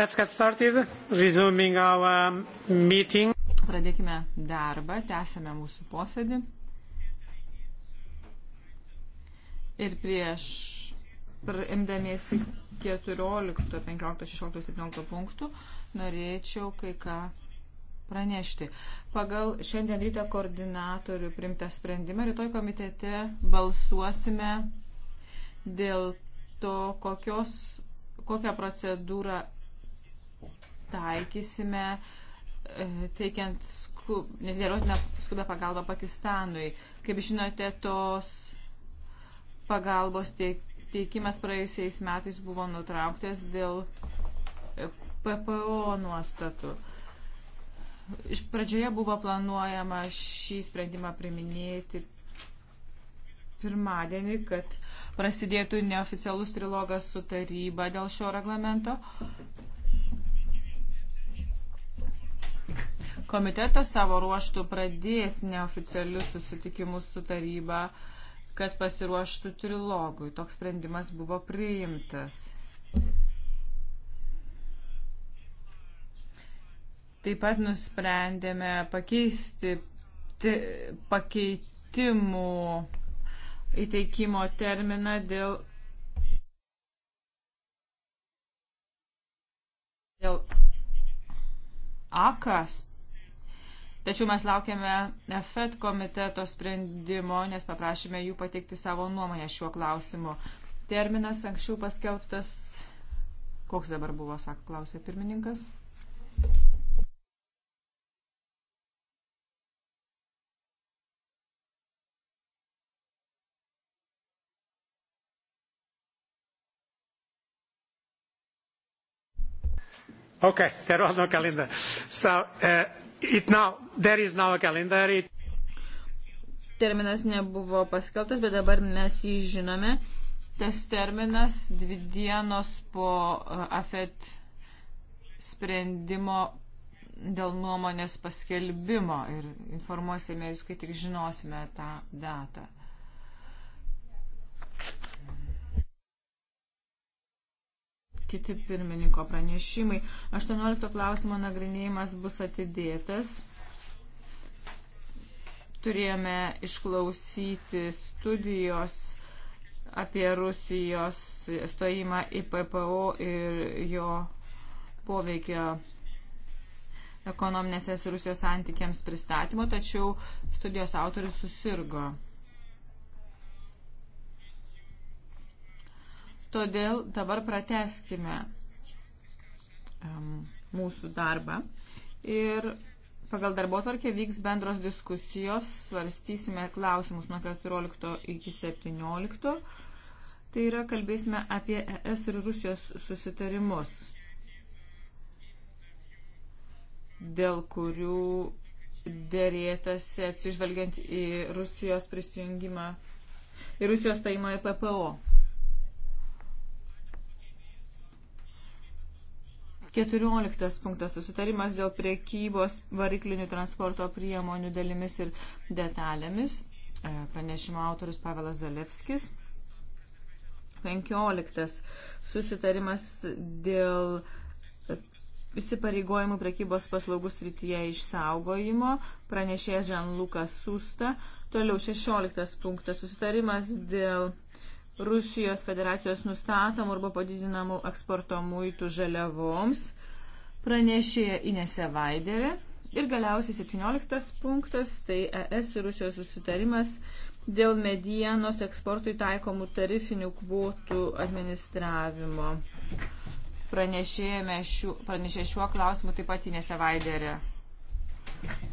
Let's get started, resuming our um, meeting. Pradėkime darbą, tęsime mūsų posėdį. Ir prieš imdamiesi 14, 15, 16, 17 punktų norėčiau kai ką pranešti. Pagal šiandien rytą koordinatorių primtą sprendimą, rytoj komitete balsuosime dėl to, kokios, kokią procedūrą taikysime e, teikiant skub, nedėliotinę skubę pagalbą Pakistanui. Kaip žinote, tos pagalbos teikimas praėjusiais metais buvo nutrauktas dėl e, PPO nuostatų. Iš pradžioje buvo planuojama šį sprendimą priminėti pirmadienį, kad prasidėtų neoficialus trilogas su taryba dėl šio reglamento. Komitetas savo ruoštų pradės neoficialius susitikimus su taryba, kad pasiruoštų trilogui. Toks sprendimas buvo priimtas. Taip pat nusprendėme pakeisti te, pakeitimų įteikimo terminą dėl, dėl akas. Tačiau mes laukiame FED komiteto sprendimo, nes paprašėme jų pateikti savo nuomonę šiuo klausimu. Terminas anksčiau paskelbtas, koks dabar buvo, sako, klausė pirmininkas. Okay, there was no calendar. So, uh, it now, there is now a calendar. It... Terminas nebuvo paskelbtas, bet dabar mes jį žinome. Tas terminas dvi dienos po uh, AFET sprendimo dėl nuomonės paskelbimo ir informuosime jūs, kai tik žinosime tą datą. kiti pirmininko pranešimai. 18 klausimo nagrinėjimas bus atidėtas. Turėjome išklausyti studijos apie Rusijos stojimą į PPO ir jo poveikio ekonominėse Rusijos santykiams pristatymo, tačiau studijos autorius susirgo. Todėl dabar prateskime um, mūsų darbą ir pagal darbo tvarkę vyks bendros diskusijos, svarstysime klausimus nuo 14 iki 17. Tai yra, kalbėsime apie ES ir Rusijos susitarimus, dėl kurių dėrėtasi atsižvelgiant į Rusijos prisijungimą, į Rusijos stojimą į PPO. Keturioliktas punktas susitarimas dėl priekybos variklinių transporto priemonių dalimis ir detalėmis. E, pranešimo autorius Pavelas Zalevskis. Penkioliktas susitarimas dėl įsipareigojimų prekybos paslaugų srityje išsaugojimo, pranešėjas Žanlukas Susta. Toliau 16 punktas susitarimas dėl Rusijos federacijos nustatomų arba padidinamų eksporto muitų žaliavoms, pranešėja Inese Vaiderė. Ir galiausiai 17 punktas, tai ES ir Rusijos susitarimas dėl medienos eksportui taikomų tarifinių kvotų administravimo. Pranešėjame šiuo, pranešė šiuo klausimu taip pat Inėse Vaiderė.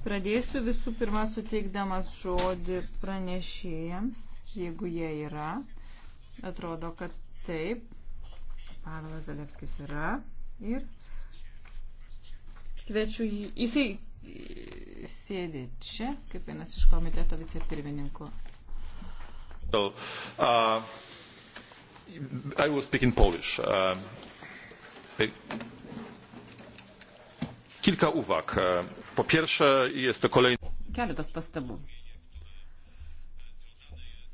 Pradėsiu visų pirma suteikdamas žodį pranešėjams, jeigu jie yra. Atrodo, kad taip. Pavelas Zalevskis yra ir kviečiu jį. Jisai sėdi čia, kaip vienas iš komiteto vicepirmininkų. So, uh, I will speak in Polish. Uh, kilka uwag. Uh, po pierwsze, jest to kolejny. Keletas pastabų.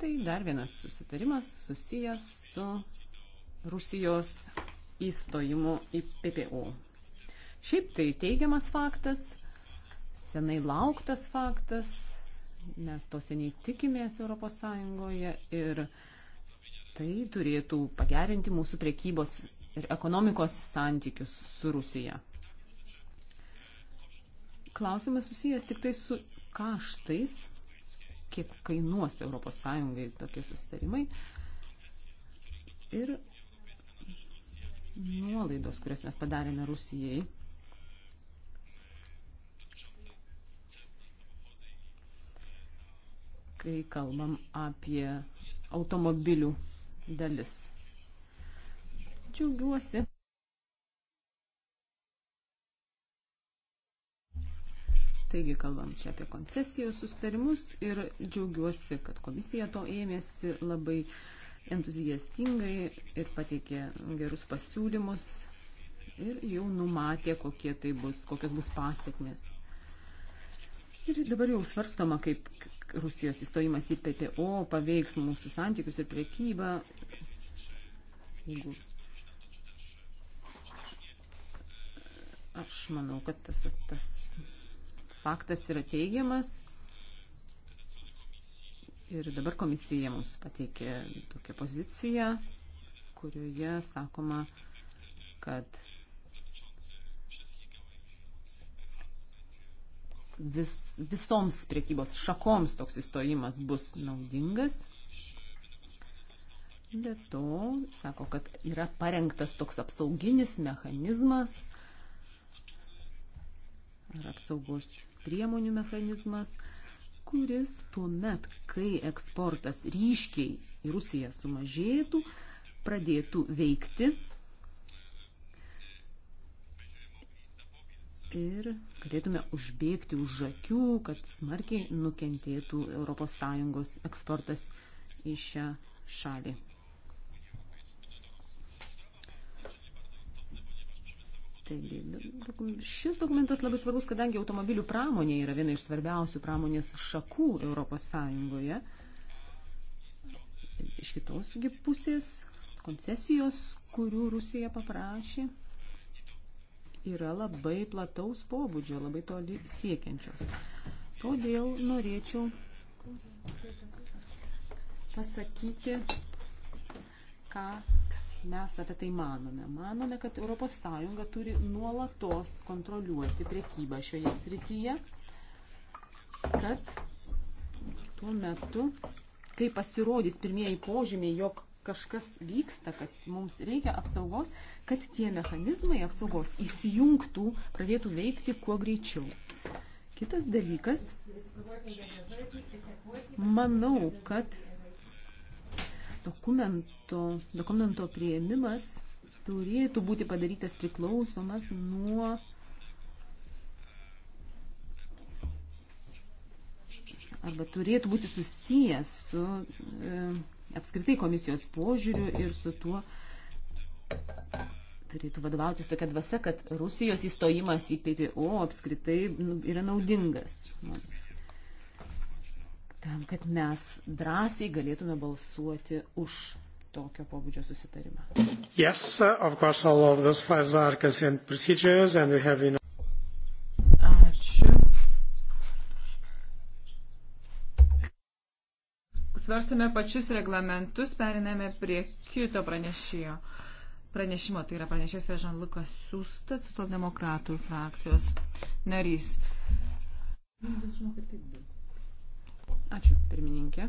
Tai dar vienas susitarimas susijęs su Rusijos įstojimu į PPO. Šiaip tai teigiamas faktas, senai lauktas faktas, mes to seniai tikimės ES ir tai turėtų pagerinti mūsų priekybos ir ekonomikos santykius su Rusija. Klausimas susijęs tik tai su kaštais kiek kainuos ES tokie susitarimai. Ir nuolaidos, kurias mes padarėme Rusijai. kai kalbam apie automobilių dalis. Džiaugiuosi Taigi kalbam čia apie koncesijos sustarimus ir džiaugiuosi, kad komisija to ėmėsi labai entuziastingai ir pateikė gerus pasiūlymus ir jau numatė, kokie tai bus, kokios bus pasiekmes. Ir dabar jau svarstoma, kaip Rusijos įstojimas į PTO paveiks mūsų santykius ir priekybą. Jeigu aš manau, kad tas, tas faktas yra teigiamas. Ir dabar komisija mums pateikė tokią poziciją, kurioje sakoma, kad vis, visoms priekybos šakoms toks įstojimas bus naudingas. Be to, sako, kad yra parengtas toks apsauginis mechanizmas ar apsaugos priemonių mechanizmas, kuris tuo met, kai eksportas ryškiai į Rusiją sumažėtų, pradėtų veikti ir galėtume užbėgti už akių, kad smarkiai nukentėtų ES eksportas į šią šalį. Taigi, šis dokumentas labai svarbus, kadangi automobilių pramonė yra viena iš svarbiausių pramonės šakų Europos Sąjungoje. Iš kitosgi pusės koncesijos, kurių Rusija paprašė, yra labai plataus pobūdžio, labai toli siekiančios. Todėl norėčiau pasakyti, ką mes apie tai manome? Manome, kad ES turi nuolatos kontroliuoti priekybą šioje srityje, kad tuo metu, kai pasirodys pirmieji požymiai, jog kažkas vyksta, kad mums reikia apsaugos, kad tie mechanizmai apsaugos įsijungtų, pradėtų veikti kuo greičiau. Kitas dalykas, manau, kad dokumento, dokumento prieimimas turėtų būti padarytas priklausomas nuo arba turėtų būti susijęs su e, apskritai komisijos požiūriu ir su tuo turėtų vadovautis tokia dvasia, kad Rusijos įstojimas į PPO apskritai nu, yra naudingas mums tam, kad mes drąsiai galėtume balsuoti už tokio pobūdžio susitarimą. Yes, of course, all of those files are consent procedures and we have in... Ačiū. Svarstame pačius reglamentus, periname prie kito pranešėjo. Pranešimo tai yra pranešės Vežan Lukas Sustas, socialdemokratų frakcijos narys. Žinau, kad taip buvo. Ačiū, pirmininkė.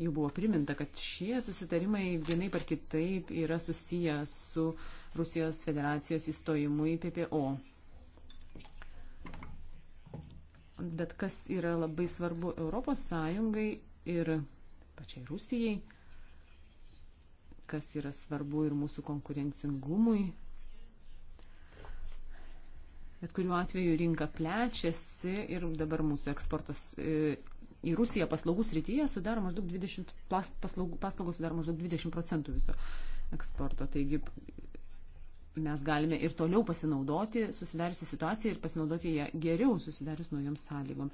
Jau buvo priminta, kad šie susitarimai vienai par kitaip yra susiję su Rusijos federacijos įstojimu į PPO. Bet kas yra labai svarbu Europos Sąjungai ir pačiai Rusijai, kas yra svarbu ir mūsų konkurencingumui Bet kuriuo atveju rinka plečiasi ir dabar mūsų eksportas e, į Rusiją paslaugų srityje sudaro maždaug 20, paslaugų, paslaugos sudaro maždaug 20 procentų viso eksporto. Taigi mes galime ir toliau pasinaudoti susidariusią situaciją ir pasinaudoti ją geriau susidarius naujoms sąlygom.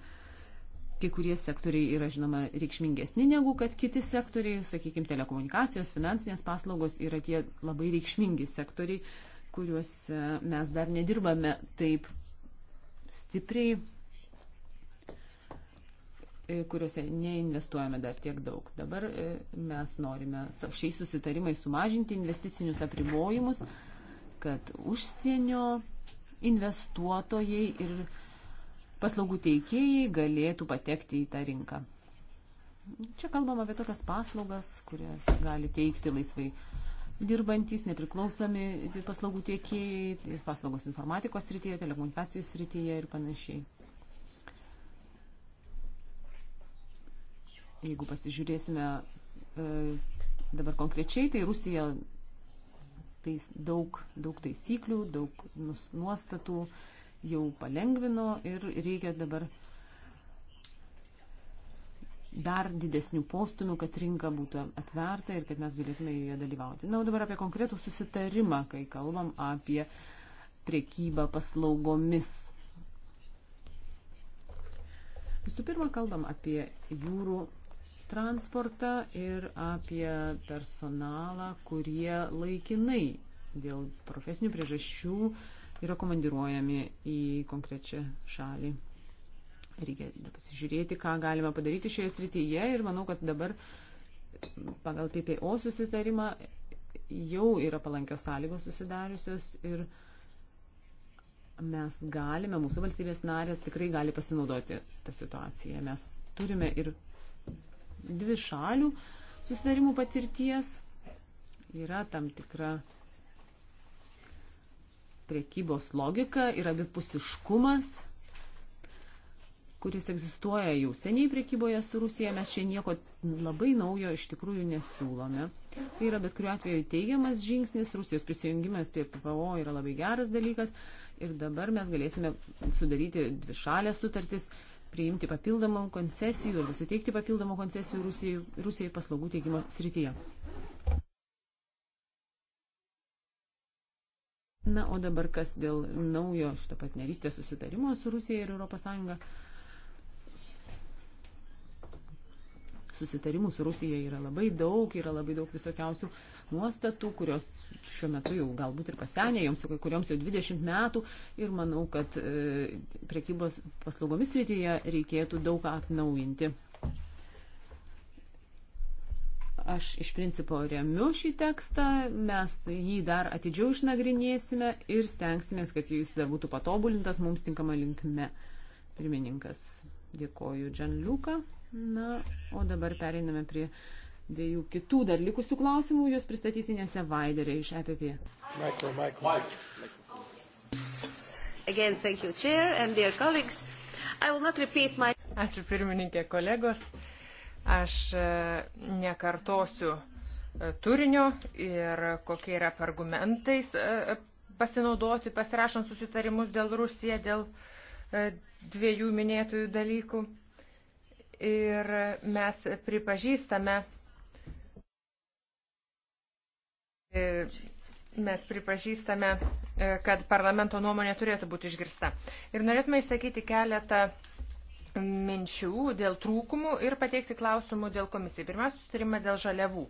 Kai kurie sektoriai yra, žinoma, reikšmingesni negu kad kiti sektoriai, sakykime, telekomunikacijos, finansinės paslaugos yra tie labai reikšmingi sektoriai kuriuose mes dar nedirbame taip stipriai, e, kuriuose neinvestuojame dar tiek daug. Dabar e, mes norime šiais susitarimais sumažinti investicinius apribojimus, kad užsienio investuotojai ir paslaugų teikėjai galėtų patekti į tą rinką. Čia kalbam apie tokias paslaugas, kurias gali teikti laisvai dirbantys, nepriklausomi paslaugų tiekėjai, paslaugos informatikos srityje, telekomunikacijų srityje ir panašiai. Jeigu pasižiūrėsime e, dabar konkrečiai, tai Rusija tais daug, daug taisyklių, daug nuostatų jau palengvino ir reikia dabar dar didesnių postumių, kad rinka būtų atverta ir kad mes galėtume joje dalyvauti. Na, o dabar apie konkretų susitarimą, kai kalbam apie priekybą paslaugomis. Visų pirma, kalbam apie jūrų transportą ir apie personalą, kurie laikinai dėl profesinių priežasčių yra komandiruojami į konkrečią šalį. Reikia pasižiūrėti, ką galima padaryti šioje srityje ir manau, kad dabar pagal PPO susitarimą jau yra palankios sąlygos susidariusios ir mes galime, mūsų valstybės narės tikrai gali pasinaudoti tą situaciją. Mes turime ir dvi šalių susitarimų patirties, yra tam tikra priekybos logika ir abipusiškumas kuris egzistuoja jau seniai priekyboje su Rusija, mes čia nieko labai naujo iš tikrųjų nesiūlome. Tai yra bet kuriuo atveju teigiamas žingsnis, Rusijos prisijungimas prie PPO yra labai geras dalykas ir dabar mes galėsime sudaryti dvišalės sutartis, priimti papildomų koncesijų ir suteikti papildomų koncesijų Rusijai, Rusijai paslaugų teikimo srityje. Na, o dabar kas dėl naujo šito partnerystės susitarimo su Rusija ir ES. susitarimų su Rusija yra labai daug, yra labai daug visokiausių nuostatų, kurios šiuo metu jau galbūt ir pasenė, joms jau kai kurioms jau 20 metų ir manau, kad e, prekybos paslaugomis srityje reikėtų daug ką atnaujinti. Aš iš principo remiu šį tekstą, mes jį dar atidžiau išnagrinėsime ir stengsimės, kad jis dar būtų patobulintas mums tinkama linkme. Pirmininkas, dėkoju Džanliuką. Na, o dabar pereiname prie dviejų kitų dar likusių klausimų. Jūs pristatys Inese Vaiderė iš EPP. Michael, Michael. Again, thank you, Chair and dear colleagues. I will not repeat my... Ačiū pirmininkė kolegos. Aš e, nekartosiu e, turinio ir kokie yra argumentais e, pasinaudoti pasirašant susitarimus dėl Rusija, dėl dviejų minėtųjų dalykų ir mes pripažįstame, e, mes pripažįstame, e, kad parlamento nuomonė turėtų būti išgirsta. Ir norėtume išsakyti keletą minčių dėl trūkumų ir pateikti klausimų dėl komisijai. Pirmiausia, susitarimas dėl žaliavų.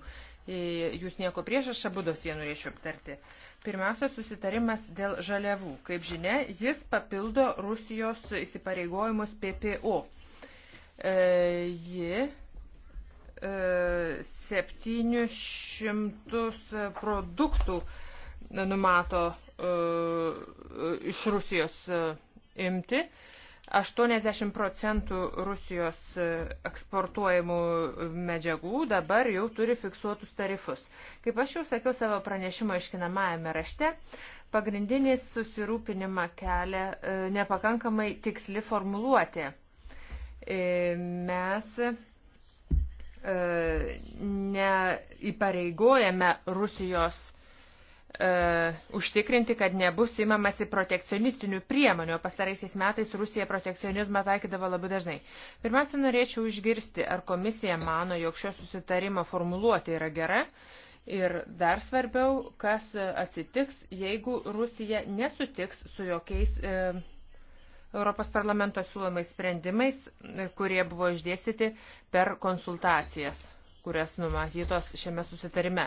E, jūs nieko prieš, aš abu dosiją norėčiau aptarti. Pirmiausia, susitarimas dėl žaliavų. Kaip žinia, jis papildo Rusijos įsipareigojimus PPO E, ji 700 e, produktų numato e, iš Rusijos imti. 80 procentų Rusijos eksportuojamų medžiagų dabar jau turi fiksuotus tarifus. Kaip aš jau sakiau savo pranešimo iškinamajame rašte, pagrindinis susirūpinimą kelia nepakankamai tiksli formuluoti E, mes e, neįpareigojame Rusijos e, užtikrinti, kad nebus imamasi protekcionistinių priemonių. Pastaraisiais metais Rusija protekcionizmą taikydavo labai dažnai. Pirmiausia, norėčiau išgirsti, ar komisija mano, jog šio susitarimo formuluoti yra gera. Ir dar svarbiau, kas atsitiks, jeigu Rusija nesutiks su jokiais e, Europos parlamento siūlomais sprendimais, kurie buvo išdėstyti per konsultacijas, kurias numatytos šiame susitarime.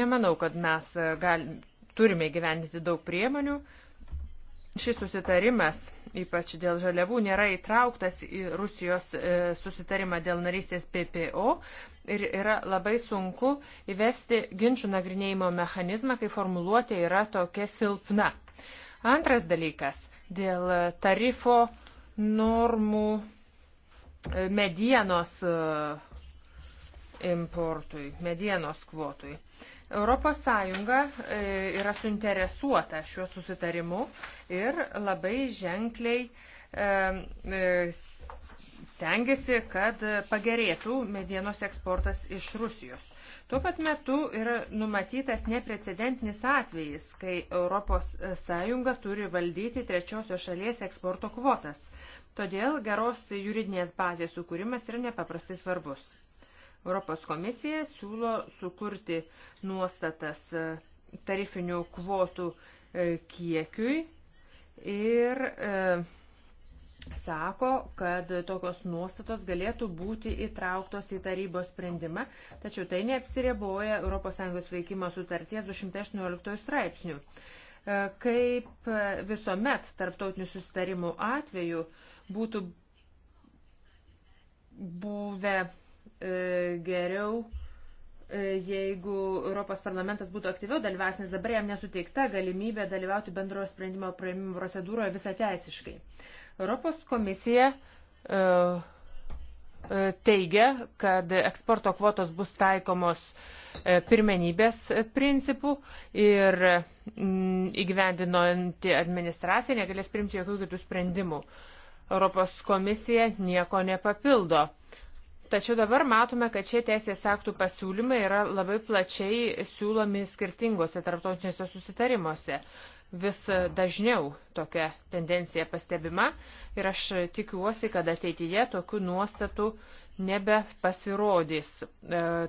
Nemanau, kad mes e, gal, turime gyventi daug priemonių. Šis susitarimas, ypač dėl žaliavų, nėra įtrauktas į Rusijos e, susitarimą dėl narystės PPO ir yra labai sunku įvesti ginčių nagrinėjimo mechanizmą, kai formuluotė yra tokia silpna. Antras dalykas dėl tarifo normų e, medienos e, importui, medienos kvotui. ES e, yra suinteresuota šiuo susitarimu ir labai ženkliai stengiasi, kad pagerėtų medienos eksportas iš Rusijos. Tuo pat metu yra numatytas neprecedentinis atvejis, kai ES turi valdyti trečiosios šalies eksporto kvotas. Todėl geros juridinės bazės sukūrimas yra nepaprastai svarbus. Europos komisija siūlo sukurti nuostatas e, tarifinių kvotų e, kiekiui ir e, sako, kad tokios nuostatos galėtų būti įtrauktos į tarybos sprendimą, tačiau tai neapsiriboja ES veikimo sutarties 218 straipsnių. Kaip visuomet tarptautinių susitarimų atveju būtų buvę e, geriau, e, jeigu Europos parlamentas būtų aktyviau dalyvavęs, nes dabar jam nesuteikta galimybė dalyvauti bendrojo sprendimo praėmimo procedūroje visateisiškai. teisiškai. Europos komisija e, e, teigia, kad eksporto kvotos bus taikomos e, pirmenybės principų ir mm, įgyvendinanti administracija negalės priimti jokių kitų sprendimų. Europos komisija nieko nepapildo. Tačiau dabar matome, kad šie teisės aktų pasiūlymai yra labai plačiai siūlomi skirtingose tarptautinėse susitarimuose vis dažniau tokia tendencija pastebima ir aš tikiuosi, kad ateityje tokių nuostatų nebepasirodys e,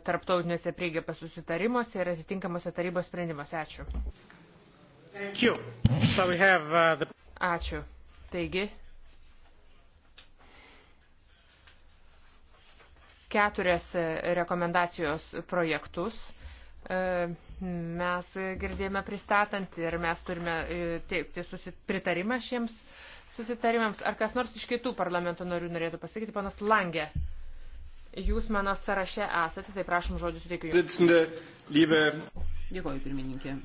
tarptautiniuose priegėpės susitarimuose ir atitinkamuose tarybos sprendimuose. Ačiū. So have, uh, the... Ačiū. Taigi, keturias rekomendacijos projektus. E, Mes girdėjome pristatant ir mes turime e, teikti pritarimą šiems susitarimams. Ar kas nors iš kitų parlamento narių norėtų pasakyti, panas Langė? Jūs mano sąraše esate, tai prašom žodžius reikia jums. Dėkoju, pirmininkė.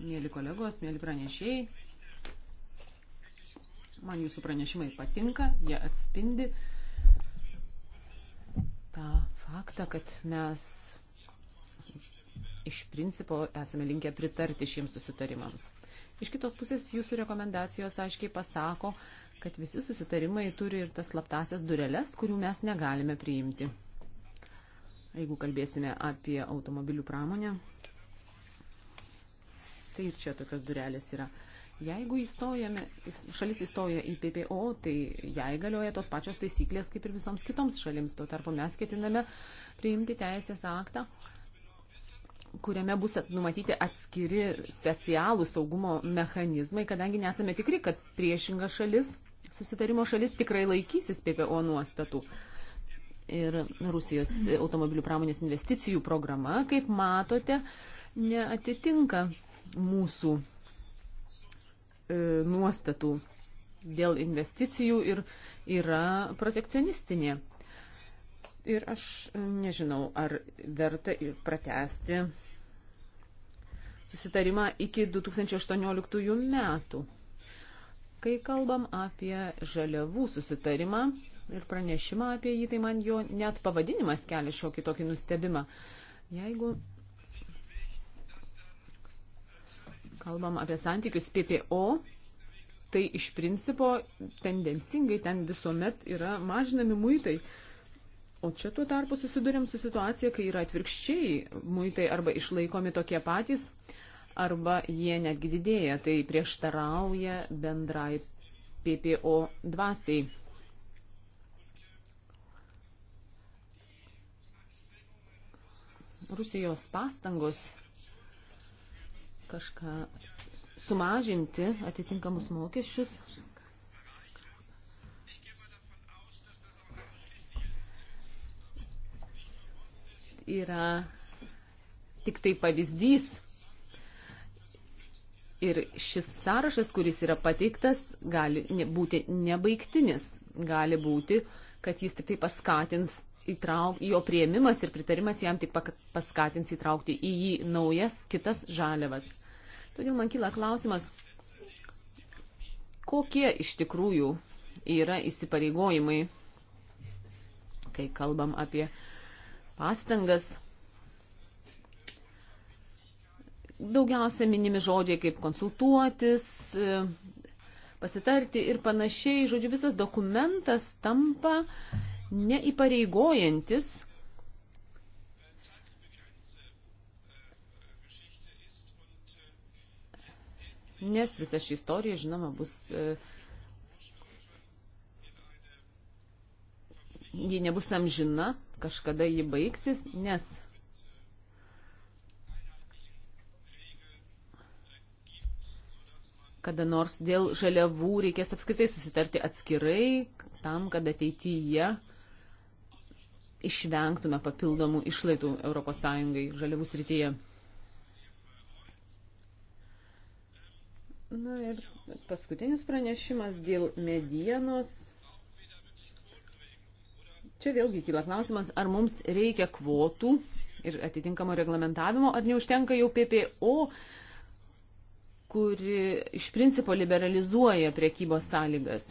Mėly kolegos, mėly pranešėjai. Man jūsų pranešimai patinka, jie atspindi tą faktą, kad mes iš principo esame linkę pritarti šiems susitarimams. Iš kitos pusės jūsų rekomendacijos aiškiai pasako, kad visi susitarimai turi ir tas slaptasias dureles, kurių mes negalime priimti. Jeigu kalbėsime apie automobilių pramonę, tai ir čia tokios durelės yra. Jeigu įstojame, šalis įstoja į PPO, tai jai galioja tos pačios taisyklės kaip ir visoms kitoms šalims. Tuo tarpu mes ketiname priimti teisės aktą, kuriame bus numatyti atskiri specialų saugumo mechanizmai, kadangi nesame tikri, kad priešinga šalis, susitarimo šalis tikrai laikysis PPO nuostatų. Ir Rusijos automobilių pramonės investicijų programa, kaip matote, neatitinka mūsų e, nuostatų dėl investicijų ir yra protekcionistinė. Ir aš nežinau, ar verta ir pratesti susitarimą iki 2018 metų. Kai kalbam apie žaliavų susitarimą ir pranešimą apie jį, tai man jo net pavadinimas kelia šiokį tokį nustebimą. Jeigu kalbam apie santykius PPO, tai iš principo tendencingai ten visuomet yra mažinami muitai. Uh, O čia tuo tarpu susidurėm su situacija, kai yra atvirkščiai muitai arba išlaikomi tokie patys, arba jie netgi didėja. Tai prieštarauja bendrai PPO dvasiai. Rusijos pastangos kažką sumažinti atitinkamus mokesčius yra tik tai pavyzdys. Ir šis sąrašas, kuris yra pateiktas, gali būti nebaigtinis. Gali būti, kad jis tik tai paskatins įtrauk, jo prieimimas ir pritarimas jam tik paskatins įtraukti į jį naujas kitas žaliavas. Todėl man kyla klausimas, kokie iš tikrųjų yra įsipareigojimai, kai kalbam apie pastangas. Daugiausia minimi žodžiai kaip konsultuotis, pasitarti ir panašiai. Žodžiu, visas dokumentas tampa neįpareigojantis. Nes visa ši istorija, žinoma, bus. E, ji nebus amžina kažkada ji baigsis, nes kada nors dėl žaliavų reikės apskritai susitarti atskirai, tam, kad ateityje išvengtume papildomų išlaidų ES žaliavų srityje. Na ir paskutinis pranešimas dėl medienos. Čia vėlgi kyla klausimas, ar mums reikia kvotų ir atitinkamo reglamentavimo, ar neužtenka jau PPO, kuri iš principo liberalizuoja priekybos sąlygas.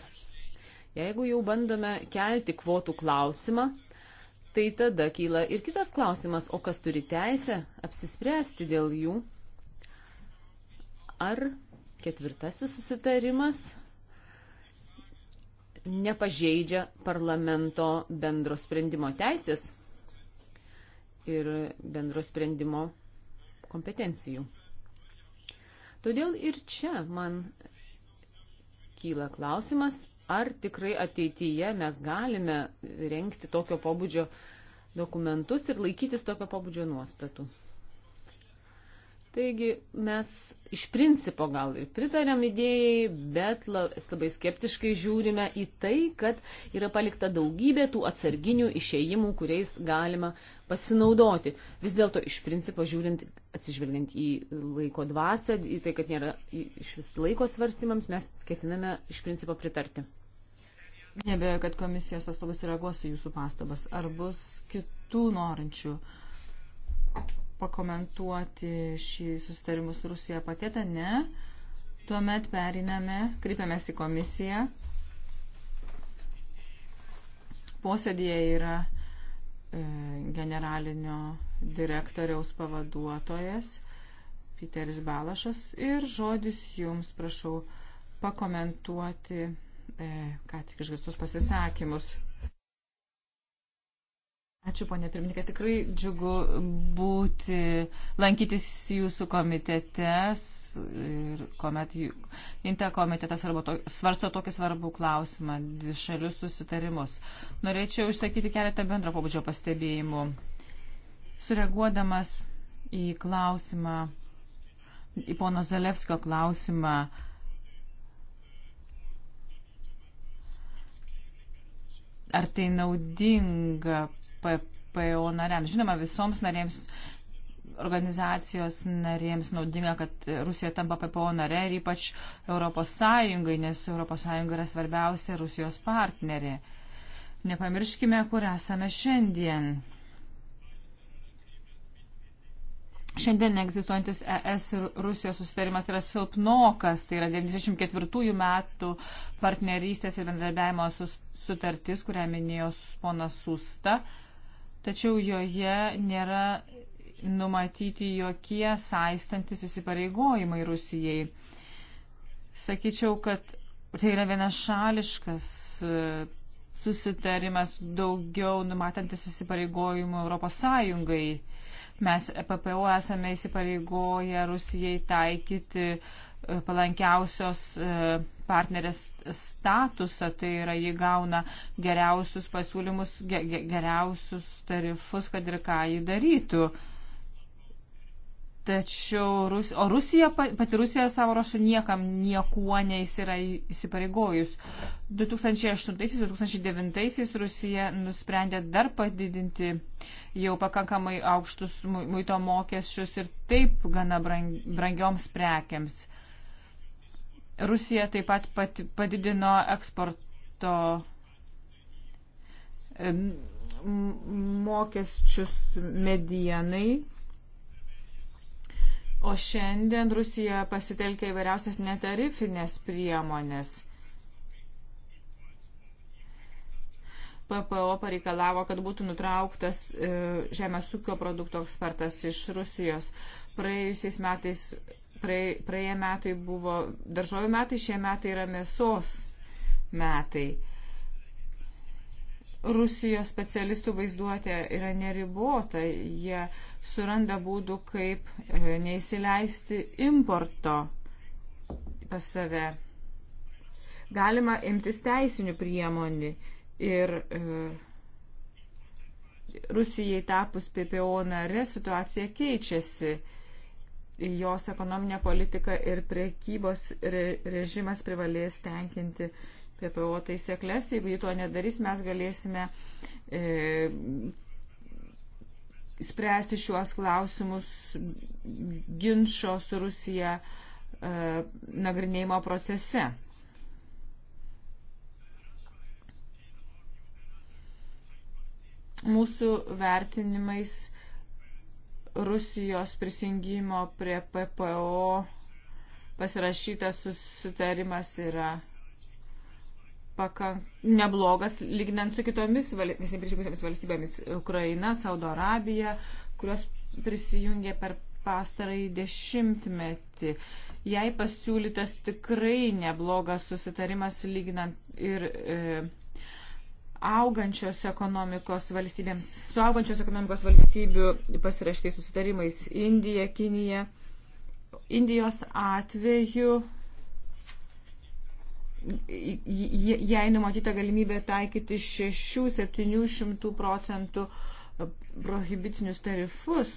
Jeigu jau bandome kelti kvotų klausimą, tai tada kyla ir kitas klausimas, o kas turi teisę apsispręsti dėl jų? Ar ketvirtasis susitarimas nepažeidžia parlamento bendro sprendimo teisės ir bendro sprendimo kompetencijų. Todėl ir čia man kyla klausimas, ar tikrai ateityje mes galime renkti tokio pobūdžio dokumentus ir laikytis tokio pobūdžio nuostatų. Taigi mes iš principo gal ir pritarėm idėjai, bet labai skeptiškai žiūrime į tai, kad yra palikta daugybė tų atsarginių išėjimų, kuriais galima pasinaudoti. Vis dėlto iš principo žiūrint, atsižvelgiant į laiko dvasę, į tai, kad nėra iš vis laiko svarstymams, mes ketiname iš principo pritarti. Nebejoju, kad komisijos atstovas reaguos į jūsų pastabas. Ar bus kitų norinčių? pakomentuoti šį susitarimų su Rusija paketą? Ne. Tuomet periname, kreipiamės į komisiją. Posėdėje yra e, generalinio direktoriaus pavaduotojas Piteris Balašas ir žodis jums, prašau, pakomentuoti e, ką tik išgirstus pasisakymus. Ačiū, ponė pirmininkė. Tikrai džiugu būti, lankytis jūsų komitetės ir kuomet Inta komitetas to, svarsto tokį svarbų klausimą - dvišalius susitarimus. Norėčiau išsakyti keletą bendro pabudžio pastebėjimų. Sureaguodamas į klausimą, į pono Zalevskio klausimą, ar tai naudinga PPO nariams. Žinoma, visoms narėms organizacijos narėms naudinga, kad Rusija tampa PPO nare ir ypač Europos Sąjungai, nes Europos Sąjunga yra svarbiausia Rusijos partnerė. Nepamirškime, kur esame šiandien. Šiandien egzistuojantis ES ir Rusijos susitarimas yra silpnokas, tai yra 94 metų partnerystės ir bendradarbiavimo sutartis, kurią minėjo ponas Susta. Uh, tačiau joje nėra numatyti jokie saistantis įsipareigojimai Rusijai. Sakyčiau, kad tai yra vienašališkas e, susitarimas daugiau numatantis įsipareigojimų Europos Sąjungai. Mes e PPO esame įsipareigoję Rusijai taikyti palankiausios e, partnerės statusą, tai yra jį gauna geriausius pasiūlymus, geriausius tarifus, kad ir ką jį darytų. Tačiau, Rus, o Rusija, pati Rusija savo ruošų niekam niekuo neįsira įsipareigojus. 2008-2009 Rusija nusprendė dar padidinti jau pakankamai aukštus muito mokesčius ir taip gana brang, brangioms prekiams. Uh, Rusija taip pat, pat padidino eksporto mokesčius medienai. O šiandien Rusija pasitelkia įvairiausias netarifinės priemonės. PPO pareikalavo, kad būtų nutrauktas e, žemės ūkio produkto ekspertas iš Rusijos. Praėjusiais metais praėję metai buvo daržovių metai, šie metai yra mėsos metai. Rusijos specialistų vaizduotė yra neribota, jie suranda būdų, kaip e, neįsileisti importo pas save. Galima imtis teisinių priemonių ir e, Rusijai tapus PPO nare situacija keičiasi. E, jos ekonominė politika ir prekybos re, režimas privalės tenkinti PPO taisyklės. Jeigu jį to nedarys, mes galėsime e, spręsti šiuos klausimus ginčio su Rusija e, nagrinėjimo procese. Mūsų vertinimais Rusijos prisijungimo prie PPO pasirašytas susitarimas yra pakank neblogas, lyginant su kitomis neseniai prisijungusiamis valstybėmis - Ukraina, Saudo Arabija, kurios prisijungė per pastarąjį dešimtmetį. Jai pasiūlytas tikrai neblogas susitarimas lyginant ir e, augančios ekonomikos valstybėms, su augančios ekonomikos valstybių pasirašytais susitarimais Indija, Kinija. Indijos atveju jai numatyta galimybė taikyti 6-700 procentų prohibicinius tarifus,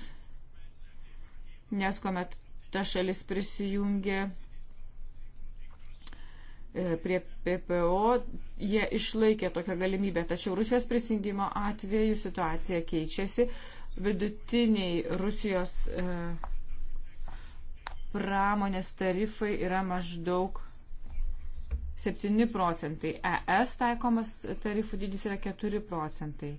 nes kuomet ta šalis prisijungė E, prie PPO, jie išlaikė tokią galimybę. Tačiau Rusijos prisijungimo atveju situacija keičiasi. Vidutiniai Rusijos e, pramonės tarifai yra maždaug 7 procentai. ES taikomas tarifų dydis yra 4 procentai.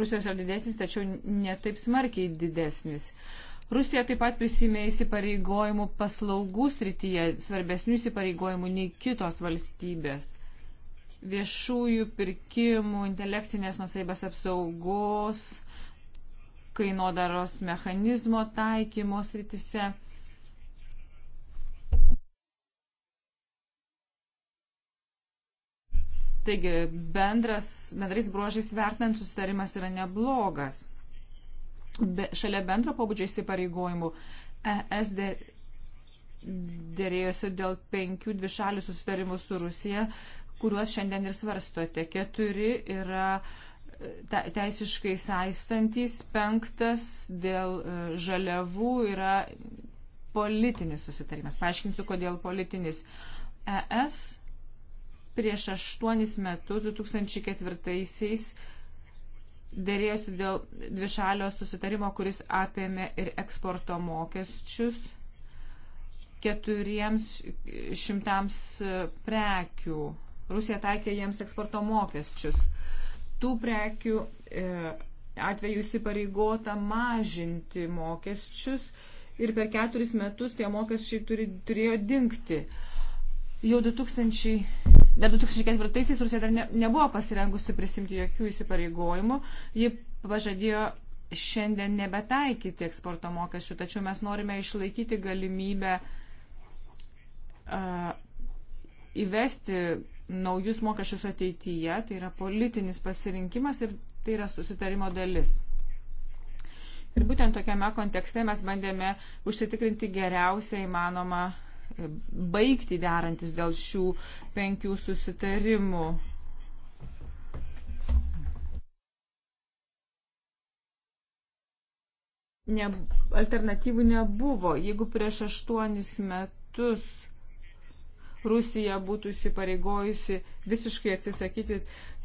Rusijos yra didesnis, tačiau netaip smarkiai didesnis. Uh, Rusija taip pat prisimė įsipareigojimų paslaugų srityje, svarbesnių įsipareigojimų nei kitos valstybės. Viešųjų pirkimų, intelektinės nusaibės apsaugos, kainodaros mechanizmo taikymo srityse. Taigi bendras, bendrais bruožais vertinant susitarimas yra neblogas be, šalia bendro pobūdžio įsipareigojimų. ES dėrėjosi dėl penkių dvišalių susitarimų su Rusija, kuriuos šiandien ir svarstote. Keturi yra e, teisiškai saistantis, penktas dėl e, žaliavų yra politinis susitarimas. Paaiškinsiu, kodėl politinis. ES prieš aštuonis metus, 2004-aisiais, dėrėjosi dėl dvišalio susitarimo, kuris apėmė ir eksporto mokesčius keturiems šimtams e, prekių. Rusija taikė jiems eksporto mokesčius. Tų prekių e, atveju įsipareigota mažinti mokesčius ir per keturis metus tie mokesčiai turi, turėjo dinkti. Jau 2000 Dar 2004-aisiais Rusija dar ne, nebuvo pasirengusi prisimti jokių įsipareigojimų. Ji pažadėjo šiandien nebetaikyti eksporto mokesčių, tačiau mes norime išlaikyti galimybę uh, įvesti naujus mokesčius ateityje, tai yra politinis pasirinkimas ir tai yra susitarimo dalis. Ir būtent tokiame kontekste mes bandėme užsitikrinti geriausią įmanomą baigti derantis dėl šių penkių susitarimų. Ne, alternatyvų nebuvo. Jeigu prieš aštuonis metus Rusija būtų įsipareigojusi visiškai atsisakyti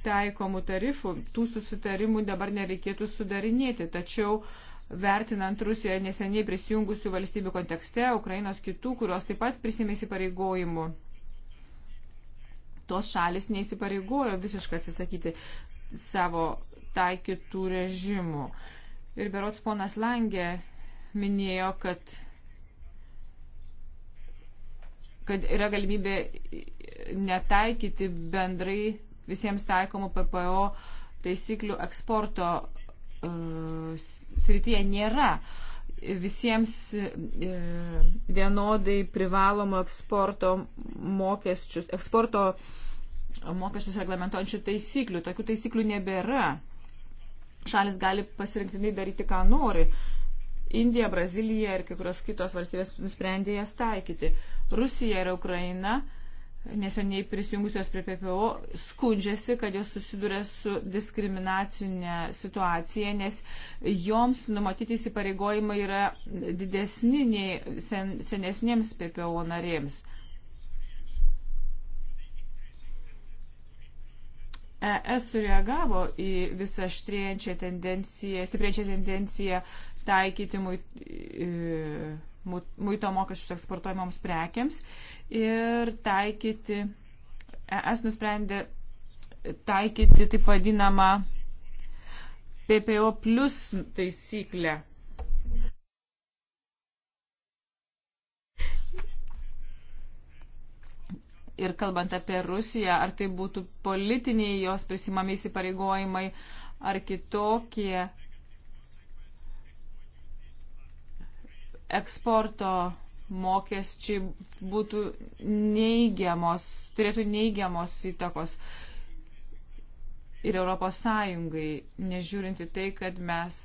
taikomų tarifų, tų susitarimų dabar nereikėtų sudarinėti. Tačiau uh, vertinant Rusijoje neseniai prisijungusių valstybių kontekste, Ukrainos kitų, kurios taip pat prisimė įsipareigojimų. Tos šalis neįsipareigojo visiškai atsisakyti savo taikytų režimų. Ir berots ponas Langė minėjo, kad, kad yra galimybė netaikyti bendrai visiems taikomų PPO taisyklių eksporto uh, srityje nėra visiems e, vienodai privalomo eksporto mokesčius, eksporto mokesčius reglamentuojančių taisyklių. Tokių taisyklių nebėra. Šalis gali pasirinktinai daryti, ką nori. Indija, Brazilija ir kai kurios kitos valstybės nusprendė jas taikyti. Rusija ir Ukraina neseniai prisijungusios prie PPO skundžiasi, kad jos susiduria su diskriminacinė situacija, nes joms numatyti įsipareigojimai yra didesni nei sen, senesniems PPO narėms. ES sureagavo į visą štrėjančią tendenciją, stiprėjančią tendenciją taikyti e, muito mokesčius eksportuojamoms prekiams ir taikyti, es nusprendė taikyti taip vadinamą PPO plus taisyklę. ir kalbant apie Rusiją, ar tai būtų politiniai jos prisimami įsipareigojimai, ar kitokie, eksporto mokesčiai būtų neigiamos, turėtų neigiamos įtakos ir Europos Sąjungai, nežiūrinti tai, kad mes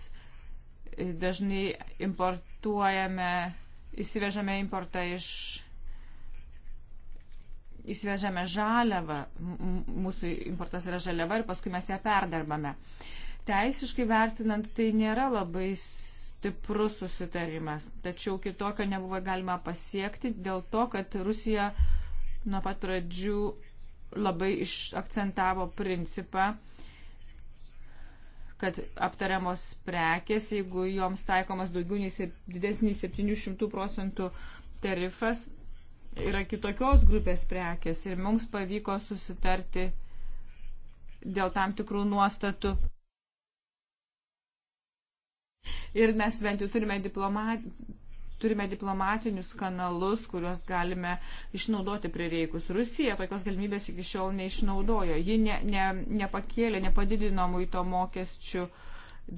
dažnai importuojame, įsivežame importą iš, įsivežame žaliavą, mūsų importas yra žaliava ir paskui mes ją perdarbame. Teisiškai vertinant, tai nėra labai stiprus susitarimas. Tačiau kitokio nebuvo galima pasiekti dėl to, kad Rusija nuo pat pradžių labai akcentavo principą, kad aptariamos prekės, jeigu joms taikomas daugiau nei didesnis 700 procentų tarifas, yra kitokios grupės prekės ir mums pavyko susitarti dėl tam tikrų nuostatų. Ir mes bent jau turime, diploma, turime diplomatinius kanalus, kuriuos galime išnaudoti prireikus. Rusija tokios galimybės iki šiol neišnaudojo. Ji ne, ne, nepakėlė, nepadidino muito mokesčių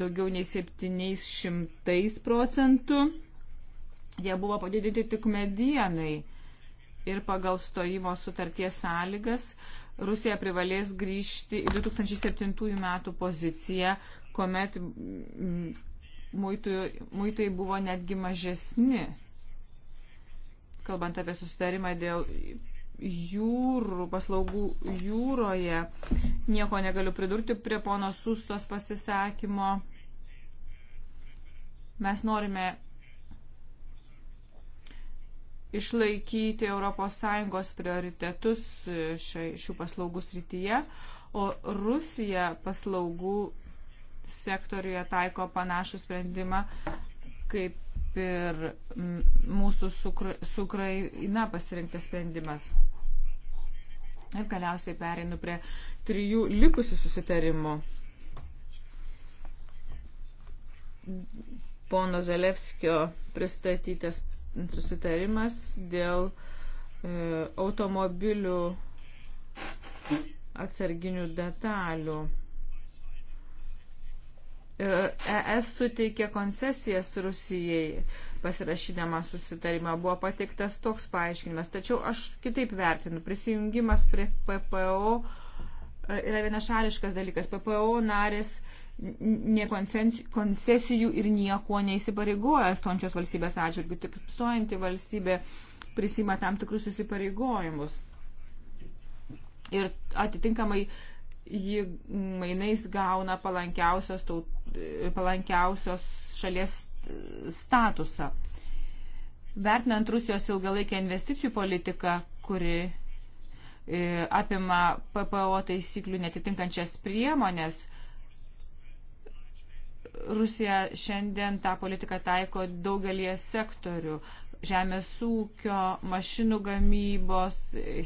daugiau nei 700 procentų. Jie buvo padidinti tik medienai. Ir pagal stojimo sutarties sąlygas Rusija privalės grįžti į 2007 metų poziciją, kuomet muitai buvo netgi mažesni. Kalbant apie susitarimą dėl jūrų, paslaugų jūroje, nieko negaliu pridurti prie pono sustos pasisakymo. Mes norime išlaikyti ES prioritetus e, šių paslaugų srityje, o Rusija paslaugų sektoriuje taiko panašų sprendimą kaip ir mūsų sukraina pasirinktas sprendimas. Ir galiausiai pereinu prie trijų likusių susitarimų. Pono Zalevskio pristatytas susitarimas dėl e, automobilių atsarginių detalių. ES e suteikė koncesijas Rusijai pasirašydama susitarimą. Buvo pateiktas toks paaiškinimas. Tačiau aš kitaip vertinu. Prisijungimas prie PPO e, yra vienašališkas dalykas. PPO narės koncesijų ir nieko neįsipareigoja stončios valstybės atžvilgių. Tik stojanti valstybė prisima tam tikrus įsipareigojimus. Ir atitinkamai ji mainais gauna palankiausios, taut, palankiausios šalies statusą. Vertinant Rusijos ilgalaikę investicijų politiką, kuri e, apima PPO taisyklių netitinkančias priemonės, Rusija šiandien tą politiką taiko daugelie sektorių - žemės ūkio, mašinų gamybos,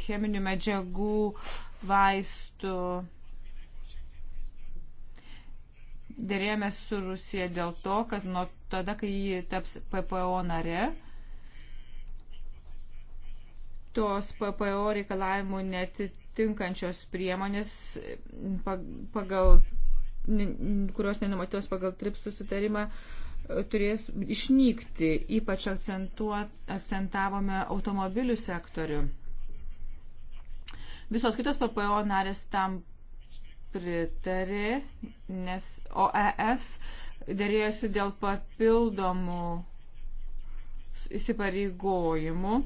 cheminių medžiagų, vaistų dėrėjomės su Rusija dėl to, kad nuo tada, kai ji taps PPO nare, tos PPO reikalavimų netitinkančios priemonės, pagal, kurios nenumatytos pagal TRIP susitarimą, turės išnykti. Ypač akcentavome automobilių sektorių. Visos kitos PPO narės tam pritarė, nes OES dėrėjosi dėl papildomų įsipareigojimų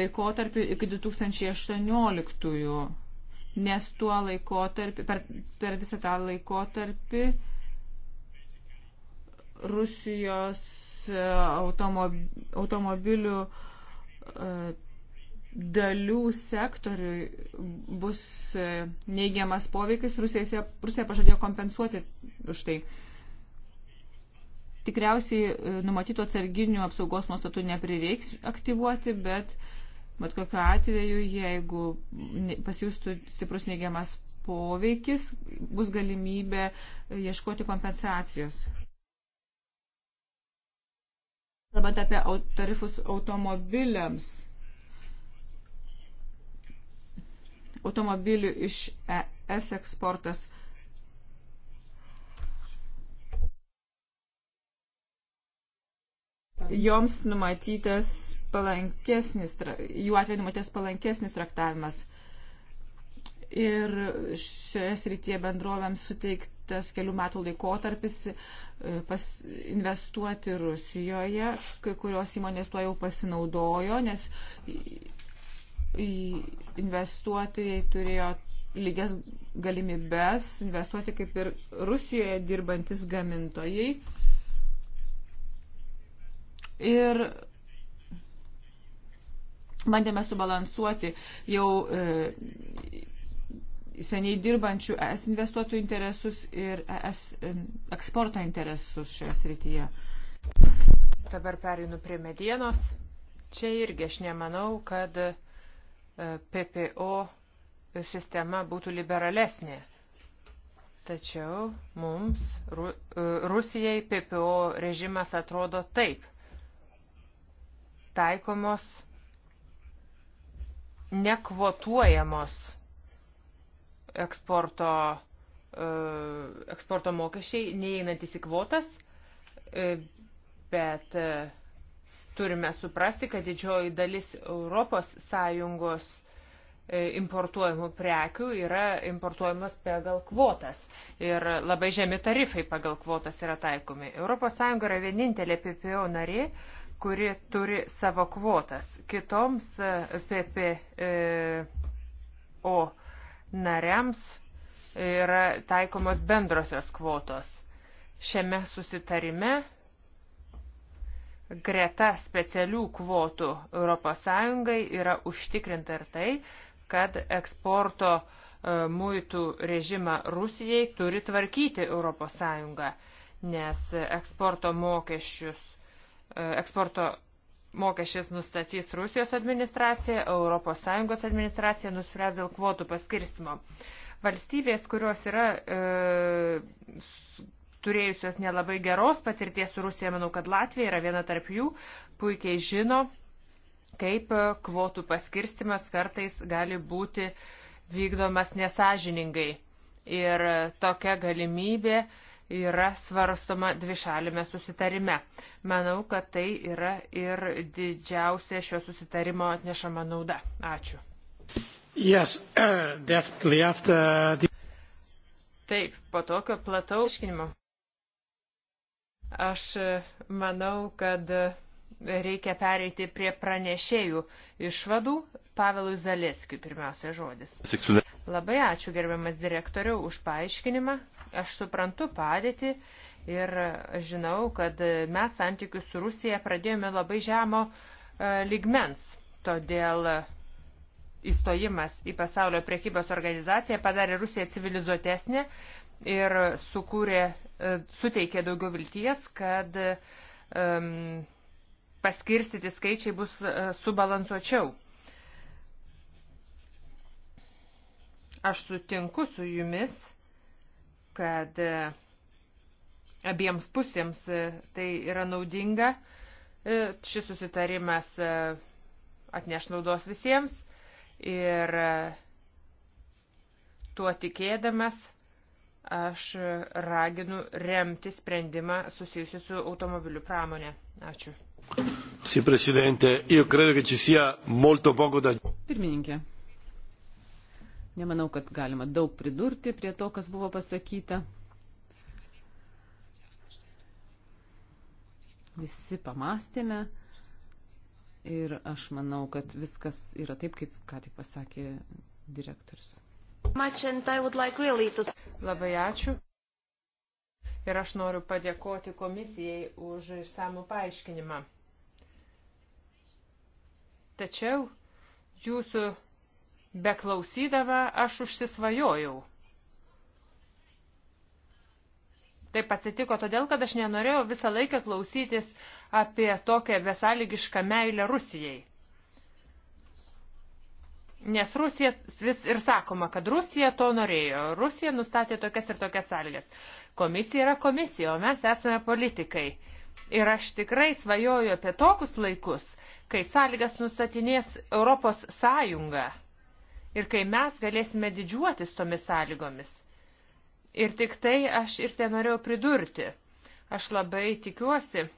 laikotarpiu iki 2018-ųjų, nes tuo laikotarpiu, per, per visą tą laikotarpį Rusijos automobilių, automobilių e, dalių sektoriui bus e, neigiamas poveikis. Rusija, Rusija pažadėjo kompensuoti už tai. Tikriausiai e, numatytų atsarginių apsaugos nuostatų neprireiks aktyvuoti, bet bet kokiu atveju, jeigu pasijūstų stiprus neigiamas poveikis, bus galimybė e, ieškoti kompensacijos. Kalbant apie tarifus automobiliams automobilių iš ES eksportas. Joms numatytas palankesnis, jų atveju numatytas palankesnis traktavimas. Ir šioje srityje bendrovėms suteiktas kelių metų laikotarpis e, pas, investuoti Rusijoje. Kai kurios įmonės tuo jau pasinaudojo, nes investuotojai turėjo lygias galimybės investuoti kaip ir Rusijoje dirbantis gamintojai. Ir bandėme subalansuoti jau e, seniai dirbančių ES investuotojų interesus ir ES e, eksporto interesus šioje srityje. Dabar perinu prie medienos. Čia irgi aš nemanau, kad PPO sistema būtų liberalesnė. Tačiau mums, Ru, e, Rusijai, PPO režimas atrodo taip. Taikomos nekvotuojamos eksporto, e, eksporto mokesčiai, neįeinantis į kvotas, e, bet Turime suprasti, kad didžioji dalis ES e, importuojamų prekių yra importuojamas pagal kvotas ir labai žemi tarifai pagal kvotas yra taikomi. ES yra vienintelė PPO narė, kuri turi savo kvotas. Kitoms e, PPO nariams yra taikomos bendrosios kvotos. Šiame susitarime greta specialių kvotų ES yra užtikrinta ir tai, kad eksporto e, muitų režimą Rusijai turi tvarkyti ES, nes eksporto mokesčius, e, eksporto mokesčius nustatys Rusijos administracija, ES administracija nuspręs dėl kvotų paskirstimo. Valstybės, kurios yra e, turėjusios nelabai geros patirties su Rusija, manau, kad Latvija yra viena tarp jų, puikiai žino, kaip e, kvotų paskirstimas kartais gali būti vykdomas nesažiningai. Ir e, tokia galimybė yra svarstoma dvišalime susitarime. Manau, kad tai yra ir didžiausia šio susitarimo atnešama nauda. Ačiū. Yes, uh, definitely after the... Taip, po tokio plataus iškinimo. Aš e, manau, kad e, reikia pereiti prie pranešėjų išvadų. Pavelui Zalieskiui pirmiausia žodis. Labai ačiū gerbiamas direktoriau už paaiškinimą. Aš suprantu padėtį ir e, žinau, kad mes santykius su Rusija pradėjome labai žemo ligmens. Todėl įstojimas į pasaulio priekybos organizaciją padarė Rusiją civilizuotesnė, ir sukūrė, e, suteikė daugiau vilties, kad um, paskirstyti skaičiai bus uh, subalansuočiau. Aš sutinku su jumis, kad uh, abiems pusėms uh, tai yra naudinga. Uh, šis susitarimas uh, atneš naudos visiems ir uh, tuo tikėdamas Aš raginu remti sprendimą susijusiu su automobilių pramonė. Ačiū. Sì, Presidente, io credo che ci sia molto poco da... Pirmininkė, nemanau, kad galima daug pridurti prie to, kas buvo pasakyta. Visi pamastėme ir aš manau, kad viskas yra taip, kaip ką tik pasakė direktorius. Labai ačiū. Ir aš noriu padėkoti komisijai už išsamų paaiškinimą. Tačiau jūsų beklausydama aš užsisvajojau. Taip atsitiko todėl, kad aš nenorėjau visą laiką klausytis apie tokią besąlygišką meilę Rusijai. Nes Rusija vis ir sakoma, kad Rusija to norėjo. Rusija nustatė tokias ir tokias sąlygas. Komisija yra komisija, o mes esame politikai. Ir aš tikrai svajoju apie tokius laikus, kai sąlygas nustatinės Europos Sąjunga. Ir kai mes galėsime didžiuotis tomis sąlygomis. Ir tik tai aš ir ten norėjau pridurti. Aš labai tikiuosi.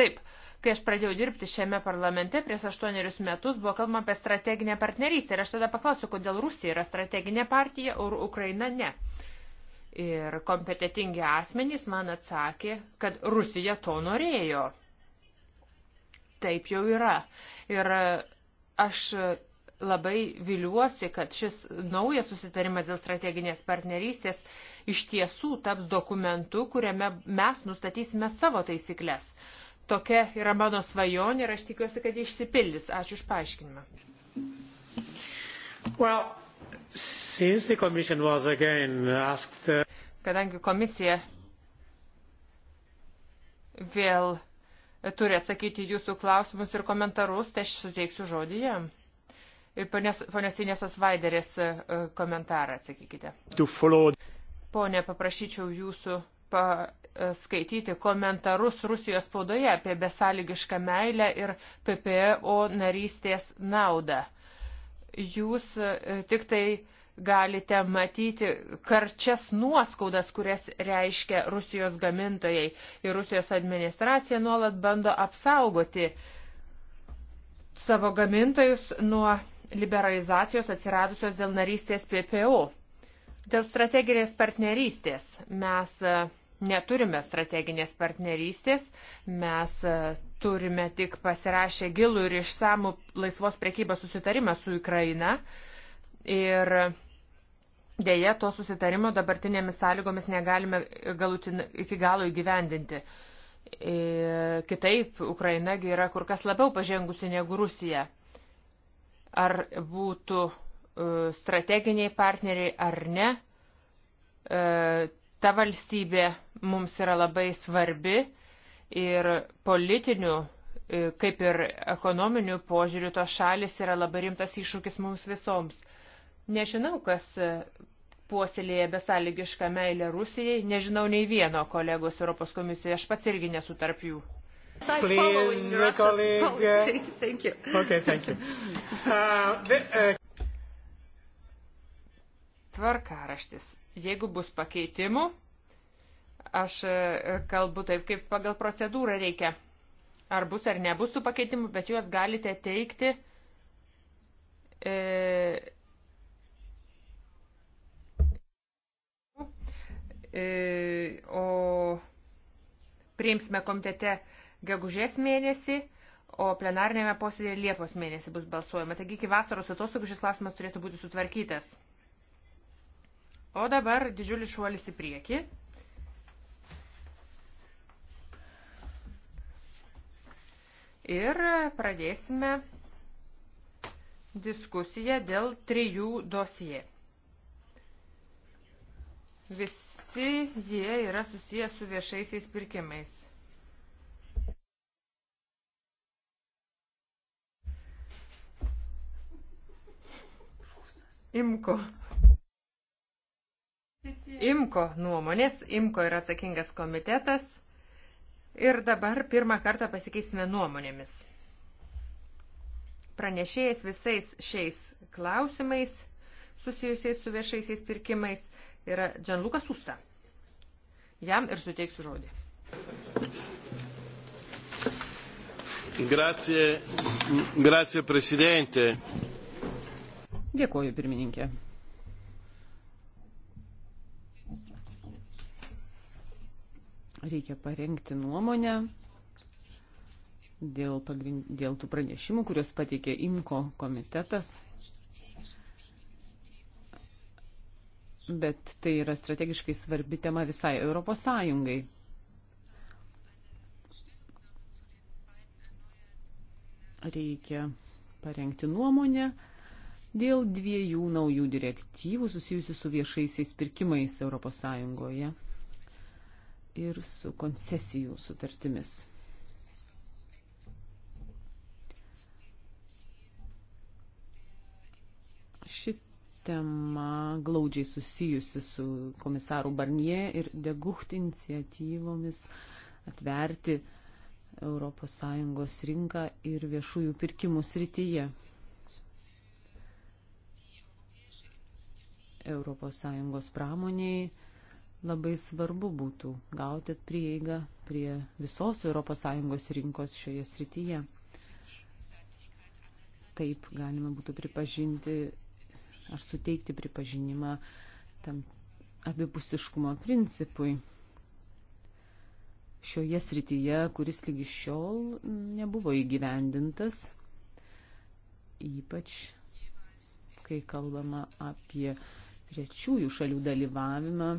Taip, Kai aš pradėjau dirbti šiame parlamente prieš aštuonerius metus, buvo kalbama apie strateginę partnerystę ir aš tada paklausiu, kodėl Rusija yra strateginė partija, o Ukraina ne. Ir kompetitingi asmenys man atsakė, kad Rusija to norėjo. Taip jau yra. Ir aš labai viliuosi, kad šis naujas susitarimas dėl strateginės partnerystės iš tiesų taps dokumentu, kuriame mes nustatysime savo taisyklės. Tokia yra mano svajonė ir aš tikiuosi, kad jie išsipildys. Ačiū iš paaiškinimą. Well, asked... Uh, Kadangi komisija vėl turi atsakyti jūsų klausimus ir komentarus, tai aš suteiksiu žodį jam. Ponios Inesos Vaiderės e, komentarą atsakykite. Pone, paprašyčiau jūsų pa E, skaityti komentarus Rusijos spaudoje apie besąlygišką meilę ir PPO e narystės naudą. Jūs e, tik tai galite matyti karčias nuoskaudas, kurias reiškia Rusijos gamintojai ir Rusijos administracija nuolat bando apsaugoti savo gamintojus nuo liberalizacijos atsiradusios dėl narystės PPO. Dėl strateginės partnerystės mes neturime strateginės partnerystės, mes e, turime tik pasirašę gilų ir išsamų laisvos priekybos susitarimą su Ukraina. Ir dėja, to susitarimo dabartinėmis sąlygomis negalime galutin, iki galo įgyvendinti. Ir e, kitaip, Ukrainagi yra kur kas labiau pažengusi negu Rusija. Ar būtų e, strateginiai partneriai ar ne, ta valstybė mums yra labai svarbi ir politinių, e, kaip ir ekonominių požiūrių tos šalis yra labai rimtas iššūkis mums visoms. Nežinau, kas e, puoselėja besąlygišką meilę Rusijai, nežinau nei vieno kolegos Europos komisijoje, aš pats irgi nesu tarp jų. Please, colleague. Thank you. Okay, thank you. Uh, the, uh... Tvarkaraštis. Jeigu bus pakeitimų, aš e, kalbu taip, kaip pagal procedūrą reikia. Ar bus ar nebus tų pakeitimų, bet juos galite teikti. E, e, o priimsime komitete gegužės mėnesį, o plenarnėme posėdėje Liepos mėnesį bus balsuojama. Taigi iki vasaros atostogų šis klausimas turėtų būti sutvarkytas. O dabar didžiulis šuolis į priekį. Ir pradėsime diskusiją dėl trijų dosijų. Visi jie yra susiję su viešaisiais pirkimais. Imko IMKO nuomonės. IMKO yra atsakingas komitetas. Ir dabar pirmą kartą pasikeisime nuomonėmis. Pranešėjas visais šiais klausimais susijusiais su viešaisiais pirkimais yra Džanlukas Usta. Jam ir suteiksiu žodį. Grazie, grazie prezidente. Dėkuoju, pirmininkė. Reikia parengti nuomonę dėl, pagrind, dėl tų pranešimų, kuriuos pateikė IMKO komitetas. Bet tai yra strategiškai svarbi tema visai Europos Sąjungai. Reikia parengti nuomonę dėl dviejų naujų direktyvų susijusių su viešaisiais pirkimais Europos Sąjungoje ir su koncesijų sutartimis. Ši tema glaudžiai susijusi su komisarų Barnie ir Degucht iniciatyvomis atverti ES rinką ir viešųjų pirkimų srityje. ES pramoniai labai svarbu būtų gauti prieigą prie visos ES rinkos šioje srityje. Taip galima būtų pripažinti ar suteikti pripažinimą tam abipusiškumo principui šioje srityje, kuris lygi šiol nebuvo įgyvendintas, ypač kai kalbama apie trečiųjų šalių dalyvavimą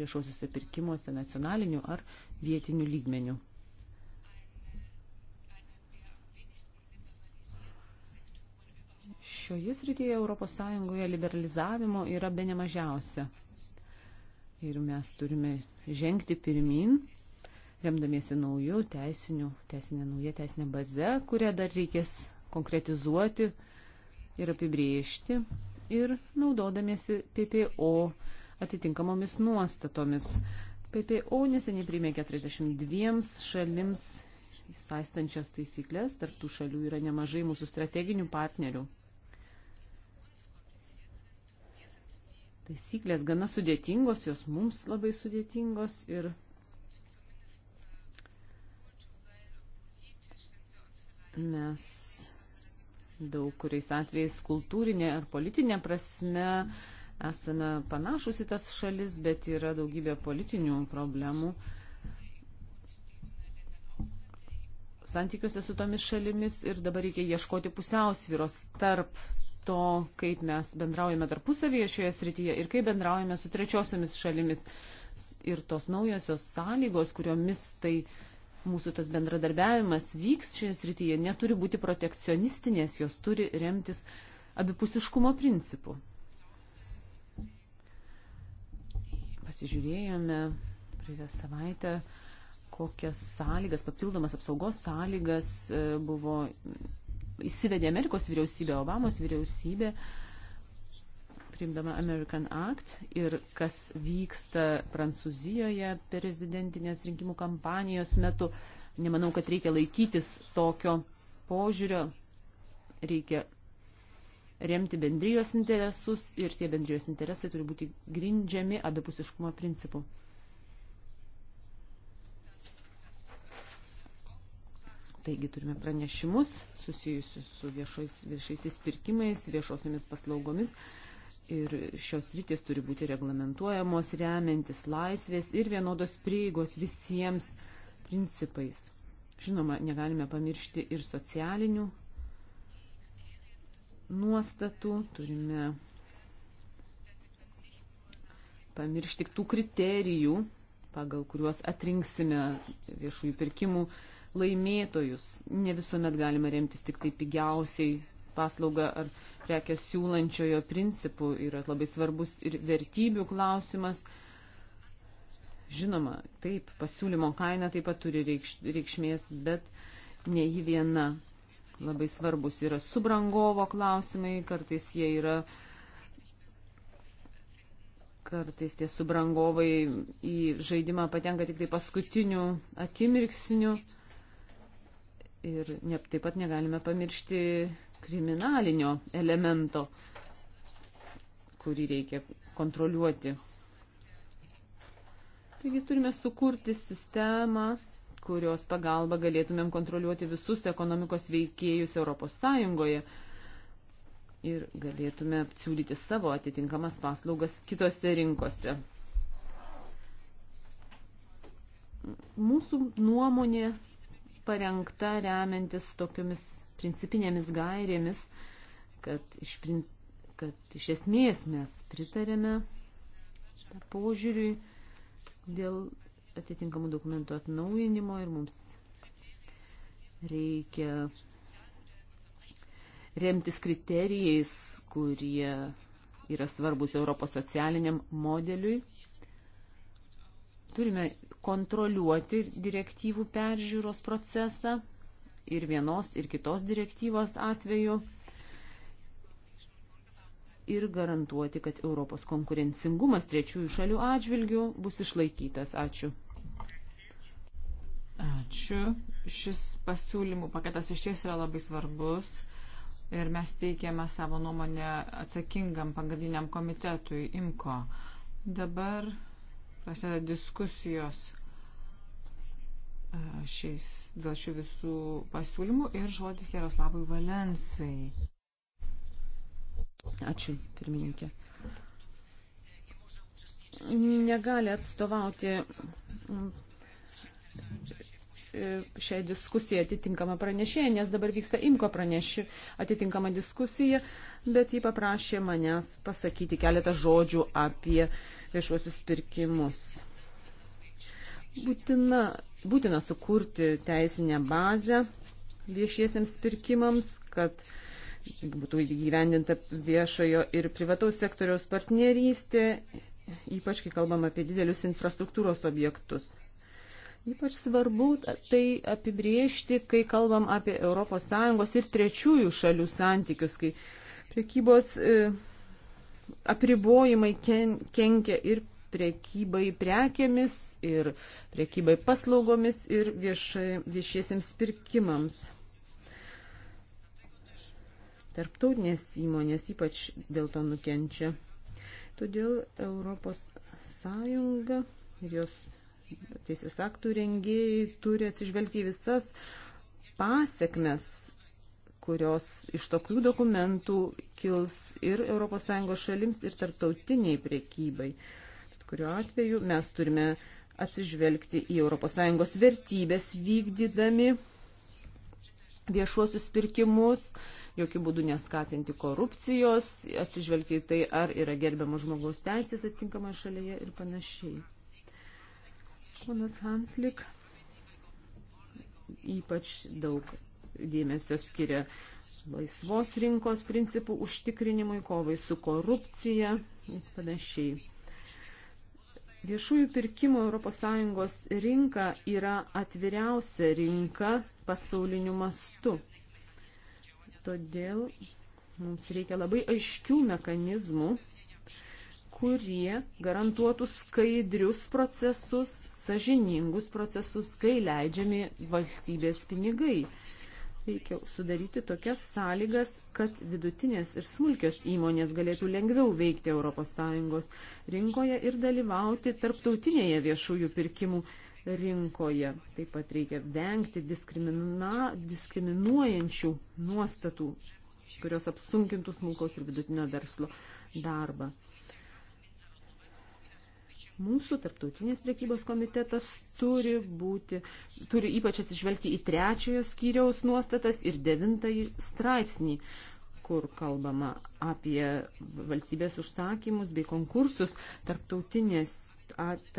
viešuosiuose pirkimuose nacionaliniu ar vietiniu lygmeniu. Šioje srityje ES liberalizavimo yra be nemažiausia. Ir mes turime žengti pirmin, remdamiesi naujų teisinių, teisinė nauja teisinė baze, kurią dar reikės konkretizuoti ir apibriežti ir naudodamiesi PPO atitinkamomis nuostatomis. PPO neseniai priėmė 42 šalims įsaistančias taisyklės, tarptų šalių yra nemažai mūsų strateginių partnerių. Taisyklės gana sudėtingos, jos mums labai sudėtingos ir mes daug kuriais atvejais kultūrinė ar politinė prasme esame panašus į tas šalis, bet yra daugybė politinių problemų. Santykiuose su tomis šalimis ir dabar reikia ieškoti pusiausvyros tarp to, kaip mes bendraujame tarpusavyje šioje srityje ir kaip bendraujame su trečiosiomis šalimis. Ir tos naujosios sąlygos, kuriomis tai mūsų tas bendradarbiavimas vyks šioje srityje, neturi būti protekcionistinės, jos turi remtis abipusiškumo principu. pasižiūrėjome praeitą savaitę, kokias sąlygas, papildomas apsaugos sąlygas e, buvo įsivedė Amerikos vyriausybė, Obamos vyriausybė, priimdama American Act ir kas vyksta Prancūzijoje per rezidentinės rinkimų kampanijos metu. Nemanau, kad reikia laikytis tokio požiūrio, reikia remti bendrijos interesus ir tie bendrijos interesai turi būti grindžiami abipusiškumo principu. Taigi turime pranešimus susijusius su viešais, viešaisiais pirkimais, viešosiomis paslaugomis ir šios rytis turi būti reglamentuojamos remiantis laisvės ir vienodos prieigos visiems principais. Žinoma, negalime pamiršti ir socialinių nuostatų, turime pamiršti tų kriterijų, pagal kuriuos atrinksime viešųjų pirkimų laimėtojus. Ne visuomet galime remtis tik tai pigiausiai paslaugą ar prekę siūlančiojo principų. Yra labai svarbus ir vertybių klausimas. Žinoma, taip, pasiūlymo kaina taip pat turi reikš, reikšmės, bet ne jį viena. Labai svarbus yra subrangovo klausimai, kartais jie yra, kartais tie subrangovai į žaidimą patenka tik tai paskutiniu akimirksniu. Ir ne, taip pat negalime pamiršti kriminalinio elemento, kurį reikia kontroliuoti. Taigi turime sukurti sistemą, kurios pagalba galėtumėm kontroliuoti visus ekonomikos veikėjus ES ir galėtume siūlyti savo atitinkamas paslaugas kitose rinkose. Mūsų nuomonė parengta remiantis tokiomis principinėmis gairėmis, kad iš, kad iš esmės mes pritarėme požiūriui dėl atitinkamų dokumentų atnaujinimo ir mums reikia remtis kriterijais, kurie yra svarbus Europos socialiniam modeliui. Turime kontroliuoti direktyvų peržiūros procesą ir vienos ir kitos direktyvos atveju ir garantuoti, kad Europos konkurencingumas trečiųjų šalių atžvilgių bus išlaikytas. Ačiū. Ačiū. Šis pasiūlymų paketas iš ties yra labai svarbus ir mes teikiame savo nuomonę atsakingam pagrindiniam komitetui IMKO. Dabar prasideda diskusijos e, šiais, dėl šių visų pasiūlymų ir žodis Jaroslavui Valensai. Ačiū, pirmininkė. Negali atstovauti E, šią diskusiją atitinkamą pranešėją, nes dabar vyksta Imko praneši atitinkamą diskusiją, bet jį paprašė manęs pasakyti keletą žodžių apie viešuosius pirkimus. Būtina, būtina sukurti teisinę bazę viešiesiems pirkimams, kad būtų įgyvendinta viešojo ir privataus sektoriaus partnerystė, ypač kai kalbam apie didelius infrastruktūros objektus. Ypač svarbu tai apibriežti, kai kalbam apie ES ir trečiųjų šalių santykius, kai prekybos e, apribojimai ken, kenkia ir prekybai prekėmis, ir prekybai paslaugomis, ir viešai, viešiesiems pirkimams. Tarptautinės įmonės ypač dėl to nukenčia. Todėl ES ir jos teisės aktų rengėjai turi atsižvelgti į visas pasiekmes, kurios iš tokių dokumentų kils ir ES šalims, ir tarptautiniai priekybai. Kuriuo atveju mes turime atsižvelgti į ES vertybės vykdydami viešuosius pirkimus, jokių būdų neskatinti korupcijos, atsižvelgti į tai, ar yra gerbiamas žmogaus teisės atitinkamoje šalyje ir panašiai. Ponas Hanslik ypač daug dėmesio skiria laisvos rinkos principų užtikrinimui, kovai su korupcija ir panašiai. Viešųjų pirkimų ES rinka yra atviriausia rinka pasauliniu mastu. Todėl mums reikia labai aiškių mechanizmų, kurie garantuotų skaidrius procesus, sažiningus procesus, kai leidžiami valstybės pinigai. Reikia sudaryti tokias sąlygas, kad vidutinės ir smulkios įmonės galėtų lengviau veikti ES rinkoje ir dalyvauti tarptautinėje viešųjų pirkimų rinkoje. Taip pat reikia vengti diskriminuojančių nuostatų kurios apsunkintų smulkaus ir vidutinio verslo darbą. Mūsų tarptautinės priekybos komitetas turi, būti, turi ypač atsižvelgti į trečiojo skyriaus nuostatas ir devintąjį straipsnį kur kalbama apie valstybės užsakymus bei konkursus tarptautinės,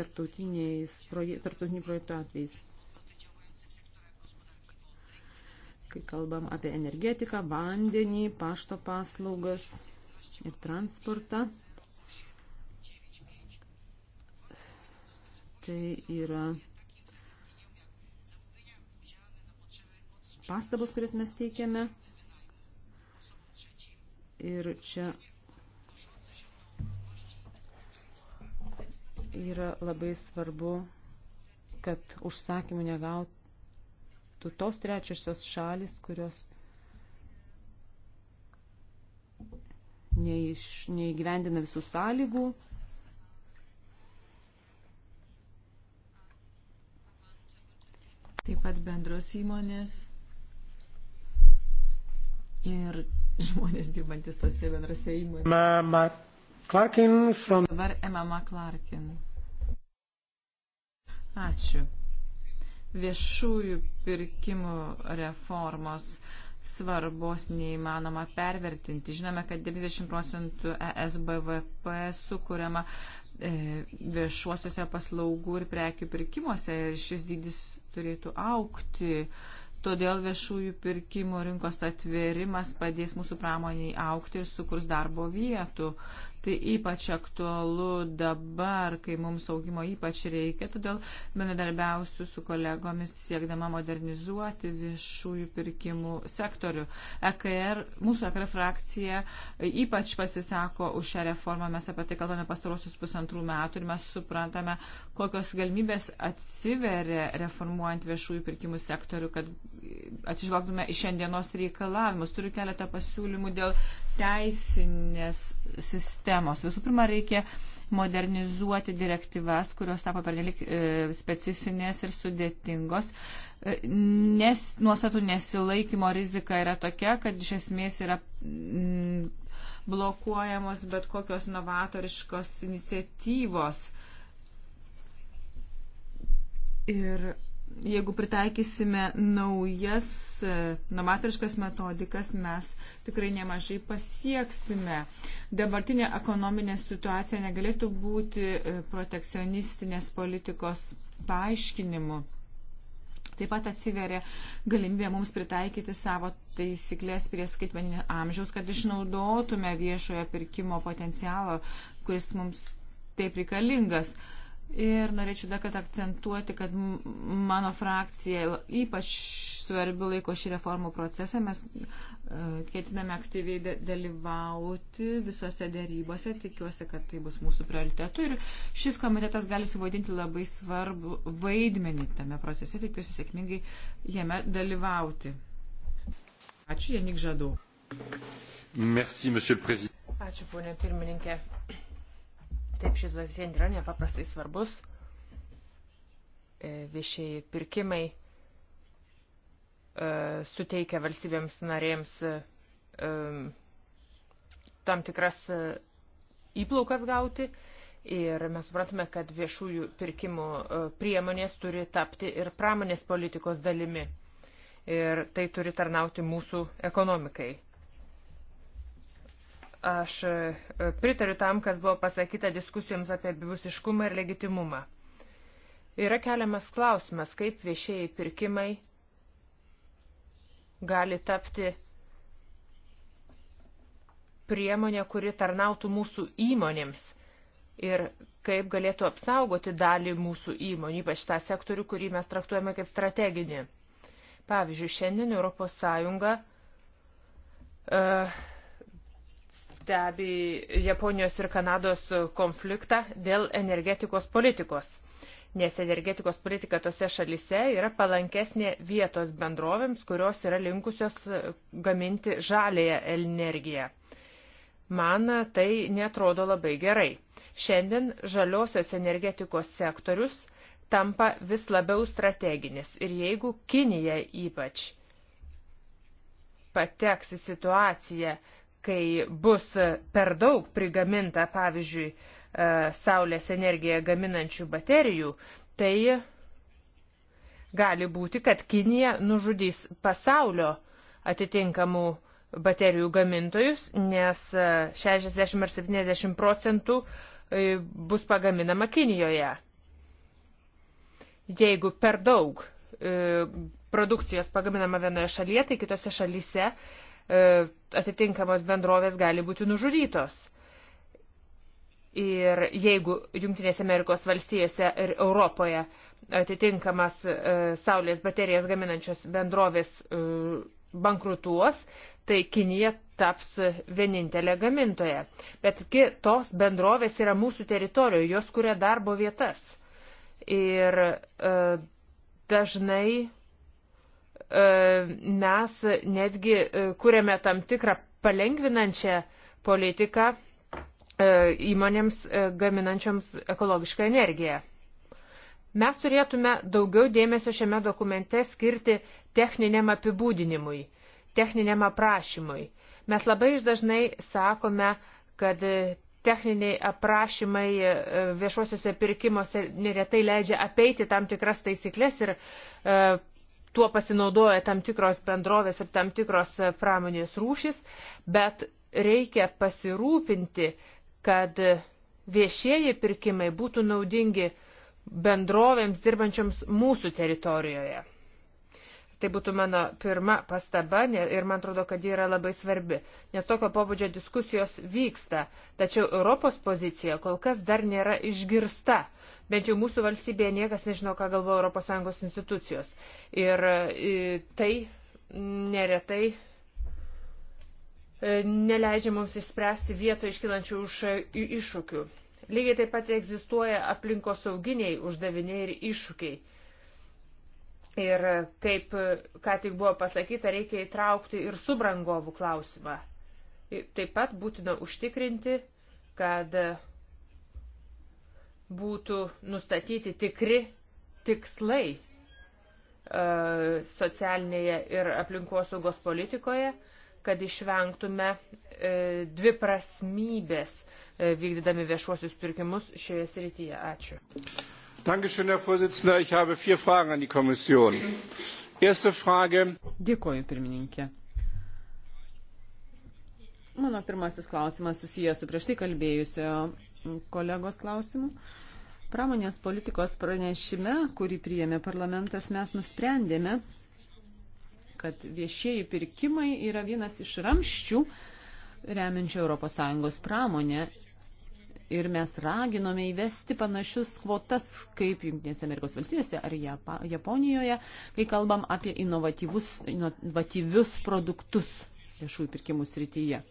tarptautiniais, tarptautinių projektų atvejais. Kai kalbam apie energetiką, vandenį, pašto paslaugas ir transportą. tai yra pastabos, kurias mes teikiame. Ir čia yra labai svarbu, kad užsakymų negautų tos trečiosios šalis, kurios neiš, neįgyvendina visų sąlygų taip pat bendros įmonės ir žmonės dirbantis tose bendrose įmonėse. Mama Clarkin from. Dabar Mama Clarkin. Ačiū. Viešųjų pirkimų reformos svarbos neįmanoma pervertinti. Žinome, kad 90 procentų ESBVP sukūriama uh, E, viešuosiuose paslaugų ir prekių pirkimuose ir šis dydis turėtų aukti. Todėl viešųjų pirkimų rinkos atvėrimas padės mūsų pramoniai aukti ir sukurs darbo vietų. Tai ypač aktualu dabar, kai mums augimo ypač reikia, todėl bendradarbiausiu su kolegomis siekdama modernizuoti viešųjų pirkimų sektorių. EKR, mūsų EKR frakcija ypač pasisako už šią reformą, mes apie tai kalbame pastarosius pusantrų metų ir mes suprantame, kokios galimybės atsiveria reformuojant viešųjų pirkimų sektorių, kad atsižvelgtume į šiandienos reikalavimus. Turiu keletą pasiūlymų dėl teisinės sistemos. Visų pirma, reikia modernizuoti direktyvas, kurios tapo pernelik e, specifinės ir sudėtingos. E, nes, nuostatų nesilaikymo rizika yra tokia, kad iš esmės yra mm, blokuojamos bet kokios novatoriškos iniciatyvos. Ir jeigu pritaikysime naujas e, novatoriškas metodikas, mes tikrai nemažai pasieksime. Dabartinė ekonominė situacija negalėtų būti e, protekcionistinės politikos paaiškinimu. Taip pat atsiveria galimybė mums pritaikyti savo taisyklės prie skaitmeninio amžiaus, kad išnaudotume viešojo pirkimo potencialą, kuris mums taip reikalingas. Uh, Ir norėčiau dar kad akcentuoti, kad mano frakcija ypač svarbi laiko šį reformų procesą. Mes e, ketiname aktyviai dalyvauti visose dėrybose. Tikiuosi, kad tai bus mūsų prioritetų. Ir šis komitetas gali suvaidinti labai svarbu vaidmenį tame procese. Tikiuosi sėkmingai jame dalyvauti. Ačiū, Janik Žadau. Merci, Ačiū, ponė pirmininkė. Taip, šis dosien yra nepaprastai svarbus. E, Viešiai pirkimai e, suteikia valstybėms narėms e, tam tikras įplaukas gauti. Ir mes suprantame, kad viešųjų pirkimų priemonės turi tapti ir pramonės politikos dalimi. Ir tai turi tarnauti mūsų ekonomikai. Aš e, pritariu tam, kas buvo pasakyta diskusijoms apie abipusiškumą ir legitimumą. Yra keliamas klausimas, kaip viešieji pirkimai gali tapti priemonė, kuri tarnautų mūsų įmonėms ir kaip galėtų apsaugoti dalį mūsų įmonių, ypač tą sektorių, kurį mes traktuojame kaip strateginį. Pavyzdžiui, šiandien ES uh, stebi Japonijos ir Kanados konfliktą dėl energetikos politikos, nes energetikos politika tose šalise yra palankesnė vietos bendrovėms, kurios yra linkusios gaminti žalėją energiją. Man tai netrodo labai gerai. Šiandien žaliosios energetikos sektorius tampa vis labiau strateginis ir jeigu Kinija ypač pateks į situaciją, kai bus per daug prigaminta, pavyzdžiui, e, saulės energiją gaminančių baterijų, tai gali būti, kad Kinija nužudys pasaulio atitinkamų baterijų gamintojus, nes 60 ar 70 procentų e, bus pagaminama Kinijoje. Jeigu per daug e, produkcijos pagaminama vienoje šalyje, tai kitose šalyse E, atitinkamos bendrovės gali būti nužudytos. Ir jeigu Junktinėse Amerikos valstijose ir Europoje atitinkamas e, saulės baterijas gaminančios bendrovės e, bankrutuos, tai Kinija taps vienintelė gamintoja. Bet tos bendrovės yra mūsų teritorijoje, jos kuria darbo vietas. Ir e, dažnai E, mes netgi e, kūrėme tam tikrą palengvinančią politiką e, įmonėms gaminančioms ekologišką energiją. Mes turėtume daugiau dėmesio šiame dokumente skirti techniniam apibūdinimui, techniniam aprašymui. Mes labai dažnai sakome, kad techniniai aprašymai viešuosiuose pirkimuose neretai leidžia apeiti tam tikras taisyklės ir tuo pasinaudoja tam tikros bendrovės ir tam tikros e, pramonės rūšis, bet reikia pasirūpinti, kad viešieji pirkimai būtų naudingi bendrovėms dirbančioms mūsų teritorijoje. Tai būtų mano pirma pastaba ir man atrodo, kad ji yra labai svarbi, nes tokio pobūdžio diskusijos vyksta, tačiau Europos pozicija kol kas dar nėra išgirsta. Bent jau mūsų valstybėje niekas nežino, ką galvoja ES institucijos. Ir e, tai neretai e, neleidžia mums išspręsti vietoje iškilančių už e, iššūkių. Lygiai taip pat egzistuoja aplinkosauginiai uždaviniai ir iššūkiai. Ir kaip ką tik buvo pasakyta, reikia įtraukti ir subrangovų klausimą. Taip pat būtina užtikrinti, kad būtų nustatyti tikri tikslai e, socialinėje ir aplinkosaugos politikoje, kad išvengtume e, dviprasmybės e, vykdydami viešuosius pirkimus šioje srityje. Ačiū. Dankeschön, Herr Vorsitzender. Ich habe vier Fragen an die Kommission. Erste Frage. Dėkoju, pirmininkė. Mano pirmasis klausimas susijęs su prieš tai kalbėjusio kolegos klausimų. Pramonės politikos pranešime, kurį priėmė parlamentas, mes nusprendėme, kad viešieji pirkimai yra vienas iš ramščių remiančių ES pramonę. Ir mes raginome įvesti panašius kvotas kaip Junktinėse Amerikos valstijose ar Japonijoje, kai kalbam apie inovatyvius, inovatyvius produktus viešųjų pirkimų srityje.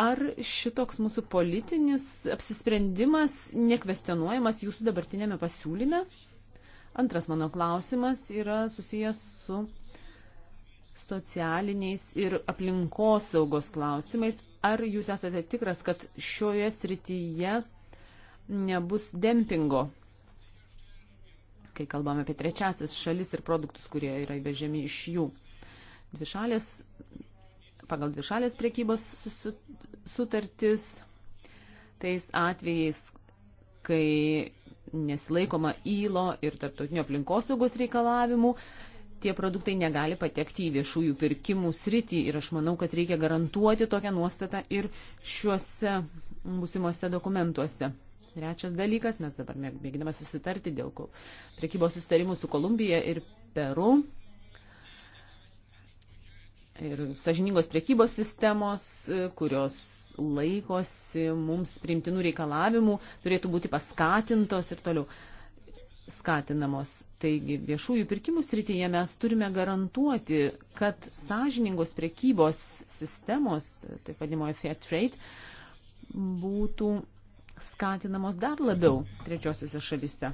Ar šitoks mūsų politinis apsisprendimas nekvestionuojamas jūsų dabartinėme pasiūlyme? Antras mano klausimas yra susijęs su socialiniais ir aplinkosaugos klausimais. Ar jūs esate tikras, kad šioje srityje nebus dempingo, kai kalbame apie trečiasis šalis ir produktus, kurie yra įvežami iš jų? Dvišalės pagal dvišalės priekybos sutartis, tais atvejais, kai nesilaikoma įlo ir tarptautinio aplinkosaugos reikalavimų, tie produktai negali patekti į viešųjų pirkimų sritį ir aš manau, kad reikia garantuoti tokią nuostatą ir šiuose būsimuose dokumentuose. Trečias dalykas, mes dabar mėginame susitarti dėl prekybos susitarimų su Kolumbija ir Peru ir sažiningos priekybos sistemos, e, kurios laikosi mums primtinų reikalavimų, turėtų būti paskatintos ir toliau skatinamos. Taigi viešųjų pirkimų srityje mes turime garantuoti, kad sažiningos priekybos sistemos, taip vadimoje fair trade, būtų skatinamos dar labiau trečiosiuose šalise.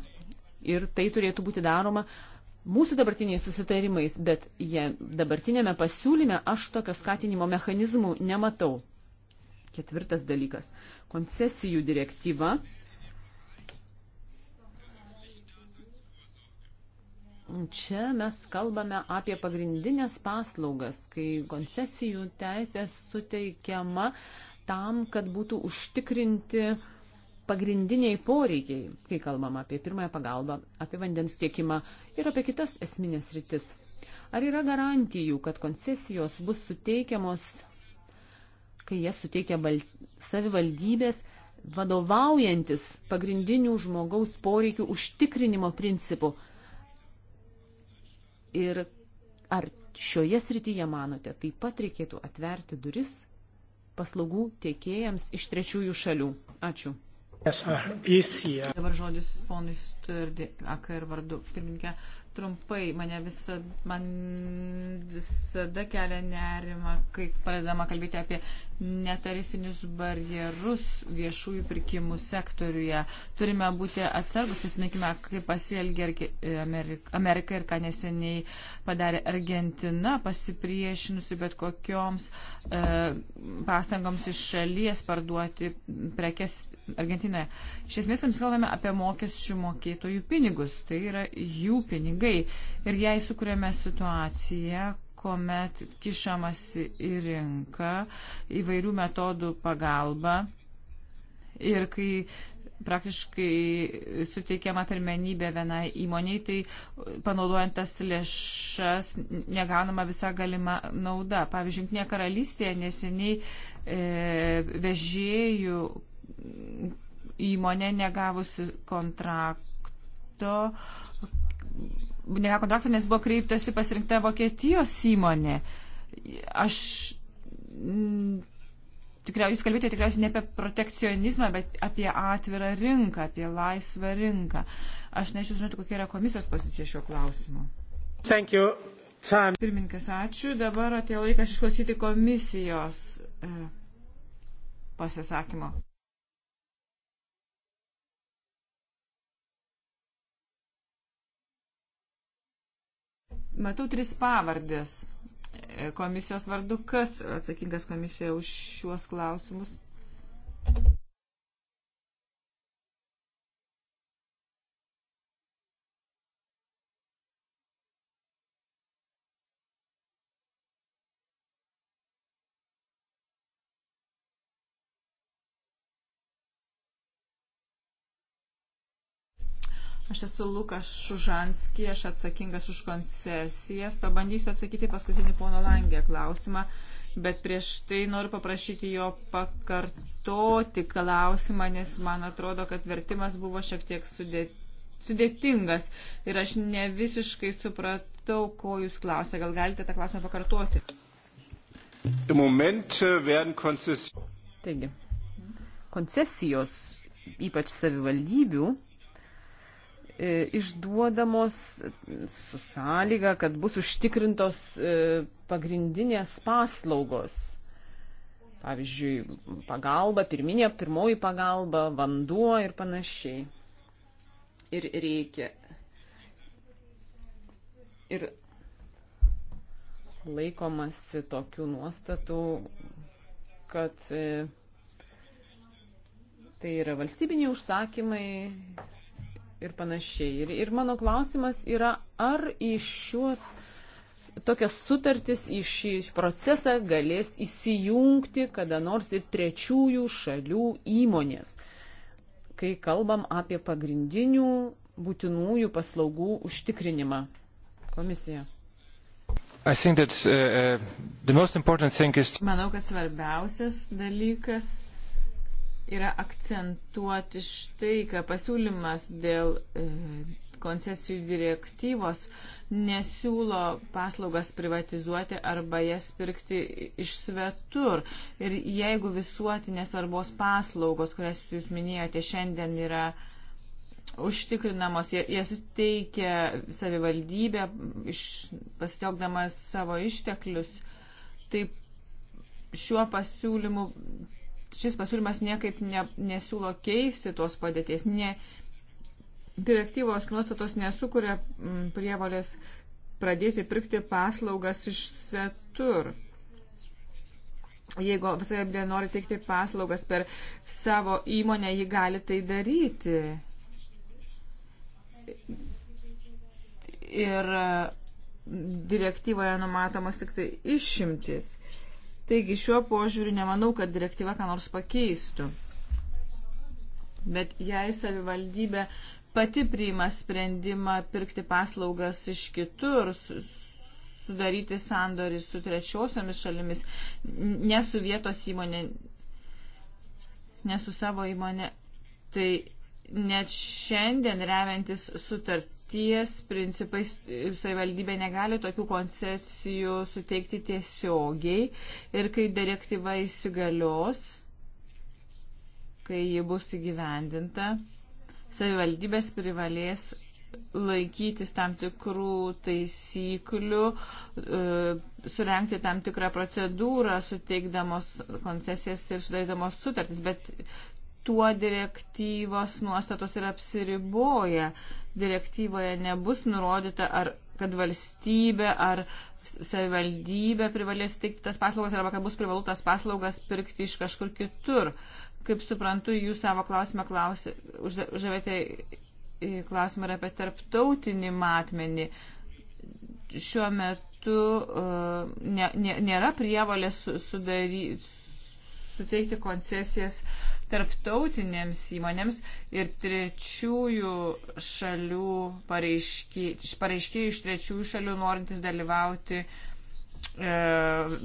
Ir tai turėtų būti daroma mūsų dabartiniais susitarimais, bet jie dabartinėme pasiūlyme aš tokio skatinimo mechanizmų nematau. Ketvirtas dalykas - koncesijų direktyva. Čia mes kalbame apie pagrindinės paslaugas, kai koncesijų teisė suteikiama tam, kad būtų užtikrinti uh, pagrindiniai poreikiai, kai kalbam apie pirmąją pagalbą, apie vandens tiekimą ir apie kitas esminės rytis. Ar yra garantijų, kad koncesijos bus suteikiamos, kai jas suteikia savivaldybės, vadovaujantis pagrindinių žmogaus poreikių užtikrinimo principu? Ir ar šioje srityje, manote, taip pat reikėtų atverti duris paslaugų tiekėjams iš trečiųjų šalių? Ačiū. Dabar žodis ponui Sturdi, AKR vardu. Pirmininkė, trumpai, mane visada, man visada kelia nerima, kai pradedama kalbėti apie netarifinius barjerus viešųjų pirkimų sektoriuje. Turime būti atsargus, prisiminkime, kaip pasielgė Amerika ir ką neseniai padarė Argentina, pasipriešinusi bet kokioms e, pastangoms iš šalies parduoti prekes Argentinoje. Iš esmės mes kalbame apie mokesčių mokėtojų pinigus, tai yra jų pinigai. Ir jei sukūrėme situaciją, kuomet kišamasi į rinką įvairių metodų pagalba ir kai praktiškai suteikiama pirmenybė vienai įmoniai, tai panaudojant tas lėšas negaunama visa galima nauda. Pavyzdžiui, Junktinėje karalystėje neseniai e, vežėjų įmonė negavusi kontrakto, negavo kontrakto, nes buvo kreiptasi pasirinkta Vokietijos įmonė. Aš mm, tikriausiai, jūs kalbėjote tikriausiai ne apie protekcionizmą, bet apie atvirą rinką, apie laisvą rinką. Aš nežinau, žinoti, kokia yra komisijos pozicija šiuo klausimu. Pirmininkas, ačiū. Dabar atėjo laikas išklausyti komisijos e, pasisakymo. Matau tris pavardės e, komisijos vardu. Kas atsakingas komisijoje už šiuos klausimus? Aš esu Lukas Šužanski, aš atsakingas už koncesijas. Pabandysiu atsakyti paskutinį pono Langė klausimą, bet prieš tai noriu paprašyti jo pakartoti klausimą, nes man atrodo, kad vertimas buvo šiek tiek sudėtingas ir aš ne visiškai supratau, ko jūs klausė. Gal galite tą klausimą pakartoti? Äh, Taigi, koncesijos, ypač savivaldybių, E, išduodamos su sąlyga, kad bus užtikrintos e, pagrindinės paslaugos. Pavyzdžiui, pagalba, pirminė, pirmoji pagalba, vanduo ir panašiai. Ir reikia. Ir laikomasi tokių nuostatų, kad e, tai yra valstybiniai užsakymai, ir panašiai. Ir, ir mano klausimas yra, ar į šiuos tokias sutartis, į šį procesą galės įsijungti kada nors ir trečiųjų šalių įmonės, kai kalbam apie pagrindinių būtinųjų paslaugų užtikrinimą. Komisija. That, uh, uh is... Manau, kad svarbiausias dalykas yra akcentuoti štai, kad pasiūlymas dėl e, koncesijų direktyvos nesiūlo paslaugas privatizuoti arba jas pirkti iš svetur. Ir jeigu visuotinės svarbos paslaugos, kurias jūs minėjote, šiandien yra užtikrinamos, jas teikia savivaldybė, iš, pasitelkdamas savo išteklius, taip šiuo pasiūlymu šis pasiūlymas niekaip ne, nesiūlo keisti tos padėties. Ne, direktyvos nuostatos nesukuria mm, prievalės pradėti pirkti paslaugas iš svetur. Jeigu visai nori teikti paslaugas per savo įmonę, ji gali tai daryti. Ir e, direktyvoje numatomos tik tai išimtis. Taigi šiuo požiūriu nemanau, kad direktyva ką nors pakeistų. Bet jei savivaldybė pati priima sprendimą pirkti paslaugas iš kitur, sudaryti sandorį su trečiosiomis šalimis, ne su vietos įmonė, ne su savo įmonė, tai net šiandien remiantis sutart, ties principais e, savivaldybė negali tokių koncesijų suteikti tiesiogiai ir kai direktyva įsigalios, kai ji bus įgyvendinta, savivaldybės privalės laikytis tam tikrų taisyklių, e, surenkti tam tikrą procedūrą, suteikdamos koncesijas ir sudarydamos sutartis, bet tuo direktyvos nuostatos ir apsiriboja direktyvoje nebus nurodyta, ar kad valstybė ar savivaldybė privalės teikti tas paslaugas arba kad bus privalu tas paslaugas pirkti iš kažkur kitur. Kaip suprantu, jūs savo klausimą klausė, uždavėte klausimą ir apie tarptautinį matmenį. Šiuo metu uh, ne, ne, nėra prievalės sudary, suteikti koncesijas tarptautinėms įmonėms ir trečiųjų šalių pareiškiai iš trečiųjų šalių norintys dalyvauti e,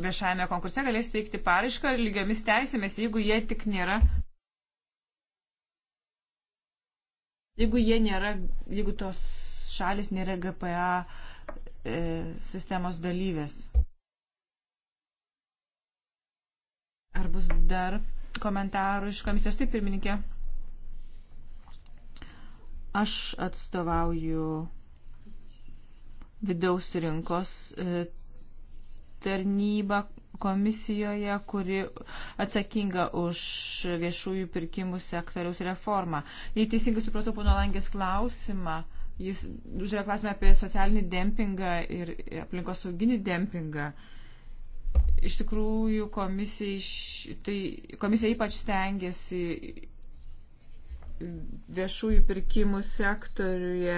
viešajame konkurse galės teikti paraišką lygiomis teisėmis, jeigu jie tik nėra. Jeigu, jie nėra, jeigu tos šalis nėra GPA e, sistemos dalyvės. Ar bus dar komentarų iš komisijos. Taip, pirmininkė. Aš atstovauju vidaus rinkos e, tarnybą komisijoje, kuri atsakinga už viešųjų pirkimų sektoriaus reformą. Jei teisingai supratau pono Langės klausimą, jis uždavė klausimą apie socialinį dempingą ir aplinkosauginį dempingą. Uh, Iš tikrųjų, komisija, tai, komisija ypač stengiasi viešųjų pirkimų sektoriuje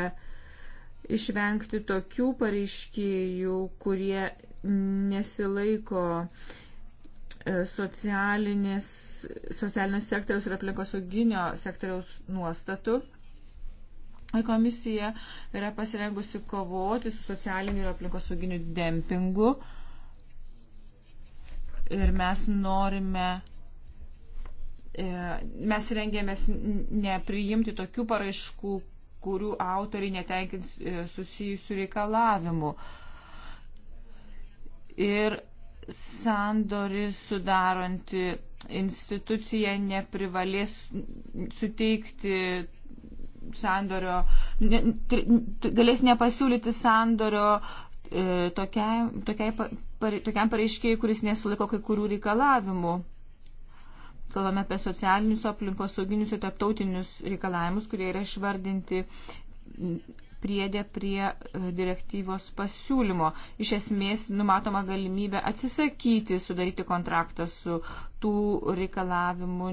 išvengti tokių pareiškėjų, kurie nesilaiko e, socialinės, socialinės sektoriaus ir aplinkosauginio sektoriaus nuostatų. Ir komisija yra pasirengusi kovoti su socialiniu ir aplinkosauginiu dempingu. Uh, ir mes norime. E, mes rengėmės nepriimti tokių paraiškų, kurių autoriai netenkins e, susijusių reikalavimų. Ir sandori sudaranti institucija neprivalės suteikti sandorio, ne, galės nepasiūlyti sandorio E, tokiai, tokiai, tokiam pareiškėjui, kuris nesilaiko kai kurių reikalavimų. Kalbame apie socialinius, aplinkosauginius ir tarptautinius reikalavimus, kurie yra išvardinti priedė prie e, direktyvos pasiūlymo. Iš esmės numatoma galimybė atsisakyti sudaryti kontraktą su tų reikalavimų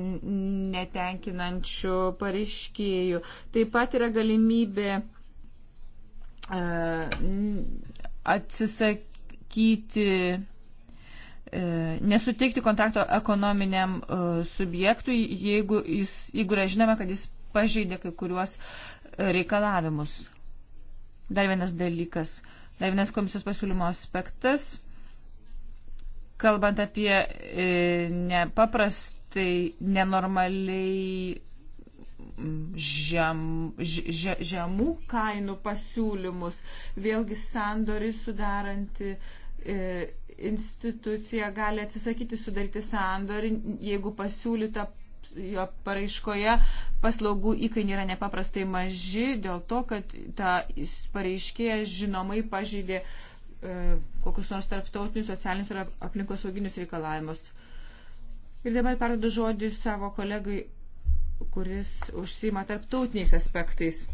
netenkinančių pareiškėjų. Taip pat yra galimybė e, atsisakyti e, nesuteikti kontakto ekonominiam e, subjektui, jeigu, jis, jeigu yra žinoma, kad jis pažeidė kai kuriuos e, reikalavimus. Dar vienas dalykas, dar vienas komisijos pasiūlymo aspektas, kalbant apie nepaprastai nenormaliai žem, že, žemų kainų pasiūlymus. Vėlgi sandorį sudaranti e, institucija gali atsisakyti sudaryti sandorį, jeigu pasiūlyta jo paraiškoje paslaugų įkainiai yra nepaprastai maži dėl to, kad ta pareiškėja žinomai pažydė e, kokius nors tarptautinius socialinius ir aplinkosauginius reikalavimus. Ir dabar perdu žodį savo kolegai kuris užsima tarptautiniais aspektais.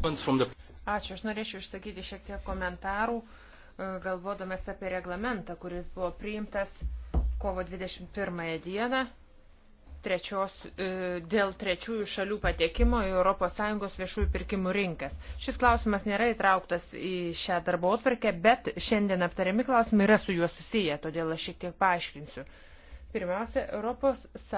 Ačiū, aš norėčiau išsakyti šiek tiek komentarų, e, galvodamas apie reglamentą, kuris buvo priimtas kovo 21 dieną trečios, e, dėl trečiųjų šalių patekimo į ES viešųjų pirkimų rinkas. Šis klausimas nėra įtrauktas į šią darbo atvarkę, bet šiandien aptariami klausimai yra su juo susiję, todėl aš šiek tiek paaiškinsiu. Pirmiausia, ES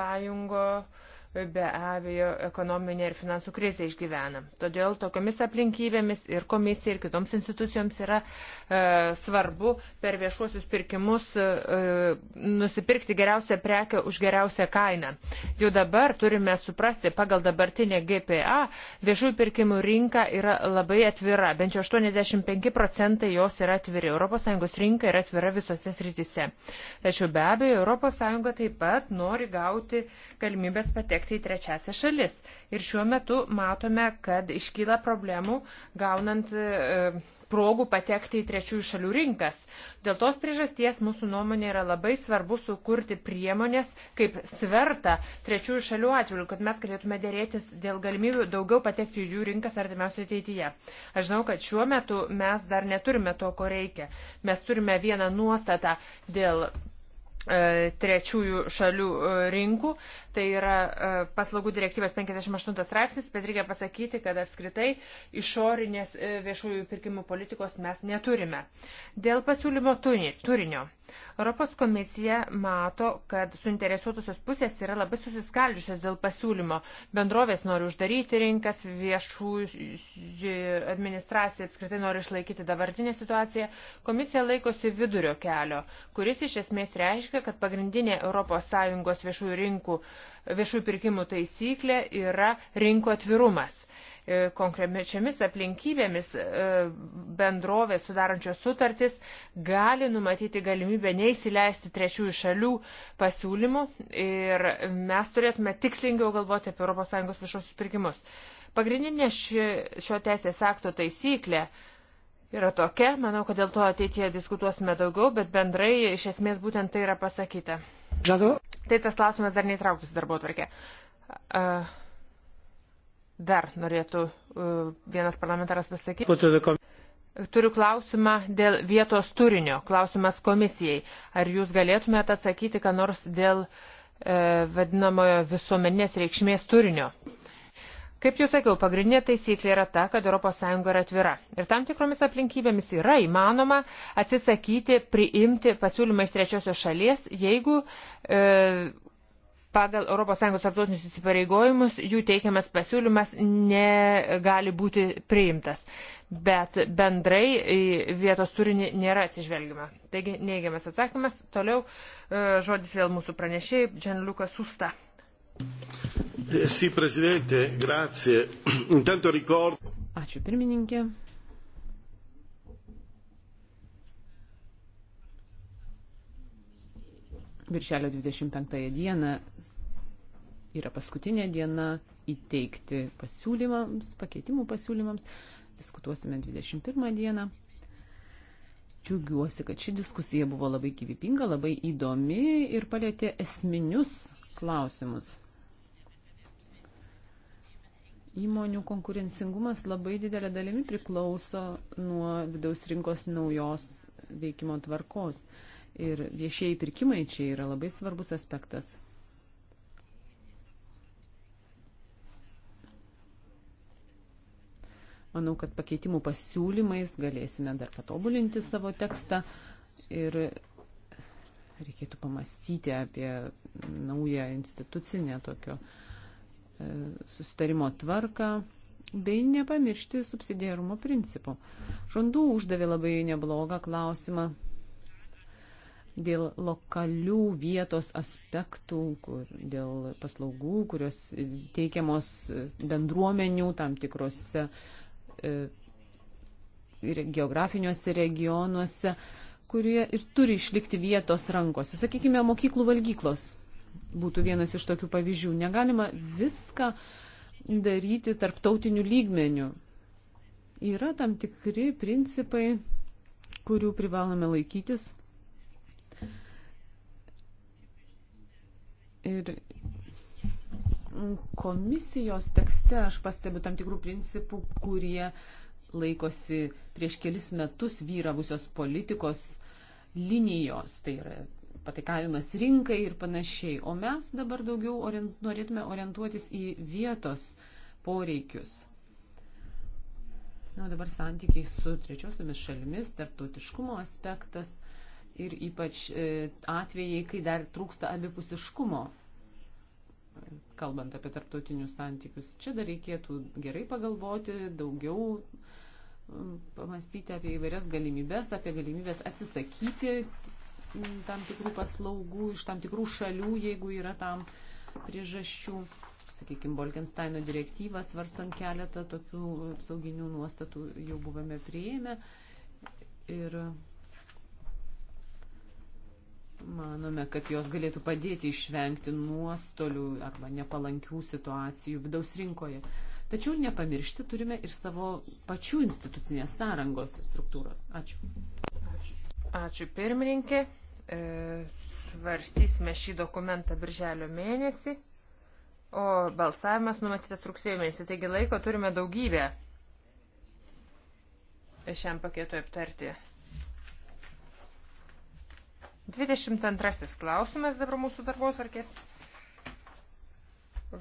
be abejo ekonominė ir finansų krizė išgyvena. Todėl tokiamis aplinkybėmis ir komisija, ir kitoms institucijoms yra e, svarbu per viešuosius pirkimus e, nusipirkti geriausią prekę už geriausią kainą. Jau dabar turime suprasti, pagal dabartinę GPA viešųjų pirkimų rinka yra labai atvira, bent jau 85 procentai jos yra atviri. ES rinka yra atvira visose srityse. Tačiau be abejo, ES taip pat nori gauti galimybės patekti patekti į tai trečiasią šalis. Ir šiuo metu matome, kad iškyla problemų gaunant e, progų patekti į trečiųjų šalių rinkas. Dėl tos priežasties mūsų nuomonė yra labai svarbu sukurti priemonės kaip svertą trečiųjų šalių atžvilgių, kad mes galėtume dėrėtis dėl galimybių daugiau patekti į jų rinkas artimiausioje ateityje. Aš žinau, kad šiuo metu mes dar neturime to, ko reikia. Mes turime vieną nuostatą dėl E, trečiųjų šalių e, rinkų. Tai yra e, paslaugų direktyvos 58 straipsnis, bet reikia pasakyti, kad apskritai išorinės viešųjų pirkimų politikos mes neturime. Dėl pasiūlymo turinio. Europos komisija mato, kad suinteresuotusios pusės yra labai susiskaldžiusios dėl pasiūlymo. Bendrovės nori uždaryti rinkas, viešų administracija apskritai nori išlaikyti dabartinę situaciją. Komisija laikosi vidurio kelio, kuris iš esmės reiškia, kad pagrindinė ES viešųjų, rinkų, viešųjų pirkimų taisyklė yra rinkų atvirumas E, konkrečiamis aplinkybėmis e, bendrovės sudarančios sutartis gali numatyti galimybę neįsileisti trečiųjų šalių pasiūlymų ir mes turėtume tikslingiau galvoti apie ES viešosius pirkimus. Pagrindinė šio teisės akto taisyklė yra tokia, manau, kad dėl to ateityje diskutuosime daugiau, bet bendrai iš esmės būtent tai yra pasakyta. Žadu. Tai tas klausimas dar neįtrauktas darbo tvarkė. Uh, Dar norėtų e, vienas parlamentaras pasakyti. Turiu klausimą dėl vietos turinio. Klausimas komisijai. Ar jūs galėtumėte atsakyti, ką nors dėl e, vadinamojo visuomeninės reikšmės turinio? Kaip jau sakiau, pagrindinė taisyklė yra ta, kad ES yra atvira. Ir tam tikromis aplinkybėmis yra įmanoma atsisakyti, priimti pasiūlymą iš trečiosios šalies, jeigu e, pagal ES tarptautinius įsipareigojimus jų teikiamas pasiūlymas negali būti priimtas. Bet bendrai vietos turinį nėra atsižvelgiama. Taigi neigiamas atsakymas. Toliau e, žodis vėl mūsų pranešėjai, Džanliukas Susta. Sì, Presidente, grazie. Intanto ricordo. Ačiū pirmininkė. Viršelio 25 dieną yra paskutinė diena įteikti pasiūlymams, pakeitimų pasiūlymams. Diskutuosime 21 dieną. Džiaugiuosi, kad ši diskusija buvo labai gyvybinga, labai įdomi ir palėtė esminius klausimus. Įmonių konkurencingumas labai didelė dalimi priklauso nuo vidaus rinkos naujos veikimo tvarkos. Ir viešieji pirkimai čia yra labai svarbus aspektas. Manau, kad pakeitimų pasiūlymais galėsime dar patobulinti savo tekstą ir reikėtų pamastyti apie naują institucinę tokio e, susitarimo tvarką bei nepamiršti subsidiarumo principų. Žondų uždavė labai neblogą klausimą dėl lokalių vietos aspektų, kur, dėl paslaugų, kurios teikiamos bendruomenių tam tikrose E, geografiniuose regionuose, kurie ir turi išlikti vietos rankose. Sakykime, mokyklų valgyklos būtų vienas iš tokių pavyzdžių. Negalima viską daryti tarptautiniu lygmeniu. Yra tam tikri principai, kurių privalome laikytis. Ir komisijos tekste aš pastebiu tam tikrų principų, kurie laikosi prieš kelis metus vyravusios politikos linijos, tai yra patikavimas rinkai ir panašiai. O mes dabar daugiau orient, norėtume orientuotis į vietos poreikius. Na, dabar santykiai su trečiosiomis šalimis, tarptautiškumo aspektas ir ypač e, atvejai, kai dar trūksta abipusiškumo kalbant apie tarptautinius santykius. Čia dar reikėtų gerai pagalvoti, daugiau pamastyti apie įvairias galimybės, apie galimybės atsisakyti tam tikrų paslaugų iš tam tikrų šalių, jeigu yra tam priežasčių. Sakykime, Bolkensteino direktyvą svarstant keletą tokių apsauginių nuostatų jau buvome prieėmę. Ir Manome, kad jos galėtų padėti išvengti nuostolių arba nepalankių situacijų vidaus rinkoje. Tačiau nepamiršti turime ir savo pačių institucinės sąrangos struktūros. Ačiū. Ačiū, Ačiū pirmininkė. E, svarstysime šį dokumentą birželio mėnesį, o balsavimas numatytas rugsėjo mėnesį, taigi laiko turime daugybę šiam paketui aptarti. 22 klausimas dabar mūsų darbos varkės.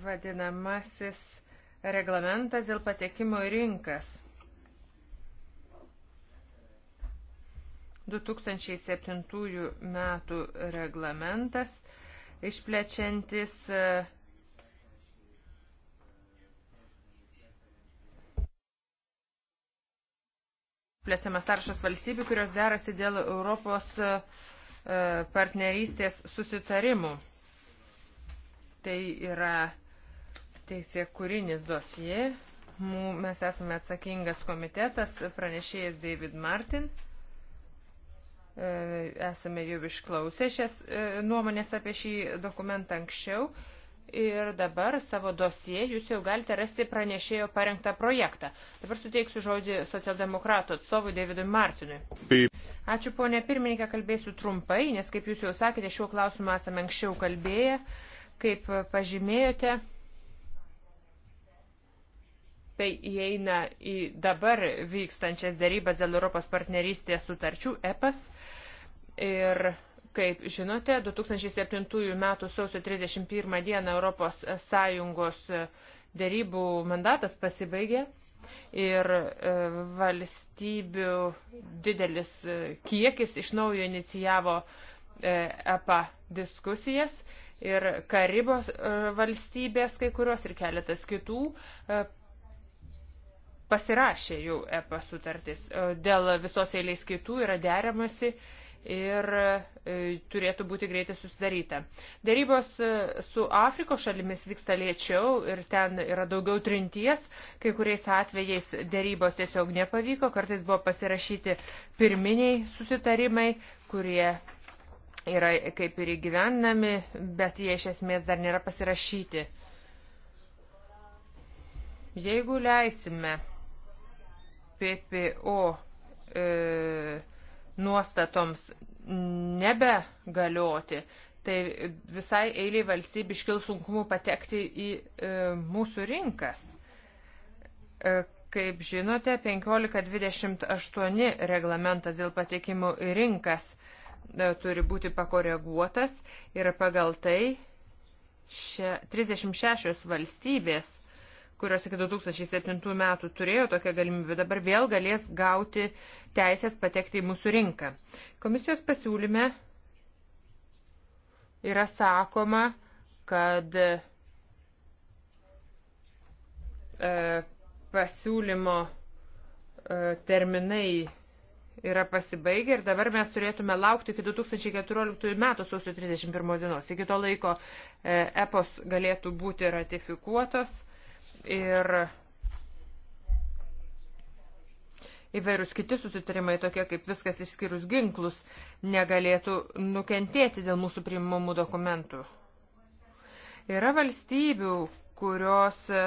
Vadinamasis reglamentas dėl patekimo į rinkas. 2007 metų reglamentas išplečiantis plėsiamas sąrašas valstybių, kurios derasi dėl Europos E, partnerystės susitarimų. Tai yra teisė kūrinis dosie. Mes esame atsakingas komitetas, pranešėjas David Martin. E, esame jau išklausę šias e, nuomonės apie šį dokumentą anksčiau ir dabar savo dosie jūs jau galite rasti pranešėjo parengtą projektą. Dabar suteiksiu žodį socialdemokratų atstovui Davidui Martinui. Ačiū ponė pirmininkė, kalbėsiu trumpai, nes kaip jūs jau sakėte, šiuo klausimu esame anksčiau kalbėję, kaip pažymėjote. Tai įeina į dabar vykstančias dėrybas dėl Europos partnerystės sutarčių EPAS. Ir Kaip žinote, 2007 m. sausio 31 d. Europos Sąjungos dėrybų mandatas pasibaigė ir e, valstybių didelis e, kiekis iš naujo inicijavo EPA e diskusijas ir Karibos valstybės kai kurios ir keletas kitų pasirašė jau EPA sutartis. Dėl visos eilės kitų yra deramasi ir e, turėtų būti greitai susidaryta. Dėrybos e, su Afrikos šalimis vyksta lėčiau ir ten yra daugiau trinties, kai kuriais atvejais dėrybos tiesiog nepavyko, kartais buvo pasirašyti pirminiai susitarimai, kurie yra kaip ir įgyvendinami, bet jie iš esmės dar nėra pasirašyti. Jeigu leisime PPO e, nuostatoms nebegalioti, tai visai eiliai valstybių iškil sunkumų patekti į e, mūsų rinkas. E, kaip žinote, 1528 reglamentas dėl patekimų į rinkas e, turi būti pakoreguotas ir pagal tai šia, 36 valstybės kurios iki 2007 metų turėjo tokią galimybę, dabar vėl galės gauti teisės patekti į mūsų rinką. Komisijos pasiūlyme yra sakoma, kad e, pasiūlymo e, terminai yra pasibaigę ir dabar mes turėtume laukti iki 2014 metų sausio 31 dienos. Iki to laiko e, EPOS galėtų būti ratifikuotos. E, ir įvairūs kiti susitarimai, tokie kaip viskas išskyrus ginklus, negalėtų nukentėti dėl mūsų priimamų dokumentų. Yra valstybių, kurios e,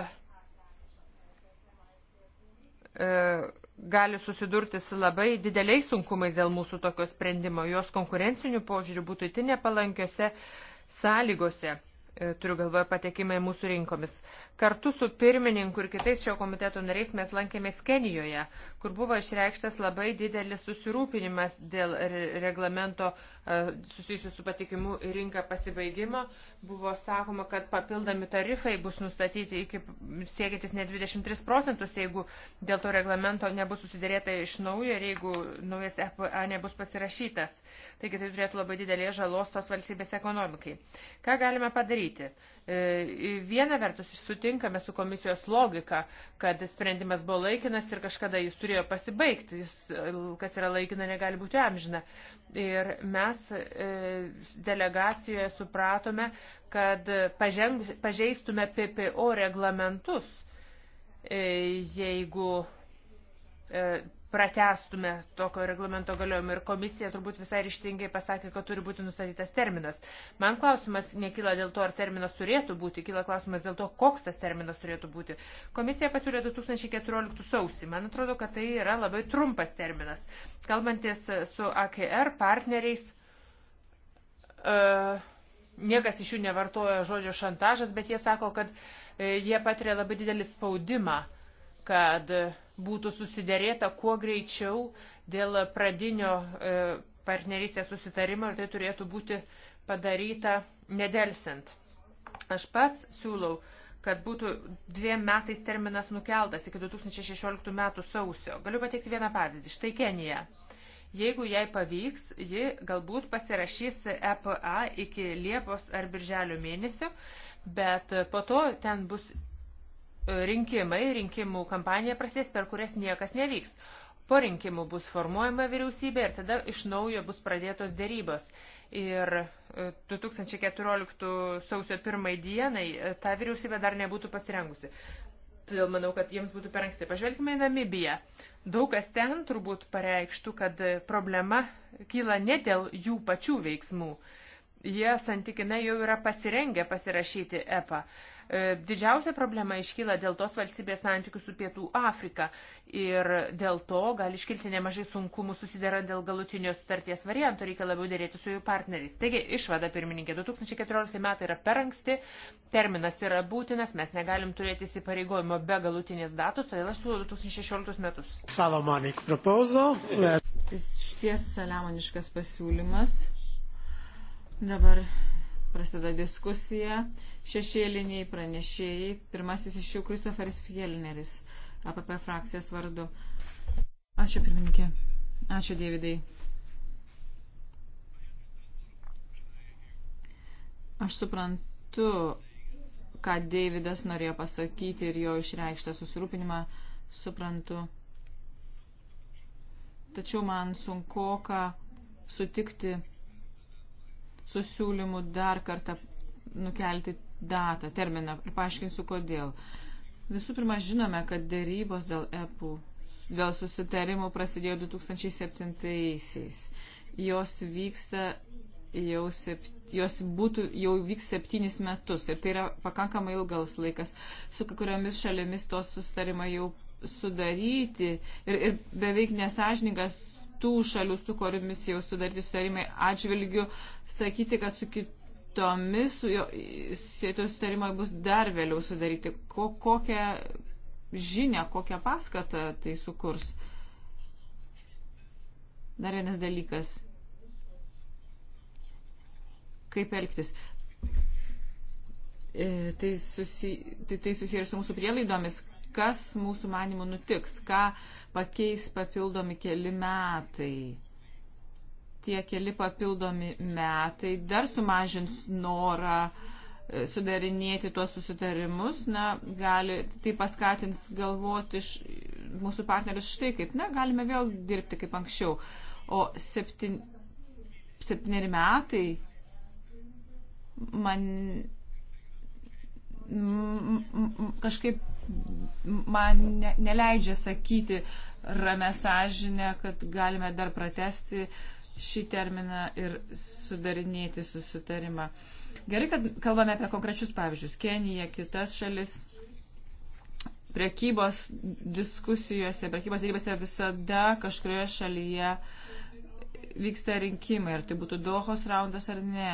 e gali susidurti su labai dideliais sunkumais dėl mūsų tokio sprendimo. Jos konkurencinių požiūrių būtų itin nepalankiose sąlygose. E, turiu galvoje patekimą į mūsų rinkomis. Kartu su pirmininku ir kitais šio komiteto nariais mes lankėmės Kenijoje, kur buvo išreikštas labai didelis susirūpinimas dėl reglamento e, susijusiu su patikimu į rinką pasibaigimo. Buvo sakoma, kad papildomi tarifai bus nustatyti iki siekiantis ne 23 procentus, jeigu dėl to reglamento nebus susidėrėta iš naujo ir jeigu naujas EPA nebus pasirašytas. Taigi tai turėtų labai didelės žalos tos valstybės ekonomikai. Ką galime padaryti? daryti. E, viena vertus sutinkame su komisijos logika, kad sprendimas buvo laikinas ir kažkada jis turėjo pasibaigti, jis, kas yra laikina, negali būti amžina. Ir mes e, delegacijoje supratome, kad paženg, pažeistume PPO reglamentus, e, jeigu pratestume tokio reglamento galiojimą ir komisija turbūt visai ryštingai pasakė, kad turi būti nustatytas terminas. Man klausimas nekyla dėl to, ar terminas turėtų būti, kyla klausimas dėl to, koks tas terminas turėtų būti. Komisija pasiūlė 2014 sausį. Man atrodo, kad tai yra labai trumpas terminas. Kalbantis su AKR partneriais. Uh, Niekas iš jų nevartoja žodžio šantažas, bet jie sako, kad e, jie patiria labai didelį spaudimą, kad uh, būtų susiderėta kuo greičiau dėl pradinio e, partnerystės susitarimo ir tai turėtų būti padaryta nedelsiant. Aš pats siūlau, kad būtų dviem metais terminas nukeltas iki 2016 metų sausio. Galiu pateikti vieną pavyzdį. Štai Kenija. Jeigu jai pavyks, ji galbūt pasirašys EPA iki Liepos ar Birželio mėnesio, bet po to ten bus rinkimai, rinkimų kampanija prasidės, per kurias niekas nevyks. Po rinkimų bus formuojama vyriausybė ir tada iš naujo bus pradėtos dėrybos. Ir 2014 e, sausio pirmai dienai e, ta vyriausybė dar nebūtų pasirengusi. Todėl manau, kad jiems būtų per anksti. Pažvelkime į Namibiją. Daug kas ten turbūt pareikštų, kad problema kyla ne dėl jų pačių veiksmų, jie santykinai jau yra pasirengę pasirašyti EPA. Didžiausia problema iškyla dėl tos valstybės santykių su Pietų Afrika ir dėl to gali iškilti nemažai sunkumų susidarant dėl galutinio sutarties varianto, reikia labiau dėrėti su jų partneriais. Taigi, išvada pirmininkė, 2014 metai yra per anksti, terminas yra būtinas, mes negalim turėti įsipareigojimo be galutinės datos, todėl aš siūlau 2016 metus. Salomonik propozo. Šties saliamoniškas pasiūlymas Dabar prasideda diskusija. Šešėliniai pranešėjai. Pirmasis iš jų Kristoferis Fielneris, APP frakcijos vardu. Ačiū pirmininkė. Ačiū Davidai. Aš suprantu, ką Davidas norėjo pasakyti ir jo išreikštą susirūpinimą. Suprantu. Tačiau man sunku, ką sutikti su siūlymu dar kartą nukelti datą, terminą ir paaiškinsiu kodėl. Visų pirma, žinome, kad dėrybos dėl EPU, dėl susitarimų prasidėjo 2007-aisiais. Jos vyksta jau septyniais jos būtų, jau vyks septynis metus ir tai yra pakankamai ilgas laikas, su kuriomis šalimis tos sustarimą jau sudaryti ir, ir beveik nesažininkas tų šalių, su kuriomis jau sudaryti sutarimai atžvilgių, sakyti, kad su kitomis sėtų sutarimai bus dar vėliau sudaryti. Ko, kokią žinią, kokią paskatą tai sukurs? Dar vienas dalykas. Kaip elgtis? E, tai, susi, tai, tai susiję ir su mūsų prielaidomis, kas mūsų manimų nutiks, ką pakeis papildomi keli metai. Tie keli papildomi metai dar sumažins norą e, sudarinėti tuos susitarimus, na, gali, tai paskatins galvoti iš mūsų partnerius štai kaip, na, galime vėl dirbti kaip anksčiau. O septyn, septyneri metai man m, m, kažkaip man ne, neleidžia sakyti ramę sąžinę, kad galime dar pratesti šį terminą ir sudarinėti susitarimą. Gerai, kad kalbame apie konkrečius pavyzdžius - Keniją, kitas šalis. Prekybos diskusijose, prekybos dėrybose visada kažkurioje šalyje vyksta rinkimai, ar tai būtų Dohos raundas ar ne.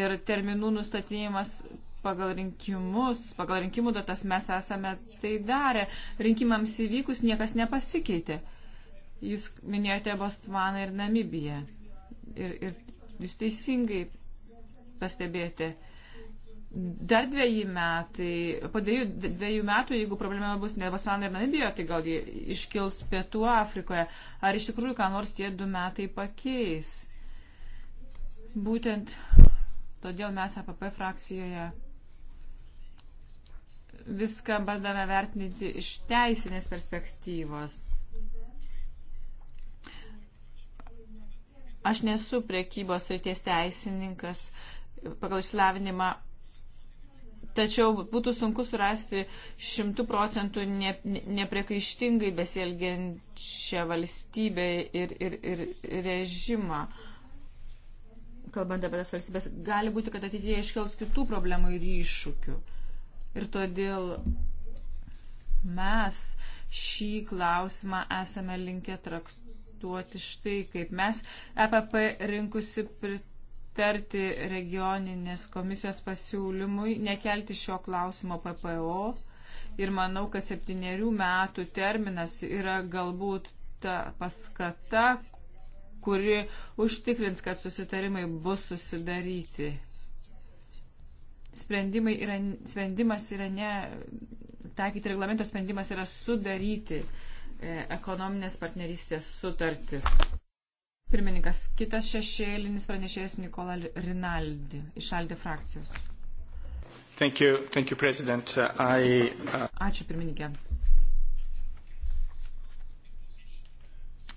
Ir terminų nustatymas pagal rinkimus, pagal rinkimų datas mes esame tai darę. Rinkimams įvykus niekas nepasikeitė. Jūs minėjote Bostvaną ir Namibiją. Ir, ir jūs teisingai pastebėjote. Dar dviejų metai, po dviejų, dviejų metų, jeigu problema bus ne Bostvaną ir Namibiją, tai gal iškils Pietų Afrikoje. Ar iš tikrųjų ką nors tie du metai pakeis? Būtent Todėl mes APP frakcijoje viską bandome vertinti iš teisinės perspektyvos. Aš nesu priekybos ryties teisininkas pagal išsilavinimą, tačiau būtų sunku surasti šimtų procentų ne, nepriekaištingai besielgiančią valstybę ir, ir, ir režimą. Kalbant apie tas valstybės, gali būti, kad ateityje iškels kitų problemų ir iššūkių. Ir todėl mes šį klausimą esame linkę traktuoti štai kaip mes EPP rinkusi pritarti regioninės komisijos pasiūlymui nekelti šio klausimo PPO. Ir manau, kad septyniarių metų terminas yra galbūt ta paskata, kuri užtikrins, kad susitarimai bus susidaryti sprendimai yra, sprendimas yra ne taikyti reglamento, sprendimas yra sudaryti e, ekonominės partnerystės sutartis. Pirmininkas, kitas šešėlinis pranešėjas Nikola Rinaldi iš Aldė frakcijos. Thank you, thank you, President. I, uh... Ačiū pirmininkė.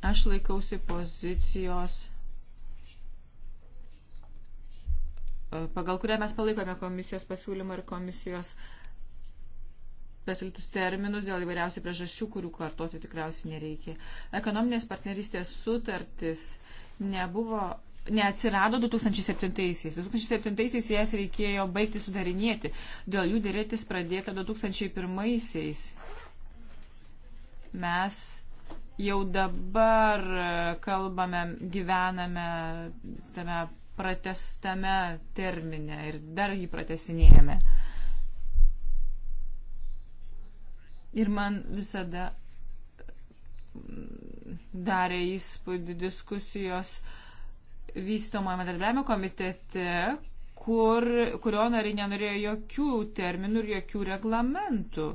Aš laikausi pozicijos pagal kurią mes palaikome komisijos pasiūlymą ir komisijos pasiūlytus terminus dėl įvairiausių priežasčių, kurių kartoti tikriausiai nereikia. Ekonominės partnerystės sutartis nebuvo neatsirado 2007-aisiais. 2007-aisiais jas reikėjo baigti sudarinėti. Dėl jų dėrėtis pradėta 2001-aisiais. Mes jau dabar kalbame, gyvename tame pratestame terminę ir dar jį pratesinėjame. Ir man visada mm, darė įspūdį diskusijos vystomame darbiavimo komitete, kur, kurio nariai nenorėjo jokių terminų ir jokių reglamentų.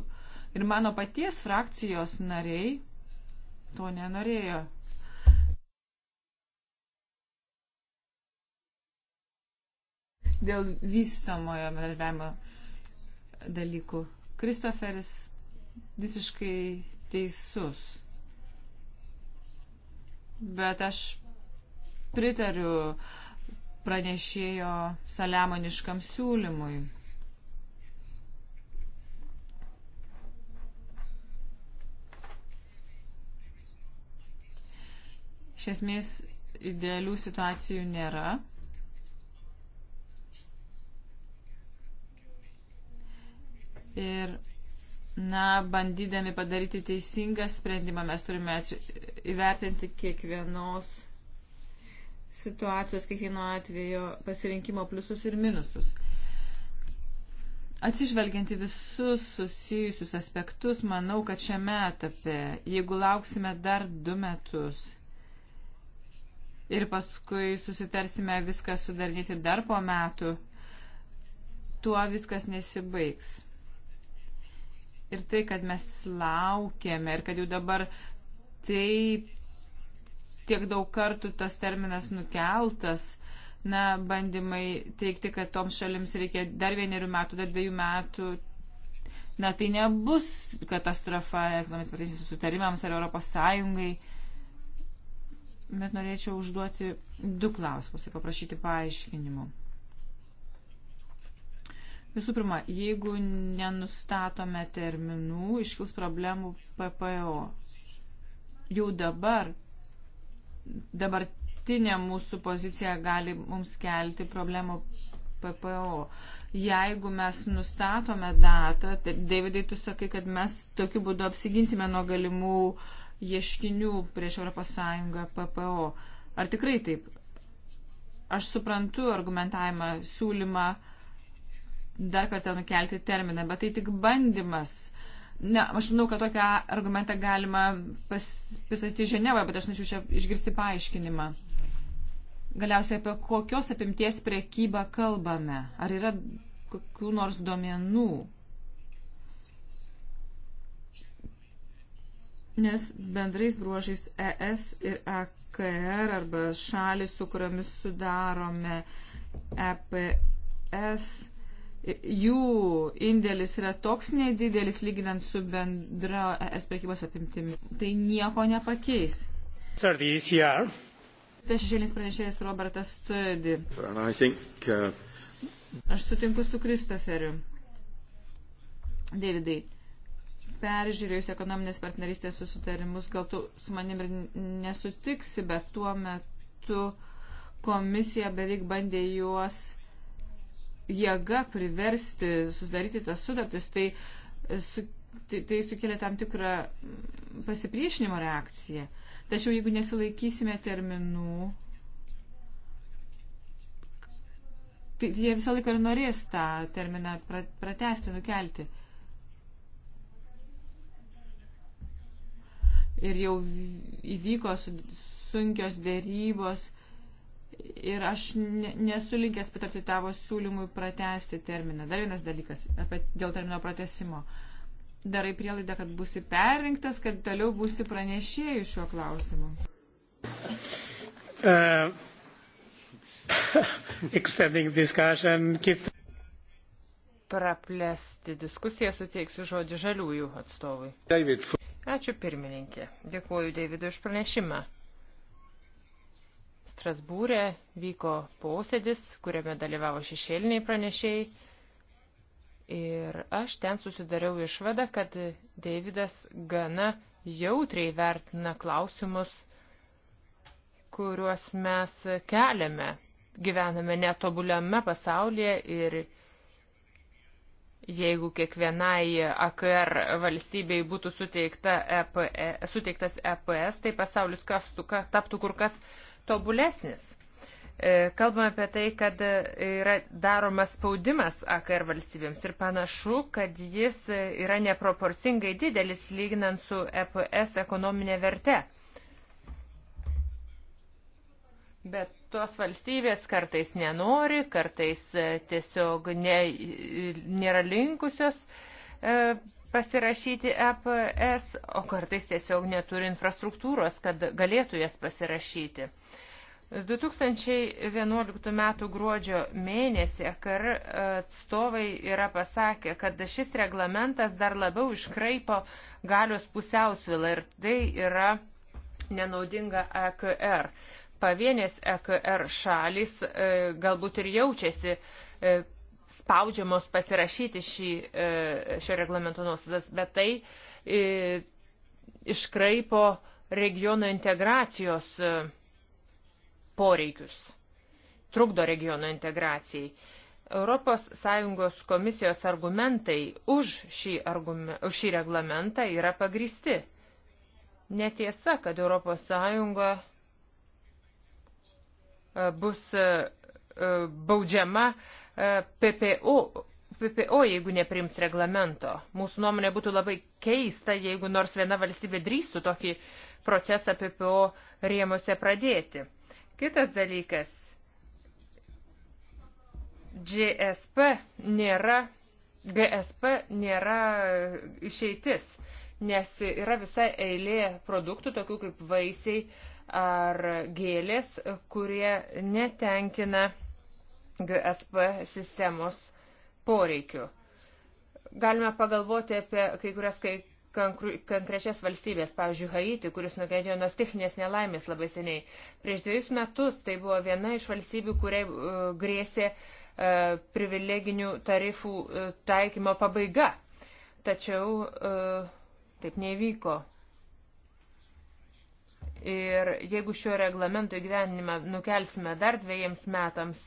Ir mano paties frakcijos nariai to nenorėjo. dėl vystomojo bendradarbiavimo dalykų. Kristoferis visiškai teisus. Bet aš pritariu pranešėjo saliamoniškam siūlymui. Iš esmės, idealių situacijų nėra. Ir, na, bandydami padaryti teisingą sprendimą, mes turime įvertinti kiekvienos situacijos, kiekvieno atveju pasirinkimo pliusus ir minusus. Atsižvelgianti visus susijusius aspektus, manau, kad šiame etape, jeigu lauksime dar du metus ir paskui susitarsime viską sudarnyti dar po metų, tuo viskas nesibaigs ir tai, kad mes laukėme ir kad jau dabar taip tiek daug kartų tas terminas nukeltas, na, bandymai teikti, kad toms šalims reikia dar vienerių metų, dar dviejų metų. Na, tai nebus katastrofa ekonomis patys susitarimams ar Europos Sąjungai. Bet norėčiau užduoti du klausimus ir paprašyti paaiškinimų. Visų pirma, jeigu nenustatome terminų, iškils problemų PPO. Jau dabar, dabartinė mūsų pozicija gali mums kelti problemų PPO. Jeigu mes nustatome datą, tai Davidai, tu sakai, kad mes tokiu būdu apsiginsime nuo galimų ieškinių prieš ES PPO. Ar tikrai taip? Aš suprantu argumentavimą, siūlymą dar kartą nukelti terminą, bet tai tik bandymas. Ne, aš manau, kad tokią argumentą galima pasakyti Ženevoje, bet aš norėčiau čia išgirsti paaiškinimą. Galiausiai apie kokios apimties priekybą kalbame? Ar yra kokių nors duomenų? Nes bendrais bruožais ES ir AKR arba šalis, su kuriomis sudarome EPS jų indėlis yra toks nedidelis lyginant su bendra es prekybos apimtimi. Tai nieko nepakeis. E tai šešėlis pranešėjas Robertas Studi. Uh, Aš sutinku su Kristoferiu. Davidai, peržiūrėjus ekonominės partnerystės susitarimus, gal tu su manim ir nesutiksi, bet tuo metu komisija beveik bandė juos jėga priversti susidaryti tas sudartis, tai, su, tai, tai sukelia tam tikrą pasipriešinimo reakciją. Tačiau jeigu nesilaikysime terminų, tai, tai jie visą laiką ir norės tą terminą pratesti, nukelti. Ir jau įvyko sunkios dėrybos ir aš nesu linkęs pritarti tavo siūlymui pratesti terminą. Dar vienas dalykas apie, dėl termino pratesimo. Darai prielaidą, kad būsi perrinktas, kad toliau būsi pranešėjų šiuo klausimu. Uh, extending discussion, keep... Praplėsti diskusiją suteiksiu žodį žaliųjų atstovui. David. Ačiū pirmininkė. Dėkuoju Davidui už pranešimą. Strasbūrė vyko posėdis, kuriame dalyvavo šešėliniai pranešėjai. Ir aš ten susidariau išvadą, kad Davidas gana jautriai vertina klausimus, kuriuos mes keliame. Gyvename netobuliame pasaulyje ir jeigu kiekvienai AKR valstybei būtų suteikta EP, e, suteiktas EPS, tai pasaulis kas, taptų kur kas tobulesnis. E, kalbame apie tai, kad yra daromas spaudimas AKR valstybėms ir panašu, kad jis yra neproporcingai didelis lyginant su EPS ekonominė verte. Bet tos valstybės kartais nenori, kartais tiesiog ne, nėra linkusios e, pasirašyti EPS, o kartais tiesiog neturi infrastruktūros, kad galėtų jas pasirašyti. 2011 m. gruodžio mėnesį e KAR atstovai yra pasakę, kad šis reglamentas dar labiau iškraipo galios pusiausvylą ir tai yra nenaudinga EKR. Pavienės EKR šalis e, galbūt ir jaučiasi e, spaudžiamos pasirašyti šį, e, šio reglamento nuostatas, bet tai e, iškraipo regiono integracijos e, poreikius, trukdo regiono integracijai. ES komisijos argumentai už šį, argumen, už šį reglamentą yra pagristi. Netiesa, kad ES e, bus baudžiama uh, PPO, PPO, jeigu neprims reglamento. Mūsų nuomonė būtų labai keista, jeigu nors viena valstybė drįstų tokį procesą PPO rėmose pradėti. Kitas dalykas. GSP nėra, GSP nėra išeitis, nes yra visa eilė produktų, tokių kaip vaisiai ar gėlės, kurie netenkina GSP sistemos poreikių. Galime pagalvoti apie kai kurias kai konkrečias valstybės, pavyzdžiui, Haiti, kuris nukentėjo nuo stichinės nelaimės labai seniai. Prieš dviejus metus tai buvo viena iš valstybių, kuriai uh, grėsė uh, privileginių tarifų uh, taikymo pabaiga. Tačiau uh, taip nevyko. Ir jeigu šio reglamento įgyvenimą nukelsime dar dviejiems metams,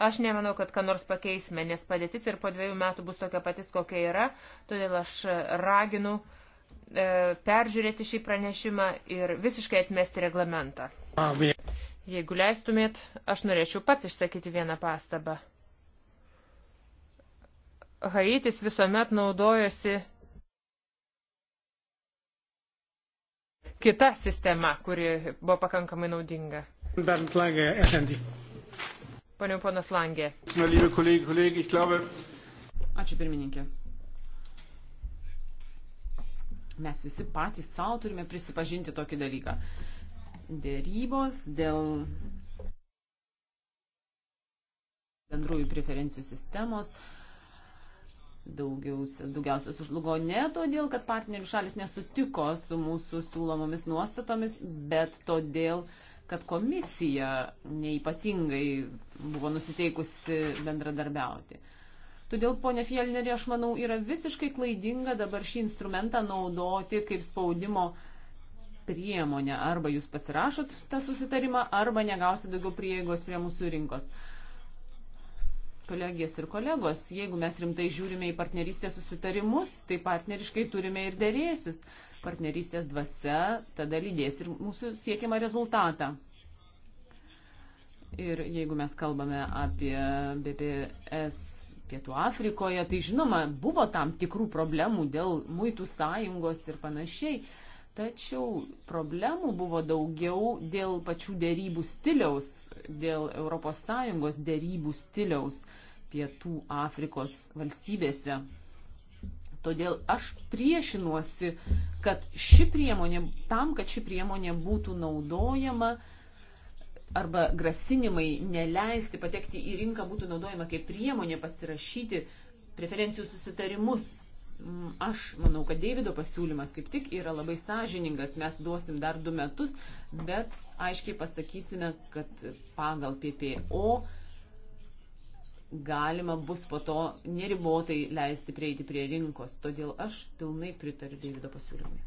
Aš nemanau, kad ką nors pakeisime, nes padėtis ir po dviejų metų bus tokia patys, kokia yra. Todėl aš e, raginu e, peržiūrėti šį pranešimą ir visiškai atmesti reglamentą. Jeigu leistumėt, aš norėčiau pats išsakyti vieną pastabą. Haitis visuomet naudojosi kita sistema, kuri buvo pakankamai naudinga. Bent langė, SND. Poniau ponas Langė. Ačiū pirmininkė. Mes visi patys savo turime prisipažinti tokį dalyką. Dėrybos dėl bendrųjų preferencijų sistemos daugiausia, daugiausia sužlugo ne todėl, kad partnerių šalis nesutiko su mūsų siūlomomis nuostatomis, bet todėl, kad kad komisija neipatingai buvo nusiteikusi bendradarbiauti. Todėl, ponė Fielnerė, aš manau, yra visiškai klaidinga dabar šį instrumentą naudoti kaip spaudimo priemonę. Arba jūs pasirašot tą susitarimą, arba negausit daugiau prieigos prie mūsų rinkos. Kolegijas ir kolegos, jeigu mes rimtai žiūrime į partnerystės susitarimus, tai partneriškai turime ir dėrėsis partnerystės dvasia, tada lydės ir mūsų siekiamą rezultatą. Ir jeigu mes kalbame apie BPS Pietų Afrikoje, tai žinoma, buvo tam tikrų problemų dėl muitų sąjungos ir panašiai, tačiau problemų buvo daugiau dėl pačių dėrybų stiliaus, dėl ES dėrybų stiliaus Pietų Afrikos valstybėse. Todėl aš priešinuosi, kad ši priemonė, tam, kad ši priemonė būtų naudojama arba grasinimai neleisti patekti į rinką būtų naudojama kaip priemonė pasirašyti preferencijų susitarimus. Mm, aš manau, kad Davido pasiūlymas kaip tik yra labai sąžiningas. Mes duosim dar du metus, bet aiškiai pasakysime, kad pagal PPO galima bus po to neribotai leisti prieiti prie rinkos. Todėl aš pilnai pritariu Davido pasiūlymui.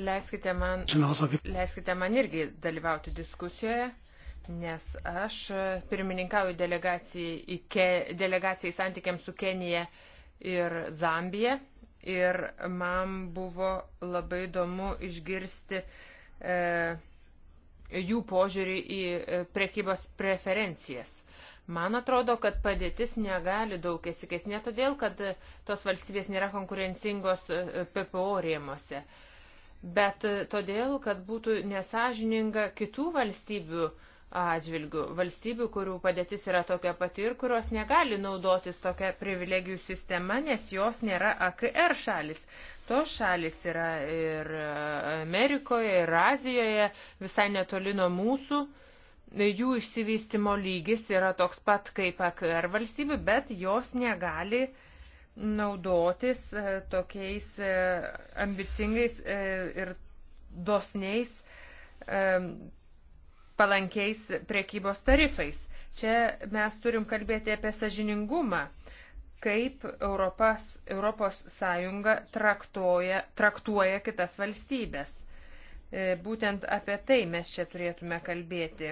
Leiskite man, leiskite man irgi dalyvauti diskusijoje, nes aš e, pirmininkauju delegacijai, ke, delegacijai santykiams su Kenija ir Zambija. Ir man buvo labai įdomu išgirsti e, jų požiūrį į e, prekybos preferencijas. Man atrodo, kad padėtis negali daug esikės, ne todėl, kad tos valstybės nėra konkurencingos e, PPO rėmose, bet e, todėl, kad būtų nesažininga kitų valstybių atžvilgių, valstybių, kurių padėtis yra tokia pati ir kurios negali naudotis tokia privilegijų sistema, nes jos nėra AKR šalis. Kitos šalis yra ir Amerikoje, ir Azijoje, visai netoli nuo mūsų. Jų išsivystimo lygis yra toks pat kaip AKR valstybių, bet jos negali naudotis e, tokiais e, ambicingais e, ir dosniais palankiais priekybos tarifais. Čia mes turim kalbėti apie sažiningumą kaip Europas, Europos Sąjunga traktuoja, traktuoja kitas valstybės. E, būtent apie tai mes čia turėtume kalbėti.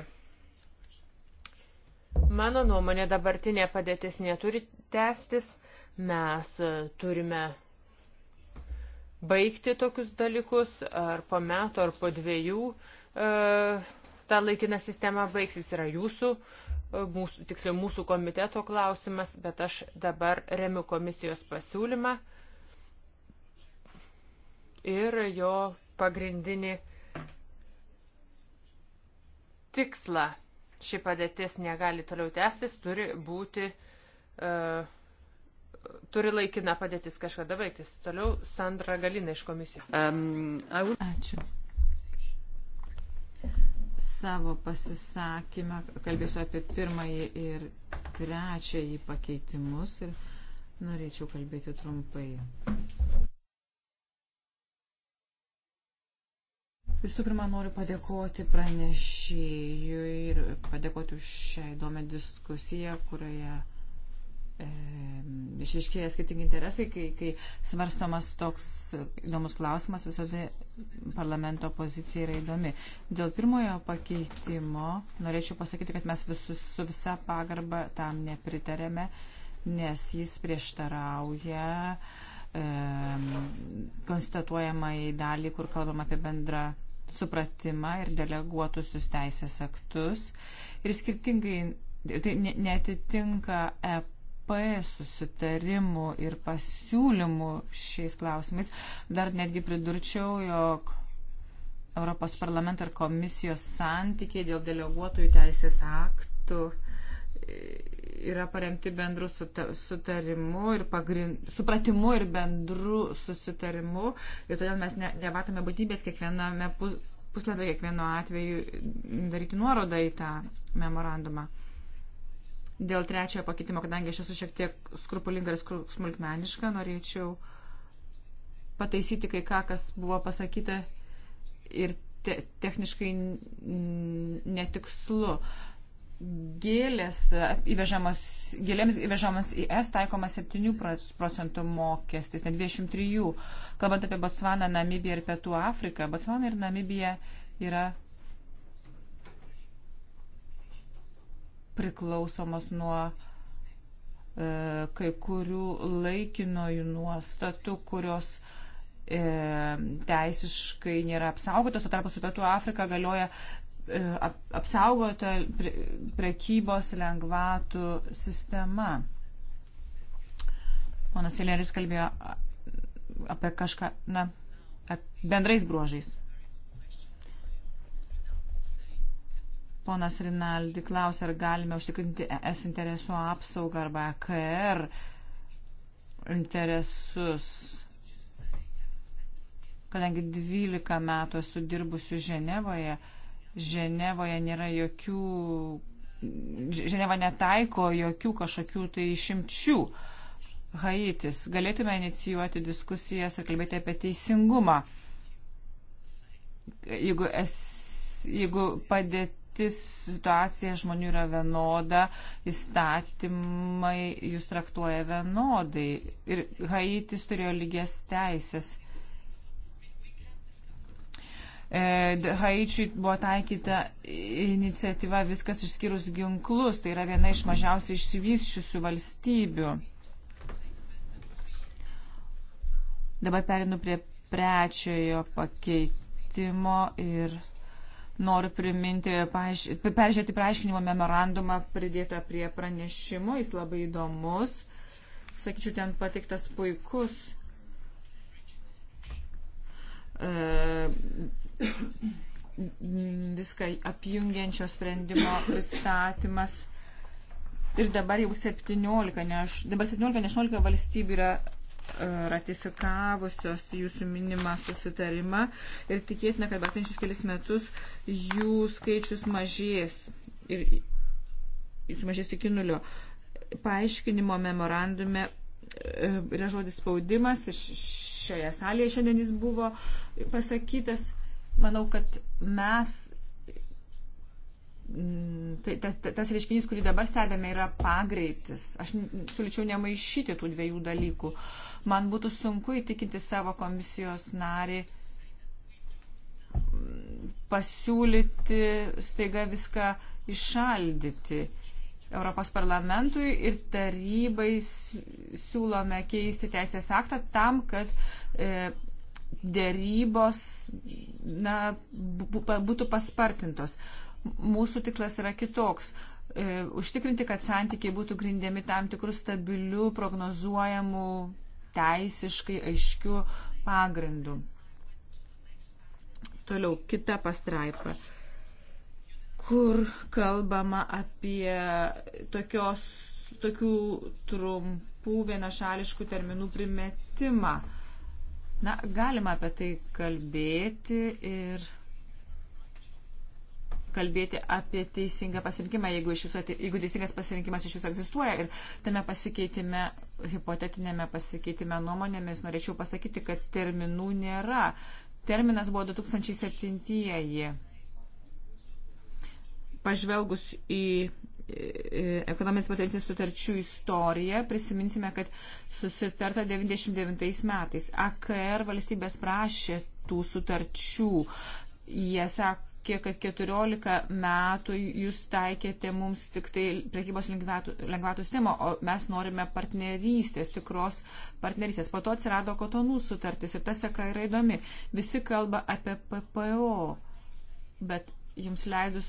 Mano nuomonė dabartinė padėtis neturi tęstis. Mes e, turime baigti tokius dalykus ar po metų, ar po dviejų. E, ta laikina sistema baigsis yra jūsų mūsų, tiksliau mūsų komiteto klausimas, bet aš dabar remiu komisijos pasiūlymą ir jo pagrindinį tikslą. Ši padėtis negali toliau tęstis, turi būti, uh, turi laikina padėtis kažkada baigtis. Toliau Sandra Galina iš komisijos. Um, would... Ačiū. Savo pasisakymę kalbėsiu apie pirmąjį ir trečiąjį pakeitimus ir norėčiau kalbėti trumpai. Visų pirma, noriu padėkoti pranešėjui ir padėkoti už šią įdomią diskusiją, kurioje išriškėja skirtingi interesai, kai, kai svarstomas toks įdomus klausimas, visada parlamento pozicija yra įdomi. Dėl pirmojo pakeitimo norėčiau pasakyti, kad mes visus su visa pagarba tam nepritarėme, nes jis prieštarauja e, konstatuojamą į dalį, kur kalbam apie bendrą supratimą ir deleguotusius teisės aktus. Ir skirtingai, tai netitinka EP EPS susitarimų ir pasiūlymų šiais klausimais. Dar netgi pridurčiau, jog Europos parlamento ir komisijos santykiai dėl deleguotojų teisės aktų e, yra paremti bendru sutarimu ir pagrin, supratimu ir bendru susitarimu. Ir todėl mes ne, nematome būtybės kiekviename pus, puslapyje, kiekvienu atveju daryti nuorodą į tą memorandumą. Dėl trečiojo pakeitimo, kadangi aš esu šiek tiek skrupulinga ir smulkmeniška, norėčiau pataisyti kai ką, kas buvo pasakyta ir te techniškai netikslu. Gėlės įvežamas, gėlėms įvežamas į S taikomas 7 procentų mokestis, ne 23. Kalbant apie Botsvaną, Namibiją ir Pietų Afriką, Botsvana ir Namibija yra priklausomos nuo e, kai kurių laikinojų nuostatų, kurios e, teisiškai nėra apsaugotos, o tarpu su Pietų Afrika galioja e, ap, apsaugota pre, prekybos lengvatų sistema. Ponas Ileris kalbėjo apie kažką, na, bendrais bruožais. Ponas Rinaldi klausė, ar galime užtikrinti ES interesų apsaugą arba e KR interesus. Kadangi 12 metų esu dirbusiu Ženevoje, Ženevoje nėra jokių, Ženeva netaiko jokių kažkokių tai išimčių. Haitis. Galėtume inicijuoti diskusijas ir kalbėti apie teisingumą. Jeigu, es, jeigu padėti pati situacija žmonių yra vienoda, įstatymai jūs traktuoja vienodai ir Haitis turėjo lygias teisės. E, Haičiui buvo taikyta iniciatyva viskas išskyrus ginklus, tai yra viena iš mažiausiai išsivysčiusių valstybių. Dabar perinu prie trečiojo pakeitimo ir Noriu priminti, paaiš... peržiūrėti paaiškinimo memorandumą pridėtą prie pranešimo, jis labai įdomus. Sakyčiau, ten patiktas puikus e, viską apjungiančio sprendimo pristatymas. Ir dabar jau 17, ne aš, dabar 17, ne 18 valstybių yra ratifikavusios jūsų minimą susitarimą ir tikėtina, kad ateinančius kelis metus jų skaičius mažės ir jis mažės iki nulio. Paaiškinimo memorandume e, yra žodis spaudimas, šioje salėje šiandien jis buvo pasakytas. Manau, kad mes tai, tas, tas reiškinys, kurį dabar stebėme, yra pagreitis. Aš siūlyčiau nemaišyti tų dviejų dalykų. Man būtų sunku įtikinti savo komisijos narį pasiūlyti staiga viską išaldyti. Europos parlamentui ir tarybai siūlome keisti teisės aktą tam, kad e, dėrybos na, būtų paspartintos. Mūsų tiklas yra kitoks. E, užtikrinti, kad santykiai būtų grindėmi tam tikrų stabilių, prognozuojamų teisiškai aiškių pagrindų. Toliau kita pastraipa kur kalbama apie tokios, tokių trumpų vienašališkų terminų primetimą. Na, galima apie tai kalbėti ir kalbėti apie teisingą pasirinkimą, jeigu, viso, jeigu teisingas pasirinkimas iš viso egzistuoja. Ir tame pasikeitime, hipotetinėme pasikeitime nuomonėmis norėčiau pasakyti, kad terminų nėra. Terminas buvo 2007-ieji. Pažvelgus į ekonominės partnerystės sutarčių istoriją, prisiminsime, kad susitarta 99 metais. AKR valstybės prašė tų sutarčių. Jie sak, sakė, kad 14 metų jūs taikėte mums tik tai prekybos lengvatų, lengvatų sistemą, o mes norime partnerystės, tikros partnerystės. Po to atsirado kotonų sutartis ir ta seka yra įdomi. Visi kalba apie PPO, bet jums leidus,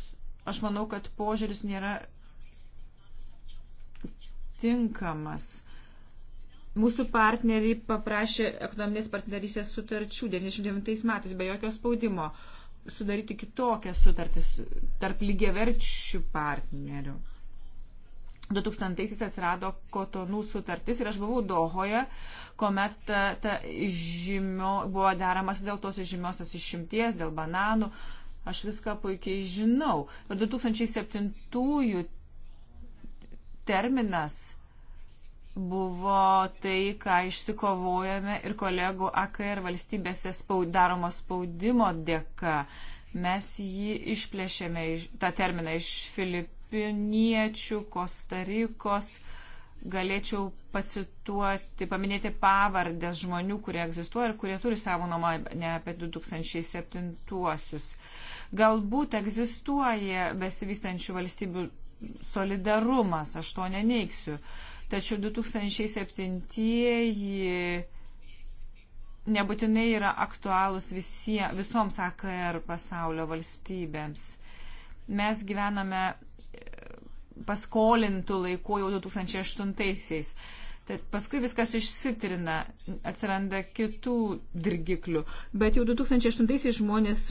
aš manau, kad požiūris nėra tinkamas. Mūsų partneriai paprašė ekonominės partnerystės sutarčių 99 metais be jokio spaudimo. Uh, sudaryti kitokias sutartis tarp lygiaverčių partnerių. 2000-aisiais atsirado kotonų sutartis ir aš buvau Dohoje, kuomet ta, ta žymio, buvo deramas dėl tos žymiosios išimties, dėl bananų. Aš viską puikiai žinau. Ir 2007-ųjų terminas buvo tai, ką išsikovojame ir kolegų AKR valstybėse spaud, daromo spaudimo dėka. Mes jį išplėšėme, tą terminą iš filipiniečių, Kostarikos. Galėčiau pacituoti, paminėti pavardės žmonių, kurie egzistuoja ir kurie turi savo nuomonę apie 2007-uosius. Galbūt egzistuoja besivystančių valstybių solidarumas, aš to neneiksiu. Uh, Tačiau 2007 nebūtinai yra aktualūs visie, visoms AKR pasaulio valstybėms. Mes gyvename e, paskolintų laikų jau 2008-aisiais. Tad paskui viskas išsitrina, atsiranda kitų dirgiklių. Bet jau 2008-aisiais žmonės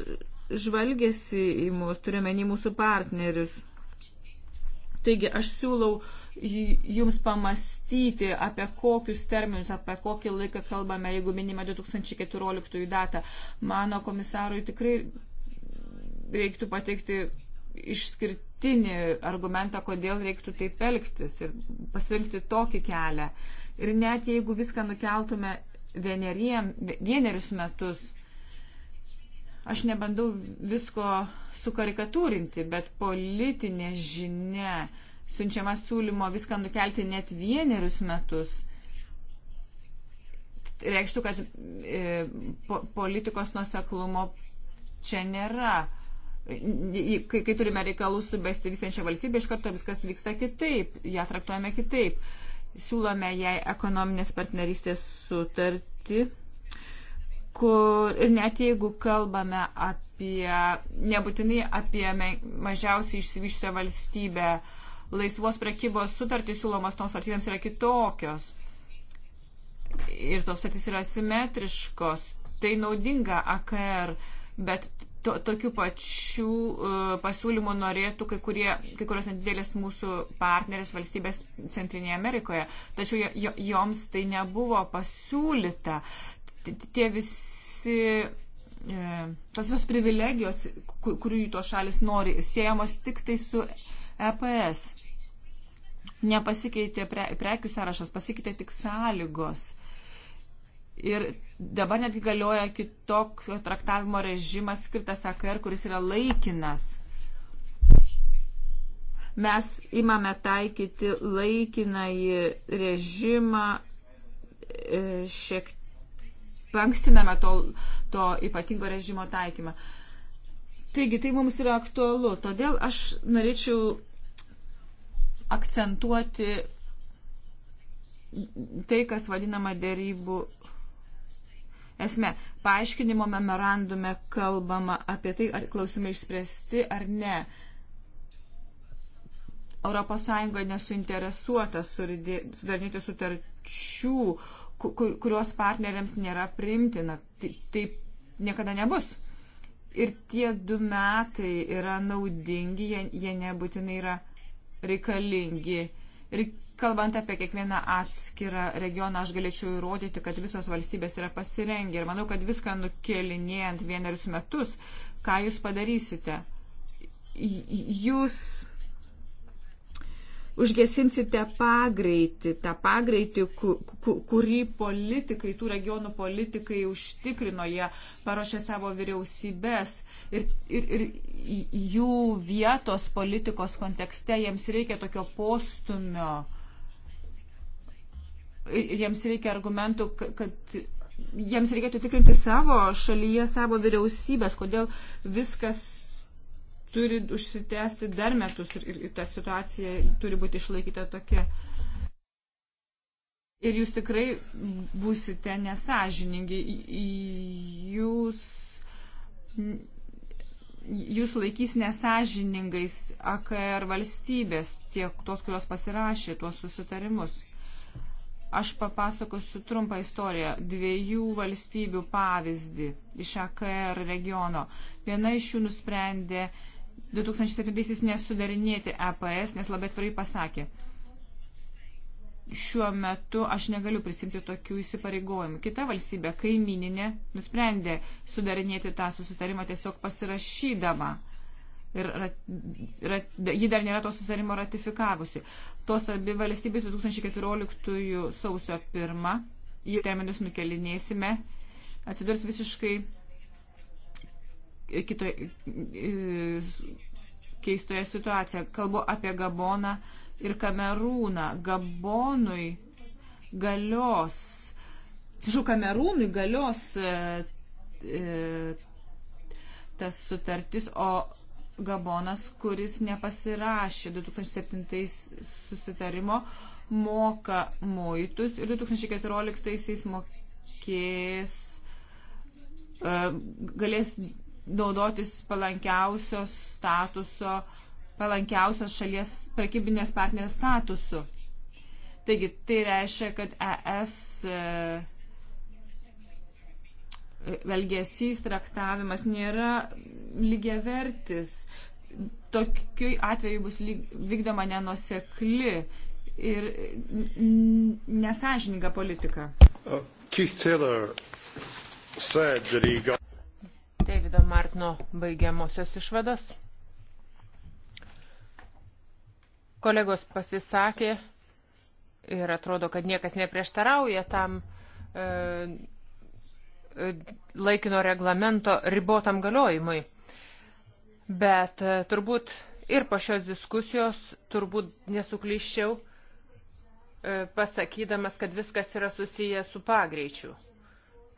žvalgėsi į mus, turiuomenį mūsų partnerius. Taigi aš siūlau jums pamastyti, apie kokius terminus, apie kokį laiką kalbame, jeigu minime 2014 datą. Mano komisarui tikrai reiktų pateikti išskirtinį argumentą, kodėl reiktų taip elgtis ir pasirinkti tokį kelią. Ir net jeigu viską nukeltume vieneriem, vienerius metus, Aš nebandau visko sukarikatūrinti, bet politinė žinia siunčiama siūlymo viską nukelti net vienerius metus reikštų, kad e, po, politikos nuseklumo čia nėra. Kai, kai turime reikalų su besivystančia valstybė, iš karto viskas vyksta kitaip, ją traktuojame kitaip. Siūlome jai ekonominės partnerystės sutartį kur ir net jeigu kalbame apie, nebūtinai apie mažiausiai išsivyščią valstybę, laisvos prekybos sutartys siūlomas toms valstybėms yra kitokios. Ir tos sutartys yra simetriškos. Tai naudinga AKR, bet to, tokių pačių uh, pasiūlymų norėtų kai, kurie, kai kurios nedidelės mūsų partnerės valstybės Centrinėje Amerikoje. Tačiau jo, joms tai nebuvo pasiūlyta tie visi, e, tos visos privilegijos, kurių tos šalis nori, siejamos tik tai su EPS. Nepasikeitė pre, prekių sąrašas, pasikeitė tik sąlygos. Ir dabar netgi galioja kitokio traktavimo režimas skirtas AKR, kuris yra laikinas. Mes imame taikyti laikinąjį režimą e, šiek pankstiname to, to ypatingo režimo taikymą. Taigi tai mums yra aktualu, todėl aš norėčiau akcentuoti tai, kas vadinama dėrybų esmė. Paaiškinimo memorandume kalbama apie tai, ar klausimai išspręsti ar ne. ES nesuinteresuota sudarinėti sutarčių, kurios partneriams nėra primtina. Taip niekada nebus. Ir tie du metai yra naudingi, jie, jie nebūtinai yra reikalingi. Ir kalbant apie kiekvieną atskirą regioną, aš galėčiau įrodyti, kad visos valstybės yra pasirengę. Ir manau, kad viską nukelinėjant vienerius metus, ką jūs padarysite? Jūs užgesinsite pagreitį, tą pagreitį, kurį politikai, tų regionų politikai užtikrino, jie paruošė savo vyriausybės ir, ir, ir jų vietos politikos kontekste jiems reikia tokio postumio. Ir jiems reikia argumentų, kad jiems reikėtų tikrinti savo šalyje, savo vyriausybės, kodėl viskas turi užsitęsti dar metus ir, ir ta situacija turi būti išlaikyta tokia. Ir jūs tikrai būsite nesažiningi. Jūs, jūs laikys nesažiningais AKR valstybės, tiek tos, kurios pasirašė tuos susitarimus. Aš papasakosiu trumpą istoriją, dviejų valstybių pavyzdį iš AKR regiono. Viena iš jų nusprendė uh, 2007 nesudarinėti EPS, nes labai atvirai pasakė, šiuo metu aš negaliu prisimti tokių įsipareigojimų. Kita valstybė, kaimininė, nusprendė sudarinėti tą susitarimą tiesiog pasirašydama. Ir rat, rat, ji dar nėra to susitarimo ratifikavusi. Tos abi valstybės 2014 sausio 1, jų terminus nukelinėsime, atsidurs visiškai kito, e, keistoje situacijoje. Kalbu apie Gaboną ir Kamerūną. Gabonui galios, atsiprašau, Kamerūnui galios e, e, tas sutartis, o Gabonas, kuris nepasirašė 2007 susitarimo, moka muitus ir 2014 mokės, galės naudotis palankiausios statuso, palankiausios šalies prekybinės partnerės statusu. Taigi tai reiškia, kad ES velgesys e, traktavimas nėra lygiavertis. Tokiu atveju bus lyg, vykdoma nenusekli ir nesažininga politika. Uh, Keith Taylor said that he got Davido Martino baigiamosios išvados. Kolegos pasisakė ir atrodo, kad niekas neprieštarauja tam e, e, laikino reglamento ribotam galiojimui. Bet e, turbūt ir po šios diskusijos turbūt nesuklyščiau e, pasakydamas, kad viskas yra susijęs su pagreičiu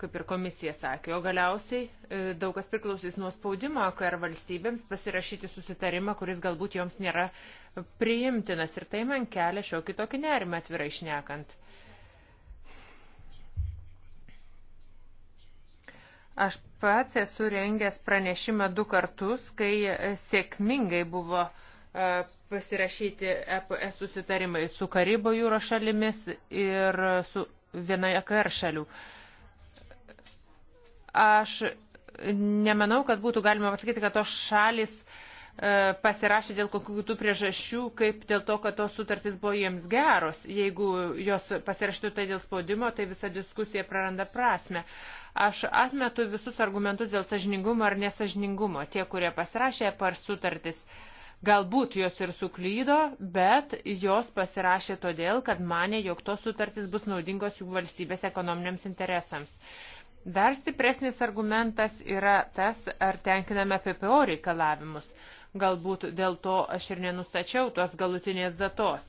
kaip ir komisija sakė. O galiausiai e, daug kas priklausys nuo spaudimo, ar valstybėms pasirašyti susitarimą, kuris galbūt joms nėra priimtinas. Ir tai man kelia šiokį tokį nerimą atvirai išnekant. Aš pats esu rengęs pranešimą du kartus, kai sėkmingai buvo e, pasirašyti EPS susitarimai su Karibo jūros šalimis ir su viena EKR šalių. Uh, Aš nemanau, kad būtų galima pasakyti, kad tos šalis e, pasirašė dėl kokių kitų priežasčių, kaip dėl to, kad tos sutartys buvo jiems geros. Jeigu jos pasirašytų tai dėl spaudimo, tai visa diskusija praranda prasme. Aš atmetu visus argumentus dėl sažiningumo ar nesažiningumo. Tie, kurie pasirašė par sutartis, Galbūt jos ir suklydo, bet jos pasirašė todėl, kad mane, jog tos sutartys bus naudingos jų valstybės ekonominiams interesams. Dar stipresnis argumentas yra tas, ar tenkiname PPO reikalavimus. Galbūt dėl to aš ir nenustačiau tos galutinės datos.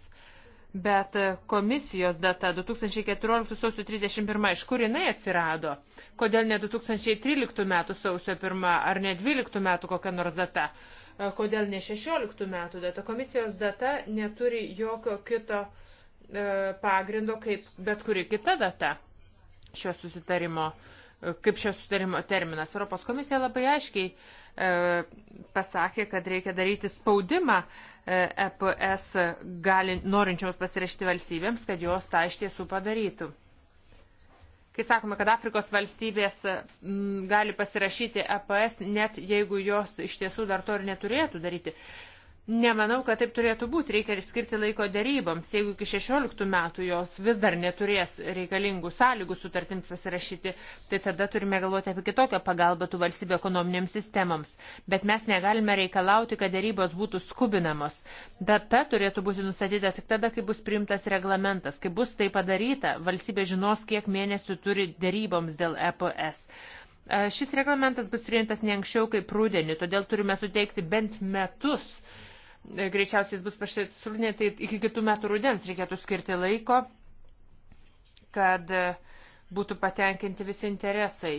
Bet komisijos data 2014 sausio 31, iš kur jinai atsirado? Kodėl ne 2013 metų sausio 1 ar ne 12 metų kokia nors data? Kodėl ne 16 metų data? Komisijos data neturi jokio kito e, pagrindo kaip bet kuri kita data šio susitarimo. Uh, kaip šio sutarimo terminas. Europos komisija labai aiškiai e, pasakė, kad reikia daryti spaudimą e, EPS gali, norinčioms pasirašyti valstybėms, kad jos tą iš tiesų padarytų. Kai sakome, kad Afrikos valstybės m, gali pasirašyti EPS, net jeigu jos iš tiesų dar to ir neturėtų daryti, Nemanau, kad taip turėtų būti. Reikia ir skirti laiko deryboms. Jeigu iki 16 metų jos vis dar neturės reikalingų sąlygų sutartims pasirašyti, tai tada turime galvoti apie kitokią pagalbą tų valstybių ekonominėms sistemams. Bet mes negalime reikalauti, kad derybos būtų skubinamos. Data turėtų būti nustatyta tik tada, kai bus priimtas reglamentas. Kai bus tai padaryta, valstybė žinos, kiek mėnesių turi deryboms dėl EPS. Šis reglamentas bus priimtas ne anksčiau kaip rudenį, todėl turime suteikti bent metus E, greičiausiai jis bus pašitsrūnė, tai iki kitų metų rudens reikėtų skirti laiko, kad e, būtų patenkinti visi interesai.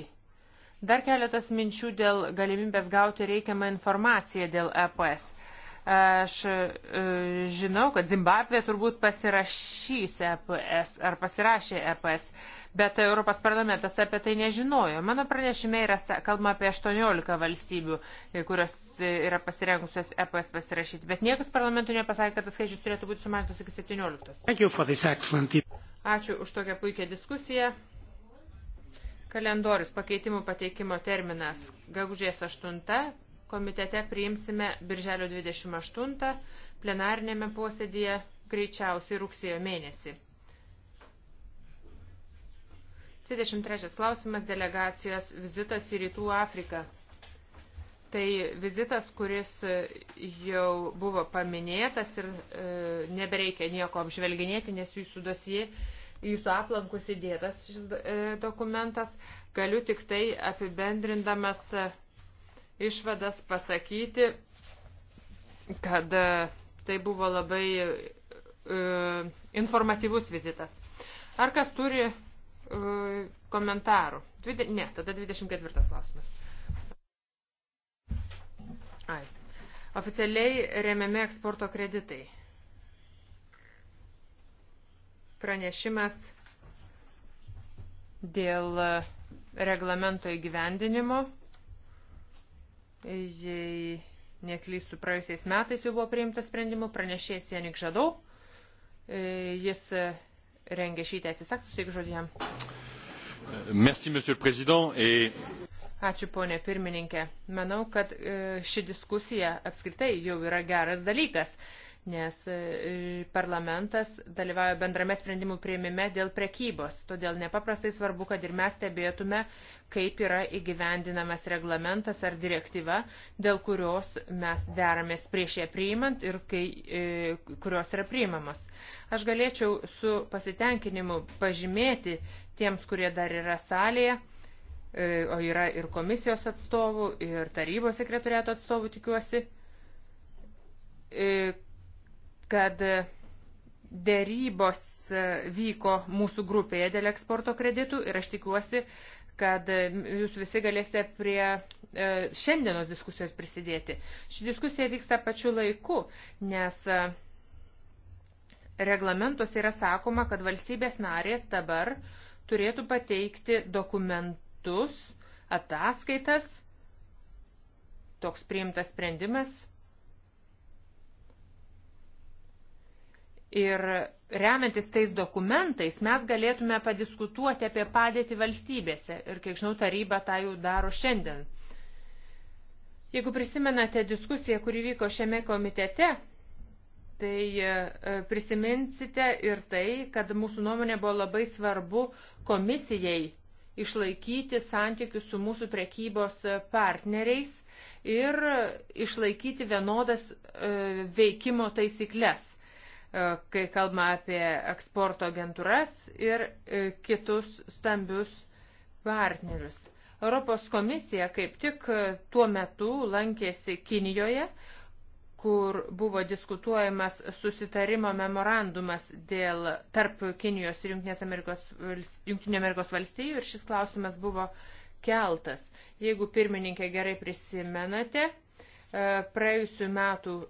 Dar keletas minčių dėl galimybės gauti reikiamą informaciją dėl EPS. Aš e, žinau, kad Zimbabvė turbūt pasirašys EPS ar pasirašė EPS bet Europos parlamentas apie tai nežinojo. Mano pranešime yra kalbama apie 18 valstybių, e, kurios e, yra pasirengusios EPS pasirašyti, bet niekas parlamentui nepasakė, kad tas skaičius turėtų būti sumažintas iki 17. Ačiū už tokią puikią diskusiją. Kalendorius pakeitimų pateikimo terminas gegužės 8, komitete priimsime birželio 28, plenarinėme posėdėje greičiausiai rugsėjo mėnesį. 23 klausimas delegacijos vizitas į Rytų Afriką. Tai vizitas, kuris jau buvo paminėtas ir e, nebereikia nieko apžvelginėti, nes jūsų dosie, jūsų aplankus įdėtas šis e, dokumentas. Galiu tik tai apibendrindamas e, išvadas pasakyti, kad e, tai buvo labai e, informatyvus vizitas. Ar kas turi E, komentarų. Dvide, ne, tada 24 klausimas. Ai. Oficialiai remiami eksporto kreditai. Pranešimas dėl reglamento įgyvendinimo. Jei neklystų, praėjusiais metais jau buvo priimtas sprendimų, pranešėjas Janik Žadau. E, jis rengė šį teisės aktus, jeigu žodžiam. Merci, monsieur le président. Et... Ačiū, ponė pirmininkė. Manau, kad e, ši diskusija apskritai jau yra geras dalykas nes e, parlamentas dalyvauja bendrame sprendimų prieimime dėl prekybos. Todėl nepaprastai svarbu, kad ir mes stebėtume, kaip yra įgyvendinamas reglamentas ar direktyva, dėl kurios mes deramės prieš ją priimant ir kai, e, kurios yra priimamos. Aš galėčiau su pasitenkinimu pažymėti tiems, kurie dar yra salėje e, o yra ir komisijos atstovų, ir tarybos sekretariato atstovų, tikiuosi, kad dėrybos vyko mūsų grupėje dėl eksporto kreditų ir aš tikiuosi, kad jūs visi galėsite prie e, šiandienos diskusijos prisidėti. Ši diskusija vyksta pačiu laiku, nes e, reglamentuose yra sakoma, kad valstybės narės dabar turėtų pateikti dokumentus, ataskaitas, toks priimtas sprendimas Ir remiantis tais dokumentais mes galėtume padiskutuoti apie padėtį valstybėse. Ir kiek žinau, taryba tą jau daro šiandien. Jeigu prisimenate diskusiją, kuri vyko šiame komitete, tai e, prisiminsite ir tai, kad mūsų nuomonė buvo labai svarbu komisijai išlaikyti santykius su mūsų prekybos e, partneriais ir e, išlaikyti vienodas veikimo taisyklės. E, kai kalbama apie eksporto agentūras ir e, kitus stambius partnerius. Europos komisija kaip tik e, tuo metu lankėsi Kinijoje, kur buvo diskutuojamas susitarimo memorandumas dėl tarp Kinijos ir Junktinių Amerikos valstijų ir šis klausimas buvo keltas. Jeigu pirmininkė gerai prisimenate, praėjusiu metu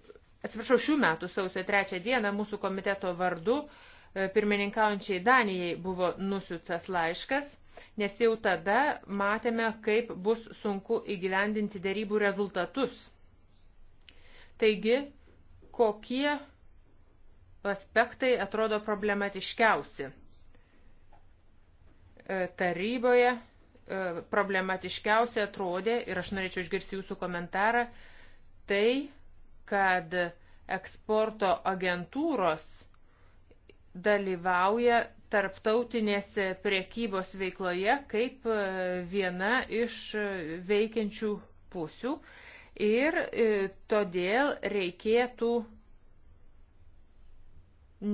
atsiprašau, šių metų sausio trečią dieną mūsų komiteto vardu e, pirmininkaujančiai Danijai buvo nusiutas laiškas, nes jau tada matėme, kaip bus sunku įgyvendinti dėrybų rezultatus. Taigi, kokie aspektai atrodo problematiškiausi? E, taryboje e, problematiškiausia atrodė, ir aš norėčiau išgirsti jūsų komentarą, tai, kad eksporto agentūros dalyvauja tarptautinėse priekybos veikloje kaip e, viena iš e, veikiančių pusių ir e, todėl reikėtų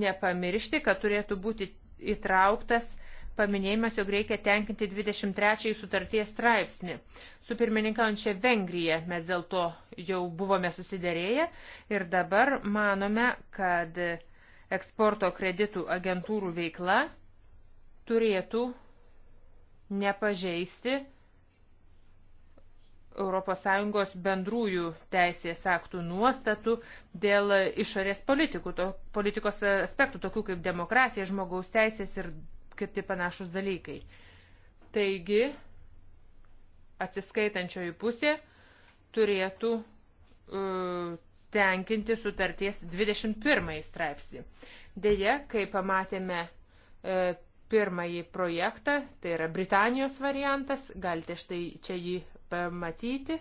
nepamiršti, kad turėtų būti įtrauktas paminėjimas, jog reikia tenkinti 23 sutarties straipsnį. Su pirmininkaujančia Vengrija mes dėl to jau buvome susiderėję ir dabar manome, kad eksporto kreditų agentūrų veikla turėtų nepažeisti ES bendrųjų teisės aktų nuostatų dėl išorės politikų, to, politikos aspektų, tokių kaip demokratija, žmogaus teisės ir kiti panašus dalykai. Taigi, atsiskaitančioji pusė turėtų uh, tenkinti sutarties 21 straipsnį. Deja, kai pamatėme uh, pirmąjį projektą, tai yra Britanijos variantas, galite štai čia jį pamatyti.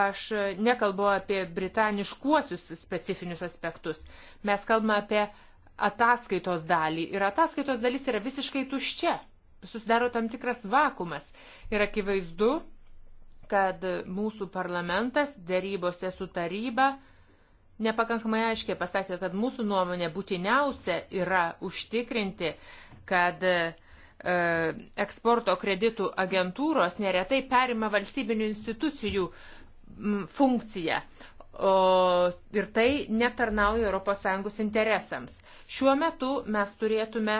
Aš nekalbu apie britaniškuosius specifinius aspektus. Mes kalbame apie ataskaitos dalį. Ir ataskaitos dalis yra visiškai tuščia. Susidaro tam tikras vakumas. Ir akivaizdu, kad mūsų parlamentas dėrybose su taryba nepakankamai aiškiai pasakė, kad mūsų nuomonė būtiniausia yra užtikrinti, kad e, eksporto kreditų agentūros neretai perima valstybinių institucijų funkciją. O, ir tai netarnauja ES interesams. Šiuo metu mes turėtume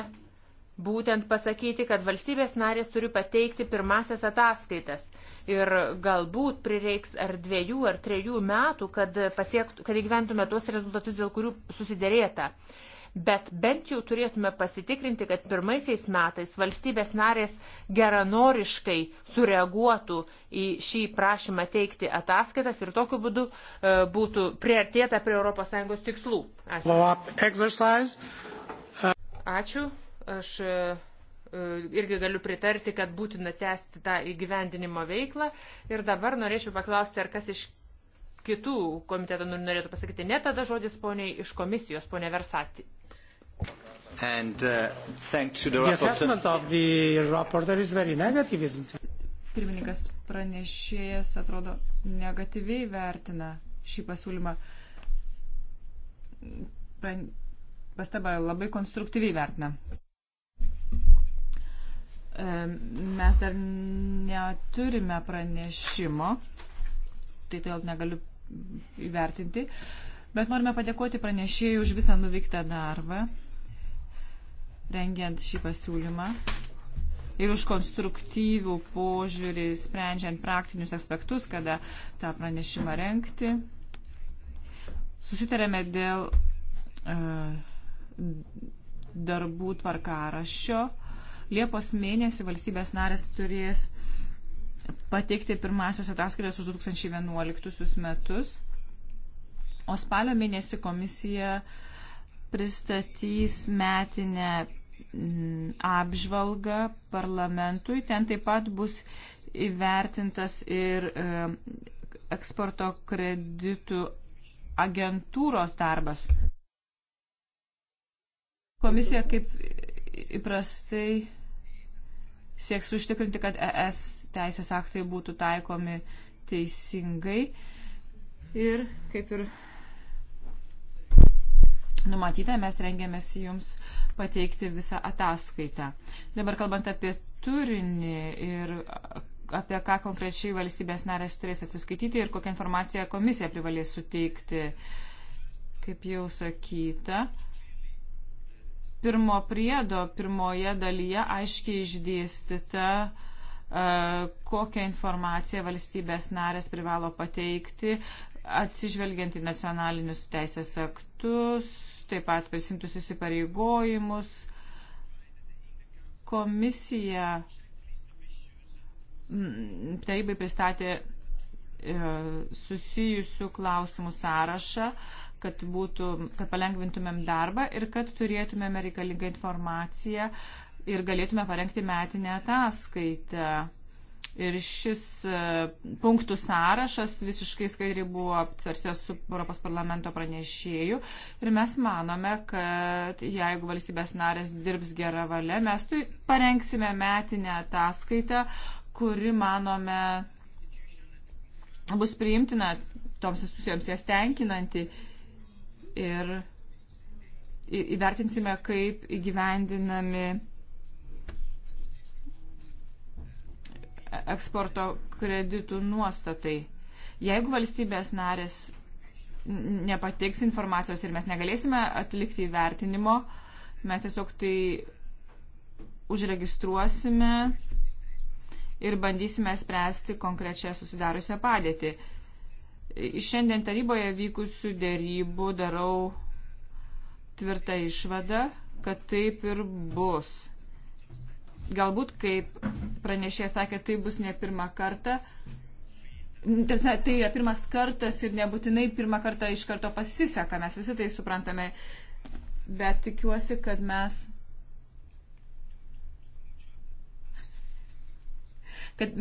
būtent pasakyti, kad valstybės narės turi pateikti pirmasias ataskaitas. Ir galbūt prireiks ar dviejų, ar trejų metų, kad, pasiektų, kad įgyventume tuos rezultatus, dėl kurių susidėrėta. Uh, bet bent jau turėtume pasitikrinti, kad pirmaisiais metais valstybės narės geranoriškai sureaguotų į šį prašymą teikti ataskaitas ir tokiu būdu e, būtų priartėta prie ES tikslų. Ačiū. Ačiū. Aš e, e, irgi galiu pritarti, kad būtina tęsti tą įgyvendinimo veiklą. Ir dabar norėčiau paklausti, ar kas iš kitų komiteto norėtų pasakyti. Ne tada žodis poniai iš komisijos, ponė Versati. And, uh, the, the assessment of the rapporteur is very negative, isn't it? Pirmininkas pranešėjas atrodo negatyviai vertina šį pasiūlymą. Pastaba labai konstruktyviai vertina. Mes dar neturime pranešimo, tai todėl negaliu įvertinti, bet norime padėkoti pranešėjui už visą nuveiktą darbą rengiant šį pasiūlymą ir už konstruktyvų požiūrį sprendžiant praktinius aspektus, kada tą pranešimą renkti. Susitarėme dėl uh, darbų tvarkarašio. Liepos mėnesį valstybės narės turės pateikti pirmasis ataskaitas už 2011 metus, o spalio mėnesį komisija pristatys metinę apžvalgą parlamentui. Ten taip pat bus įvertintas ir e, eksporto kreditų agentūros darbas. Komisija kaip įprastai sieks užtikrinti, kad ES teisės aktai būtų taikomi teisingai. Ir kaip ir numatyta, mes rengiamės jums pateikti visą ataskaitą. Dabar kalbant apie turinį ir apie ką konkrečiai valstybės narės turės atsiskaityti ir kokią informaciją komisija privalės suteikti, kaip jau sakyta. Pirmo priedo, pirmoje dalyje aiškiai išdėstyta, e, kokią informaciją valstybės narės privalo pateikti, atsižvelgiant į nacionalinius teisės aktus, taip pat prisimtus įsipareigojimus, komisija tarybai pristatė e, susijusių klausimų sąrašą, kad, būtų, kad palengvintumėm darbą ir kad turėtumėm reikalingą informaciją ir galėtume parengti metinę ataskaitą Ir šis e, punktų sąrašas visiškai skaidriai buvo aptarstęs su Europos parlamento pranešėju. Ir mes manome, kad jeigu valstybės narės dirbs gerą valią, mes tu tai parengsime metinę ataskaitą, kuri, manome, bus priimtina toms institucijoms jas tenkinanti. Ir įvertinsime, kaip įgyvendinami eksporto kreditų nuostatai. Jeigu valstybės narės nepateiks informacijos ir mes negalėsime atlikti įvertinimo, mes tiesiog tai užregistruosime ir bandysime spręsti konkrečią susidariusią padėtį. Iš šiandien taryboje vykusių dėrybų darau tvirtą išvadą, kad taip ir bus galbūt, kaip pranešė sakė, tai bus ne pirmą kartą. Tarsi, tai yra pirmas kartas ir nebūtinai pirmą kartą iš karto pasiseka, mes visi tai suprantame, bet tikiuosi, kad mes. kad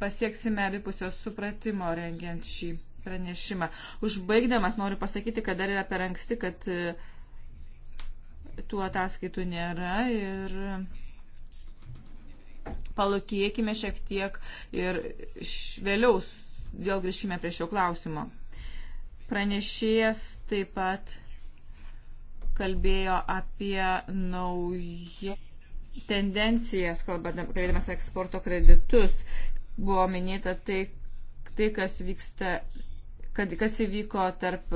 pasieksime abipusios supratimo rengiant šį pranešimą. Užbaigdamas noriu pasakyti, kad dar yra per anksti, kad e, tų ataskaitų nėra ir palūkėkime šiek tiek ir vėliau vėl grįžkime prie šio klausimo. Pranešėjas taip pat kalbėjo apie naują tendencijas, kalbėdamas eksporto kreditus. Buvo minėta tai, tai kas vyksta kad kas įvyko tarp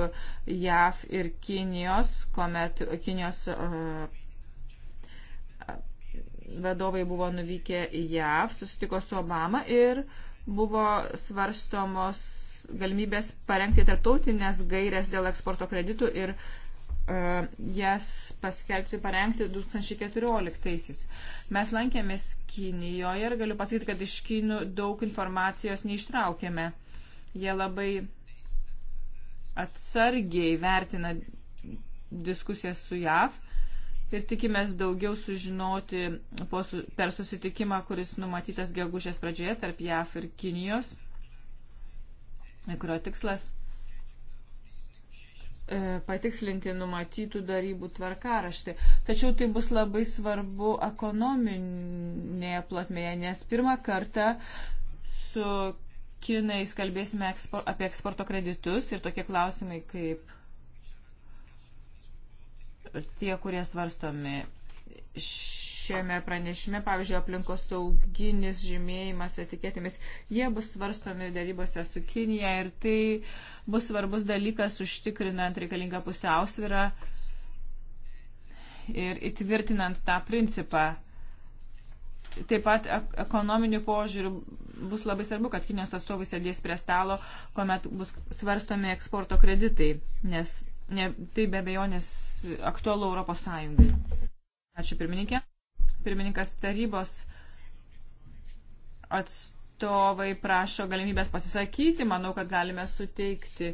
JAV ir Kinijos, kuomet Kinijos uh, vadovai buvo nuvykę į JAV, susitiko su Obama ir buvo svarstomos galimybės parengti tarptautinės gairės dėl eksporto kreditų ir uh, jas paskelbti parengti 2014-aisiais. Mes lankėmės Kinijoje ir galiu pasakyti, kad iš Kinų daug informacijos neištraukėme. Jie labai atsargiai vertina diskusijas su JAV ir tikimės daugiau sužinoti per susitikimą, kuris numatytas gegužės pradžioje tarp JAF ir Kinijos, kurio tikslas e, patikslinti numatytų darybų tvarkaraštį. Tačiau tai bus labai svarbu ekonominėje plotmėje, nes pirmą kartą su kinais kalbėsime ekspor, apie eksporto kreditus ir tokie klausimai kaip tie, kurie svarstomi šiame pranešime, pavyzdžiui, aplinkos sauginis žymėjimas etiketėmis, jie bus svarstomi darybose su Kinija ir tai bus svarbus dalykas užtikrinant reikalingą pusiausvyrą ir įtvirtinant tą principą. Taip pat ekonominių požiūrių bus labai svarbu, kad Kinijos atstovai sėdės prie stalo, kuomet bus svarstomi eksporto kreditai, nes ne, tai be abejonės aktualu Europos Sąjungai. Ačiū pirmininkė. Pirmininkas tarybos atstovai prašo galimybės pasisakyti. Manau, kad galime suteikti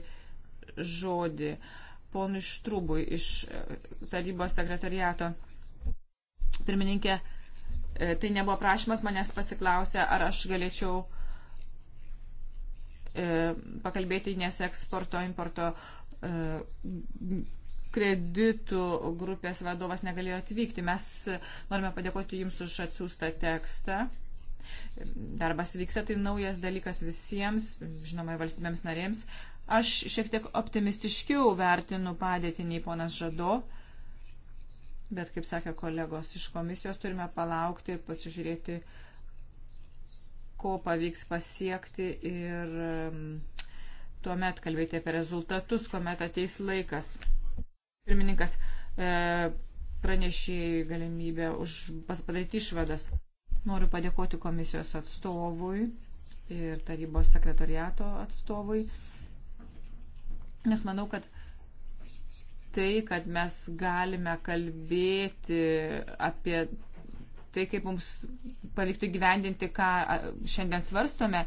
žodį ponui Štrubui iš e, tarybos sekretariato. Pirmininkė, e, tai nebuvo prašymas, manęs pasiklausė, ar aš galėčiau e, pakalbėti, nes eksporto, importo E, kreditų grupės vadovas negalėjo atvykti. Mes norime padėkoti Jums už atsiųstą tekstą. Darbas vyksta, tai naujas dalykas visiems, žinoma, valstybėms narėms. Aš šiek tiek optimistiškiau vertinu padėtį nei ponas Žado, bet, kaip sakė kolegos iš komisijos, turime palaukti ir pasižiūrėti, ko pavyks pasiekti ir um, tuomet kalbėti apie rezultatus, kuomet ateis laikas. Pirmininkas e, pranešė galimybę už, padaryti išvadas. Noriu padėkoti komisijos atstovui ir tarybos sekretoriato atstovui, nes manau, kad tai, kad mes galime kalbėti apie tai, kaip mums pavyktų gyvendinti, ką šiandien svarstome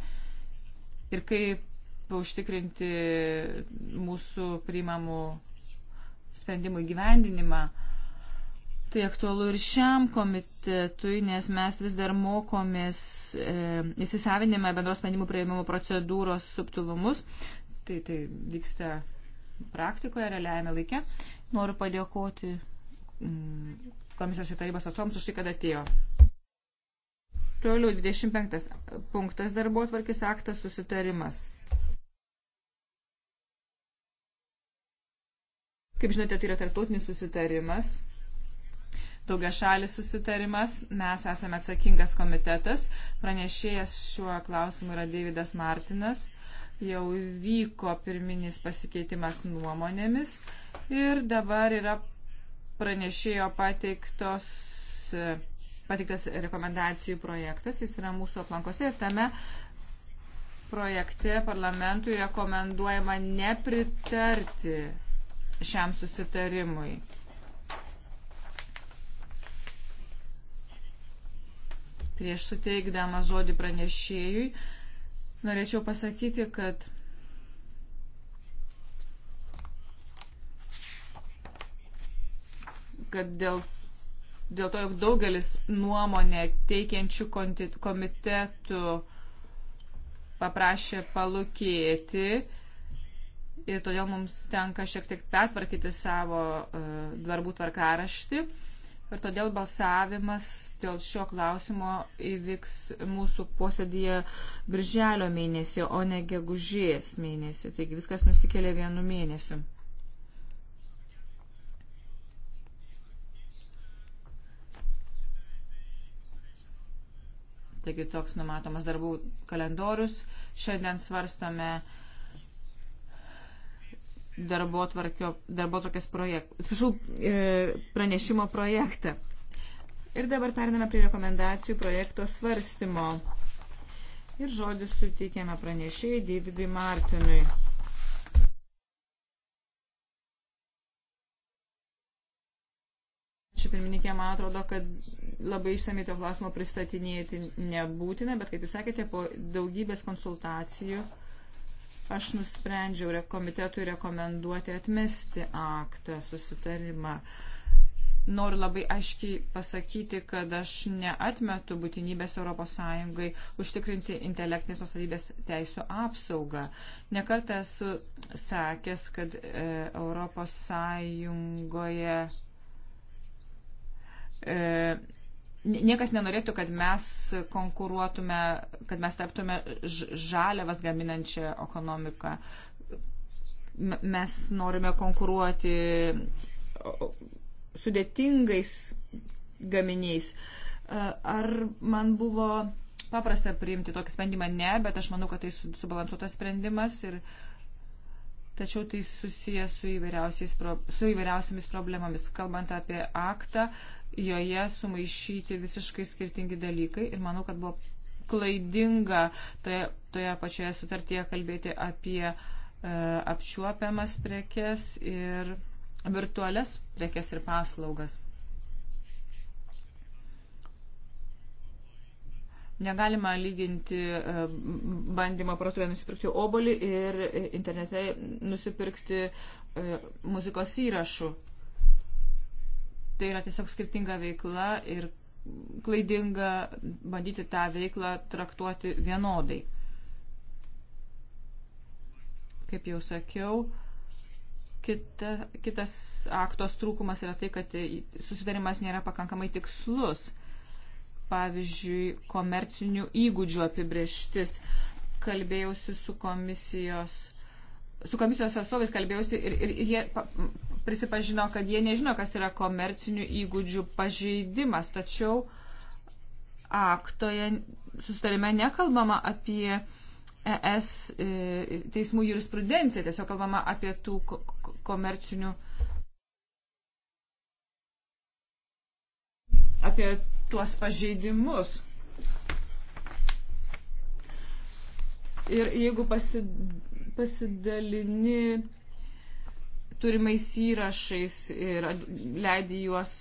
ir kaip užtikrinti mūsų priimamų sprendimų įgyvendinimą. Tai aktualu ir šiam komitetui, nes mes vis dar mokomės e, įsisavinime bendros sprendimų prieimimo procedūros subtilumus. Tai, tai vyksta praktikoje, realiajame laikė. Noriu padėkoti mm, komisijos ir tarybos atsoms už tai, kad atėjo. Toliau 25 punktas darbo atvarkis aktas susitarimas. Kaip žinote, tai yra tarptautinis susitarimas, daugia šalis susitarimas, mes esame atsakingas komitetas, pranešėjas šiuo klausimu yra Davidas Martinas, jau vyko pirminis pasikeitimas nuomonėmis ir dabar yra pranešėjo pateiktos pateiktas rekomendacijų projektas, jis yra mūsų aplankose ir tame projekte parlamentui rekomenduojama nepritarti šiam susitarimui. Prieš suteikdamas žodį pranešėjui, norėčiau pasakyti, kad kad dėl, dėl to, jog daugelis nuomonę teikiančių komitetų paprašė palūkėti, ir todėl mums tenka šiek tiek pertvarkyti savo e, darbų tvarkaraštį. Ir todėl balsavimas dėl šio klausimo įvyks mūsų posėdėje birželio mėnesį, o ne gegužės mėnesį. Taigi viskas nusikėlė vienu mėnesiu. Taigi toks numatomas darbų kalendorius. Šiandien svarstame uh, darbo tvarkės projektą, atsiprašau, e, pranešimo projektą. Ir dabar periname prie rekomendacijų projekto svarstymo. Ir žodis suteikėme pranešėjai Davidui Martinui. Ačiū pirmininkė, man atrodo, kad labai išsamei to klausimo pristatinėti nebūtina, bet kaip jūs sakėte, po daugybės konsultacijų uh, aš nusprendžiau komitetui rekomenduoti atmesti aktą susitarimą. Noriu labai aiškiai pasakyti, kad aš neatmetu būtinybės ES užtikrinti intelektinės nusavybės teisų apsaugą. Nekartą esu sakęs, kad ES e, Niekas nenorėtų, kad mes konkuruotume, kad mes taptume žaliavas gaminančią ekonomiką. Mes norime konkuruoti sudėtingais gaminiais. Ar man buvo paprasta priimti tokį sprendimą? Ne, bet aš manau, kad tai subalansuotas sprendimas ir uh, tačiau tai susijęs su, su įvairiausiamis problemomis. Kalbant apie aktą, joje sumaišyti visiškai skirtingi dalykai ir manau, kad buvo klaidinga toje, toje pačioje sutartyje kalbėti apie e, apčiuopiamas prekes ir virtualias prekes ir paslaugas. Negalima lyginti e, bandymą parduotuvėje nusipirkti obolį ir e, internete nusipirkti e, muzikos įrašų. Tai yra tiesiog skirtinga veikla ir klaidinga bandyti tą veiklą traktuoti vienodai. Kaip jau sakiau, kita, kitas aktos trūkumas yra tai, kad susitarimas nėra pakankamai tikslus pavyzdžiui, komercinių įgūdžių apibrieštis. Kalbėjausi su komisijos, su komisijos atstovais, kalbėjausi ir, ir, ir jie prisipažino, kad jie nežino, kas yra komercinių įgūdžių pažeidimas, tačiau aktoje sustarime nekalbama apie ES e, teismų jurisprudenciją, tiesiog kalbama apie tų komercinių apie tuos pažeidimus. Ir jeigu pasidalini turimais įrašais ir leidi juos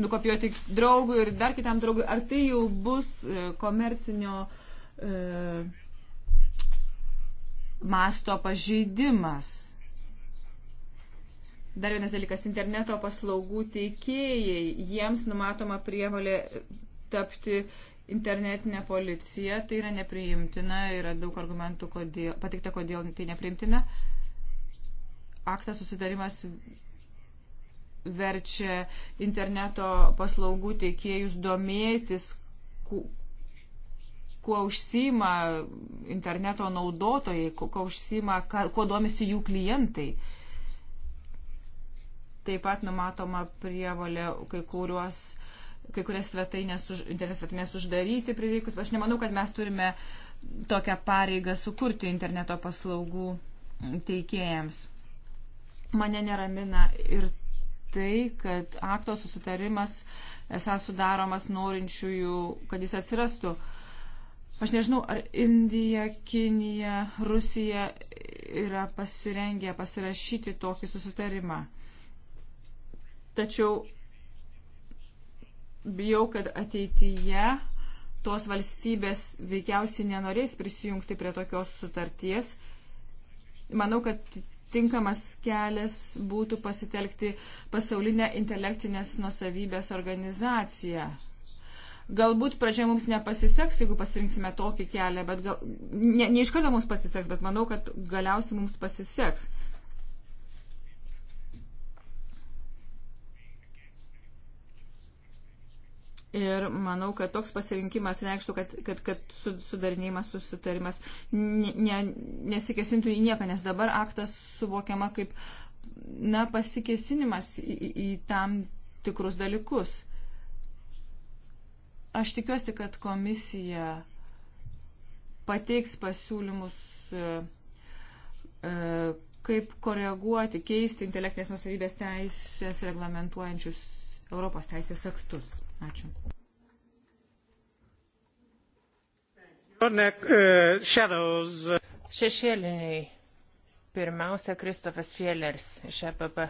nukopijuoti draugui ir dar kitam draugui, ar tai jau bus e, komercinio e, masto pažeidimas? Dar vienas dalykas - interneto paslaugų teikėjai. Jiems numatoma prievalė tapti internetinė policija. Tai yra nepriimtina. Yra daug argumentų, kodėl, patikta, kodėl tai nepriimtina. Aktas susidarimas verčia interneto paslaugų teikėjus domėtis, kuo užsima interneto naudotojai, kuo, kuo užsima, kuo domisi jų klientai. Uh, Taip pat numatoma prievalė kai kuriuos kai kurias svetainės, už, internet svetainės uždaryti prireikus. Aš nemanau, kad mes turime tokią pareigą sukurti interneto paslaugų teikėjams. Mane neramina ir tai, kad akto susitarimas esą sudaromas norinčiųjų, kad jis atsirastų. Aš nežinau, ar Indija, Kinija, Rusija yra pasirengę pasirašyti tokį susitarimą. Tačiau bijau, kad ateityje tos valstybės veikiausiai nenorės prisijungti prie tokios sutarties. Manau, kad tinkamas kelias būtų pasitelkti pasaulinę intelektinės nusavybės organizaciją. Galbūt pradžia mums nepasiseks, jeigu pasirinksime tokį kelią, bet gal, ne, ne iš karto mums pasiseks, bet manau, kad galiausiai mums pasiseks. Ir manau, kad toks pasirinkimas reikštų, kad, kad, kad sudarinėjimas, susitarimas ne, nesikesintų į nieką, nes dabar aktas suvokiama kaip, na, pasikesinimas į, į, į tam tikrus dalykus. Aš tikiuosi, kad komisija pateiks pasiūlymus, e, e, kaip koreguoti, keisti intelektinės nusavybės teisės reglamentuojančius Europos teisės aktus. Ačiū. E, Šešėliniai. Pirmiausia, Kristofas Fielers iš EPP.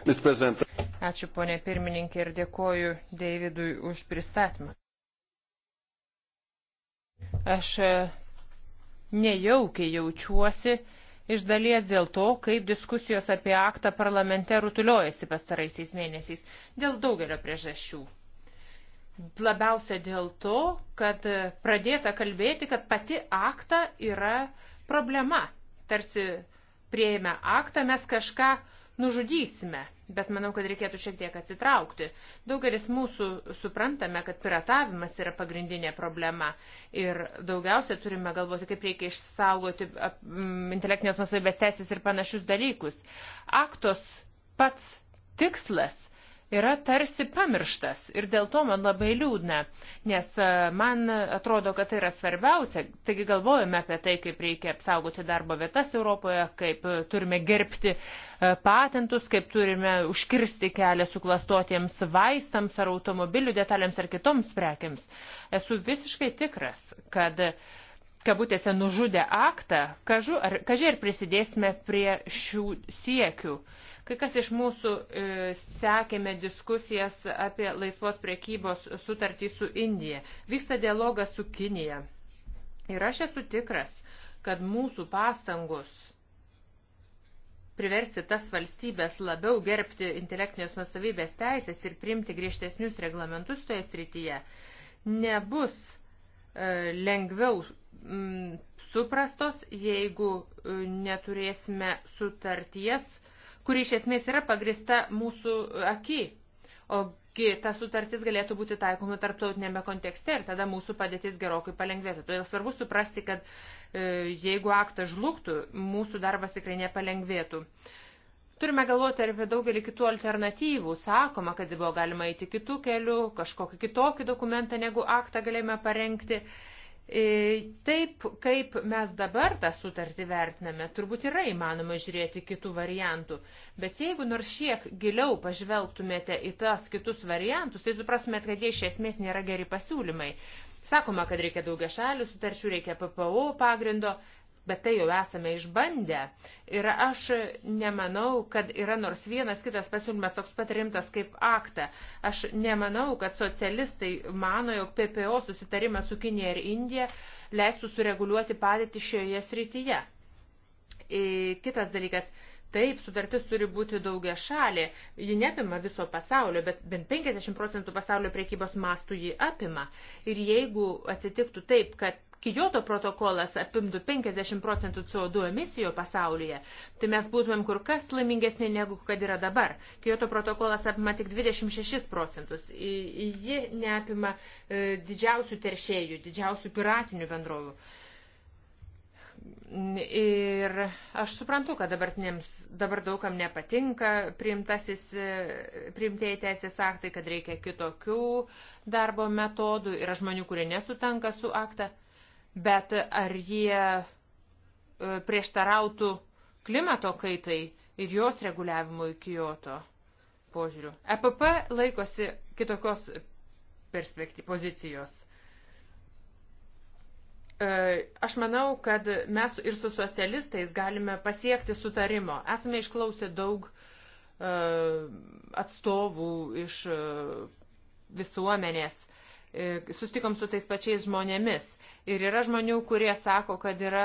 Ačiū ponė pirmininkė ir dėkoju Davidui už pristatymą. Aš e, nejaukiai jaučiuosi, iš dalies dėl to, kaip diskusijos apie aktą parlamente rutuliojasi pastaraisiais mėnesiais, dėl daugelio priežasčių. Labiausia dėl to, kad pradėta kalbėti, kad pati aktą yra problema. Tarsi prieėmę aktą mes kažką nužudysime bet manau, kad reikėtų šiek tiek atsitraukti. Daugelis mūsų suprantame, kad piratavimas yra pagrindinė problema ir daugiausia turime galvoti, kaip reikia išsaugoti intelektinės nusavybės teisės ir panašius dalykus. Aktos pats tikslas yra tarsi pamirštas ir dėl to man labai liūdna, nes e, man atrodo, kad tai yra svarbiausia. Taigi galvojame apie tai, kaip reikia apsaugoti darbo vietas Europoje, kaip e, turime gerbti e, patentus, kaip turime užkirsti kelią suklastotiems vaistams ar automobilių detalėms ar kitoms prekiams. Esu visiškai tikras, kad kabutėse nužudę aktą, kažu ar, kažai ir prisidėsime prie šių siekių. Uh, Kai kas iš mūsų e, sekėme diskusijas apie laisvos priekybos sutartį su Indija. Vyksta dialogas su Kinija. Ir aš esu tikras, kad mūsų pastangos priversti tas valstybės labiau gerbti intelektinės nusavybės teisės ir priimti griežtesnius reglamentus toje srityje nebus e, lengviau suprastos, jeigu e, neturėsime sutarties kuri iš esmės yra pagrista mūsų aki. Ogi ta sutartis galėtų būti taikoma tarptautinėme kontekste ir tada mūsų padėtis gerokai palengvėtų. Todėl svarbu suprasti, kad e, jeigu aktas žlugtų, mūsų darbas tikrai nepalengvėtų. Turime galvoti ir apie daugelį kitų alternatyvų. Sakoma, kad buvo galima eiti kitų kelių, kažkokį kitokį dokumentą negu aktą galėjome parengti. Uh, E, taip, kaip mes dabar tą sutartį vertiname, turbūt yra įmanoma žiūrėti kitų variantų, bet jeigu nors šiek giliau pažvelgtumėte į tas kitus variantus, tai suprastumėte, kad jie iš esmės nėra geri pasiūlymai. Sakoma, kad reikia daugia šalių sutarčių, reikia PPO pagrindo, bet tai jau esame išbandę. Ir aš nemanau, kad yra nors vienas kitas pasiūlymas toks pat rimtas kaip aktą. Aš nemanau, kad socialistai mano, jog PPO susitarimas su Kinėje ir Indija leistų sureguliuoti padėtį šioje srityje. Ir e, kitas dalykas. Taip, sutartis turi būti daugia šalė, ji neapima viso pasaulio, bet bent 50 procentų pasaulio priekybos mastų ji apima. Ir jeigu atsitiktų taip, kad Kyoto protokolas apimtų 50 procentų CO2 emisijų pasaulyje, tai mes būtumėm kur kas laimingesni negu kad yra dabar. Kyoto protokolas apima tik 26 procentus. Ji neapima e, didžiausių teršėjų, didžiausių piratinių bendrovių. Ir aš suprantu, kad dabar daugam nepatinka e, priimtieji teisės aktai, kad reikia kitokių darbo metodų. Yra žmonių, kurie nesutanka su aktą. Bet ar jie e, prieštarautų klimato kaitai ir jos reguliavimui Kyoto požiūriu? EPP laikosi kitokios pozicijos. E, aš manau, kad mes ir su socialistais galime pasiekti sutarimo. Esame išklausę daug e, atstovų iš visuomenės, sustikom su tais pačiais žmonėmis Ir yra žmonių, kurie sako, kad yra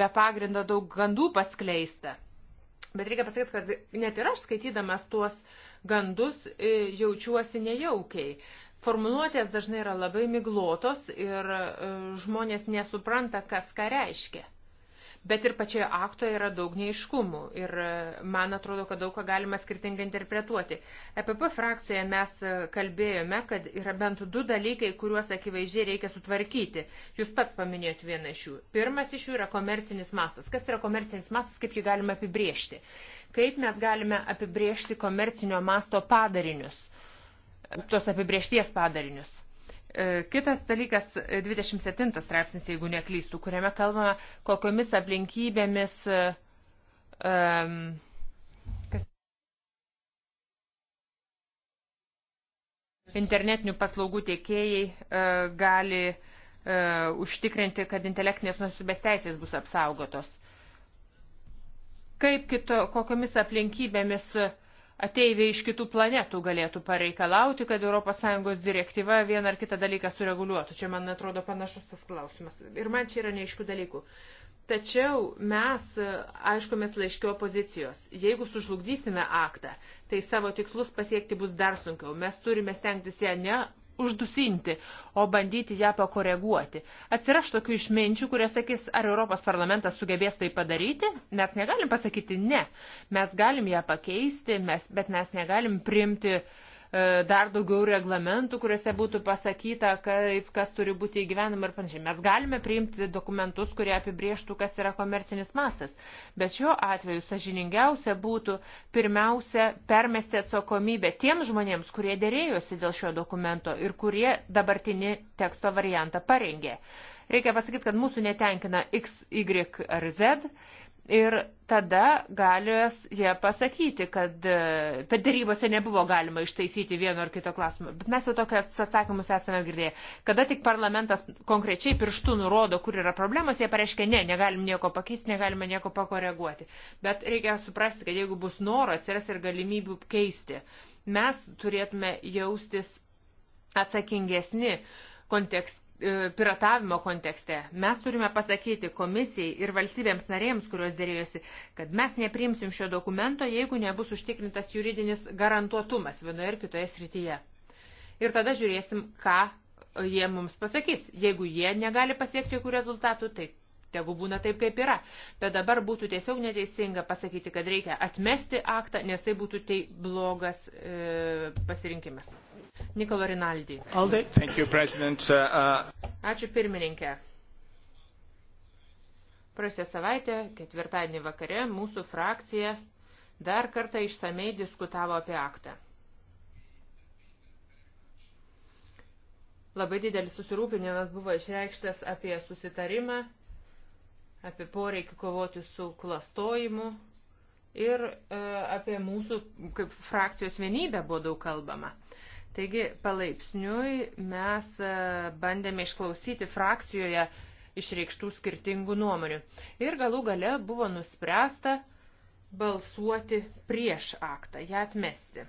be pagrindo daug gandų paskleista. Bet reikia pasakyti, kad net ir aš skaitydamas tuos gandus e, jaučiuosi nejaukiai. Formuluotės dažnai yra labai miglotos ir e, žmonės nesupranta, kas ką reiškia bet ir pačioje aktoje yra daug neiškumų ir e, man atrodo, kad daug ką galima skirtingai interpretuoti. EPP frakcijoje mes e, kalbėjome, kad yra bent du dalykai, kuriuos akivaizdžiai reikia sutvarkyti. Jūs pats paminėjot vieną iš jų. Pirmas iš jų yra komercinis masas. Kas yra komercinis masas, kaip jį galima apibriežti? Kaip mes galime apibriežti komercinio masto padarinius, tos apibriežties padarinius? E, kitas dalykas, 27 e, straipsnis, jeigu neklystų, kuriame kalbama, kokiomis aplinkybėmis. Um, kas, internetinių paslaugų tiekėjai uh, gali uh, užtikrinti, kad intelektinės nusibės teisės bus apsaugotos. Kaip kito, kokiomis aplinkybėmis uh, ateiviai iš kitų planetų galėtų pareikalauti, kad ES direktyva vieną ar kitą dalyką sureguliuotų. Čia man atrodo panašus tas klausimas. Ir man čia yra neaiškių dalykų. Tačiau mes, aišku, mes laiškio pozicijos. Jeigu sužlugdysime aktą, tai savo tikslus pasiekti bus dar sunkiau. Mes turime stengtis ją ne uždusinti, o bandyti ją pakoreguoti. Atsiras tokių išminčių, kurie sakys, ar Europos parlamentas sugebės tai padaryti. Mes negalim pasakyti ne. Mes galim ją pakeisti, mes, bet mes negalim primti uh, E, dar daugiau reglamentų, kuriuose būtų pasakyta, kaip kas turi būti įgyvenama ir panašiai. Mes galime priimti dokumentus, kurie apibrieštų, kas yra komercinis mastas. Bet šiuo atveju sažiningiausia būtų pirmiausia permesti atsakomybę tiem žmonėms, kurie dėrėjosi dėl šio dokumento ir kurie dabartinį teksto variantą parengė. Reikia pasakyti, kad mūsų netenkina X, Y ar Z Ir tada galios jie pasakyti, kad per darybose nebuvo galima ištaisyti vieno ar kito klausimo. Bet mes jau tokius atsakymus esame girdėję. Kada tik parlamentas konkrečiai pirštų nurodo, kur yra problemos, jie pareiškia, ne, negalim nieko pakeisti, negalime nieko pakoreguoti. Bet reikia suprasti, kad jeigu bus noro, atsiras ir galimybių keisti. Mes turėtume jaustis atsakingesni kontekste E, piratavimo kontekste. Mes turime pasakyti komisijai ir valstybėms narėms, kurios dėrėjosi, kad mes nepriimsim šio dokumento, jeigu nebus užtikrintas juridinis garantuotumas vienoje ir kitoje srityje. Ir tada žiūrėsim, ką jie mums pasakys. Jeigu jie negali pasiekti jokių rezultatų, tai tegu būna taip, kaip yra. Bet dabar būtų tiesiog neteisinga pasakyti, kad reikia atmesti aktą, nes tai būtų tai blogas e, pasirinkimas. Nikolo Rinaldi. You, uh, uh... Ačiū pirmininkė. Praėjusią savaitę, ketvirtadienį vakare, mūsų frakcija dar kartą išsamei diskutavo apie aktą. Labai didelis susirūpinimas buvo išreikštas apie susitarimą, apie poreikį kovoti su klastojimu ir e, apie mūsų kaip frakcijos vienybę buvo daug kalbama. Taigi palaipsniui mes e, bandėme išklausyti frakcijoje išreikštų skirtingų nuomonių. Ir galų gale buvo nuspręsta balsuoti prieš aktą, ją atmesti.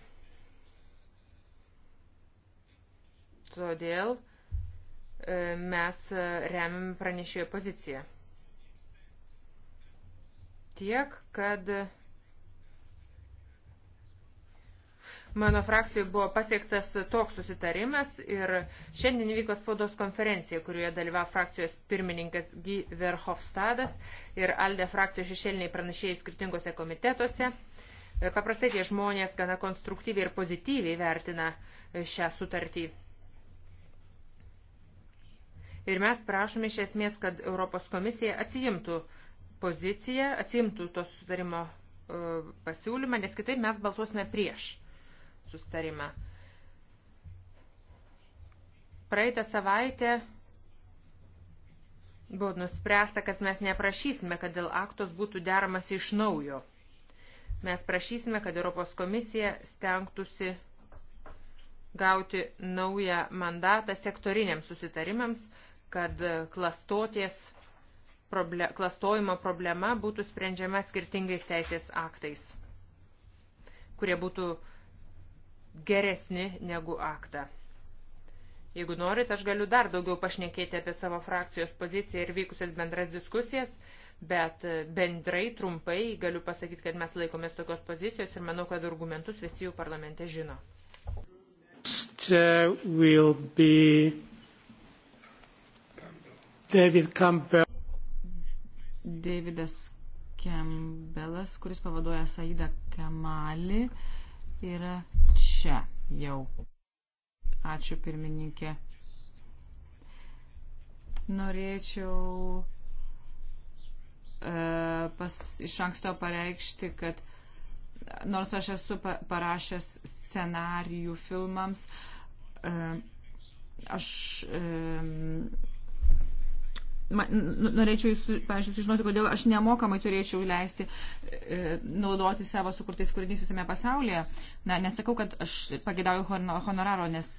Todėl e, mes e, remiam pranešėjo poziciją. Tiek, kad Mano frakcijoje buvo pasiektas toks susitarimas ir šiandien vyko spaudos konferencija, kurioje dalyvavo frakcijos pirmininkas G. Verhofstadas ir Alde frakcijos šešėliniai pranašėjai skirtingose komitetuose. Paprastai tie žmonės gana konstruktyviai ir pozityviai vertina šią sutartį. Ir mes prašome iš esmės, kad Europos komisija atsijimtų poziciją, atsimtų to susitarimo e, pasiūlymą, nes kitaip mes balsuosime prieš sustarimą. Praeitą savaitę buvo nuspręsta, kad mes neprašysime, kad dėl aktos būtų deramas iš naujo. Mes prašysime, kad Europos komisija stengtųsi gauti naują mandatą sektoriniams susitarimams, kad klastotės, proble, klastojimo problema būtų sprendžiama skirtingais teisės aktais, kurie būtų uh, geresni negu aktą. Jeigu norit, aš galiu dar daugiau pašnekėti apie savo frakcijos poziciją ir vykusias bendras diskusijas, bet e, bendrai, trumpai galiu pasakyti, kad mes laikomės tokios pozicijos ir manau, kad argumentus visi jų parlamente žino. Uh, David Campbell. Davidas Campbellas, kuris pavaduoja Saidą Kemalį, yra čia jau. Ačiū pirmininkė. Norėčiau e, pas, iš anksto pareikšti, kad nors aš esu parašęs scenarijų filmams, e, aš e, norėčiau jūs, pavyzdžiui, sužinoti, kodėl aš nemokamai turėčiau leisti e, naudoti savo sukurtais kūriniais visame pasaulyje. Na, nesakau, kad aš pagėdauju honoraro, nes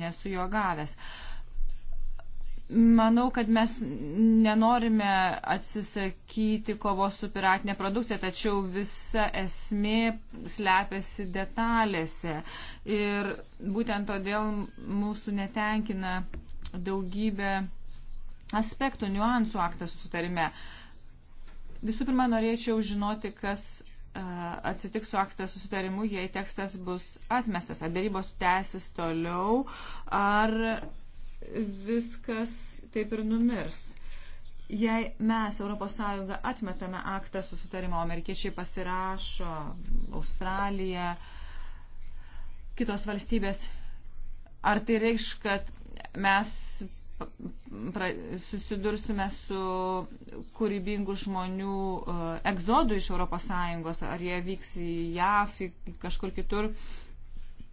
nesu jo gavęs. Manau, kad mes nenorime atsisakyti kovos su piratinė produkcija, tačiau visa esmė slepiasi detalėse. Ir būtent todėl mūsų netenkina daugybė aspektų, niuansų aktas susitarime. Visų pirma, norėčiau žinoti, kas e, atsitiks su aktas susitarimu, jei tekstas bus atmestas, ar dėrybos tęsis toliau, ar viskas taip ir numirs. Jei mes, ES, atmetame aktą susitarimo, amerikiečiai pasirašo, Australija, kitos valstybės, ar tai reikš, kad mes susidursime su kūrybingų žmonių e, egzodu iš ES, ar jie vyks į JAF, į kažkur kitur.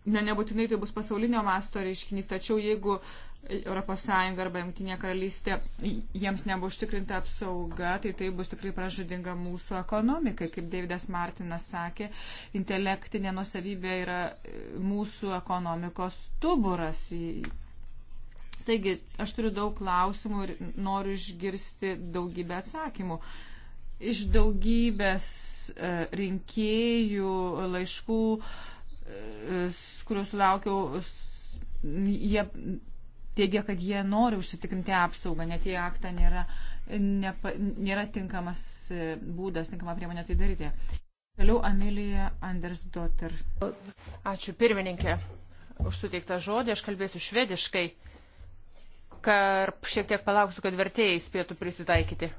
Ne, nebūtinai tai bus pasaulinio masto reiškinys, tačiau jeigu ES arba Junktinė karalystė jiems nebus užtikrinta apsauga, tai tai bus tikrai pražudinga mūsų ekonomikai. Kaip Davidas Martinas sakė, intelektinė nusavybė yra mūsų ekonomikos stuburas. Taigi, aš turiu daug klausimų ir noriu išgirsti daugybę atsakymų. Iš daugybės e, rinkėjų laiškų, e, kuriuos sulaukiau, jie teigia, kad jie nori užsitikrinti apsaugą, net jei aktą nėra, nepa, nėra tinkamas e, būdas, tinkama priemonė tai daryti. Toliau Amelija Andersdotter. Ačiū pirmininkė už suteiktą žodį, aš kalbėsiu švediškai karp šiek tiek palauksiu, kad vertėjai spėtų prisitaikyti.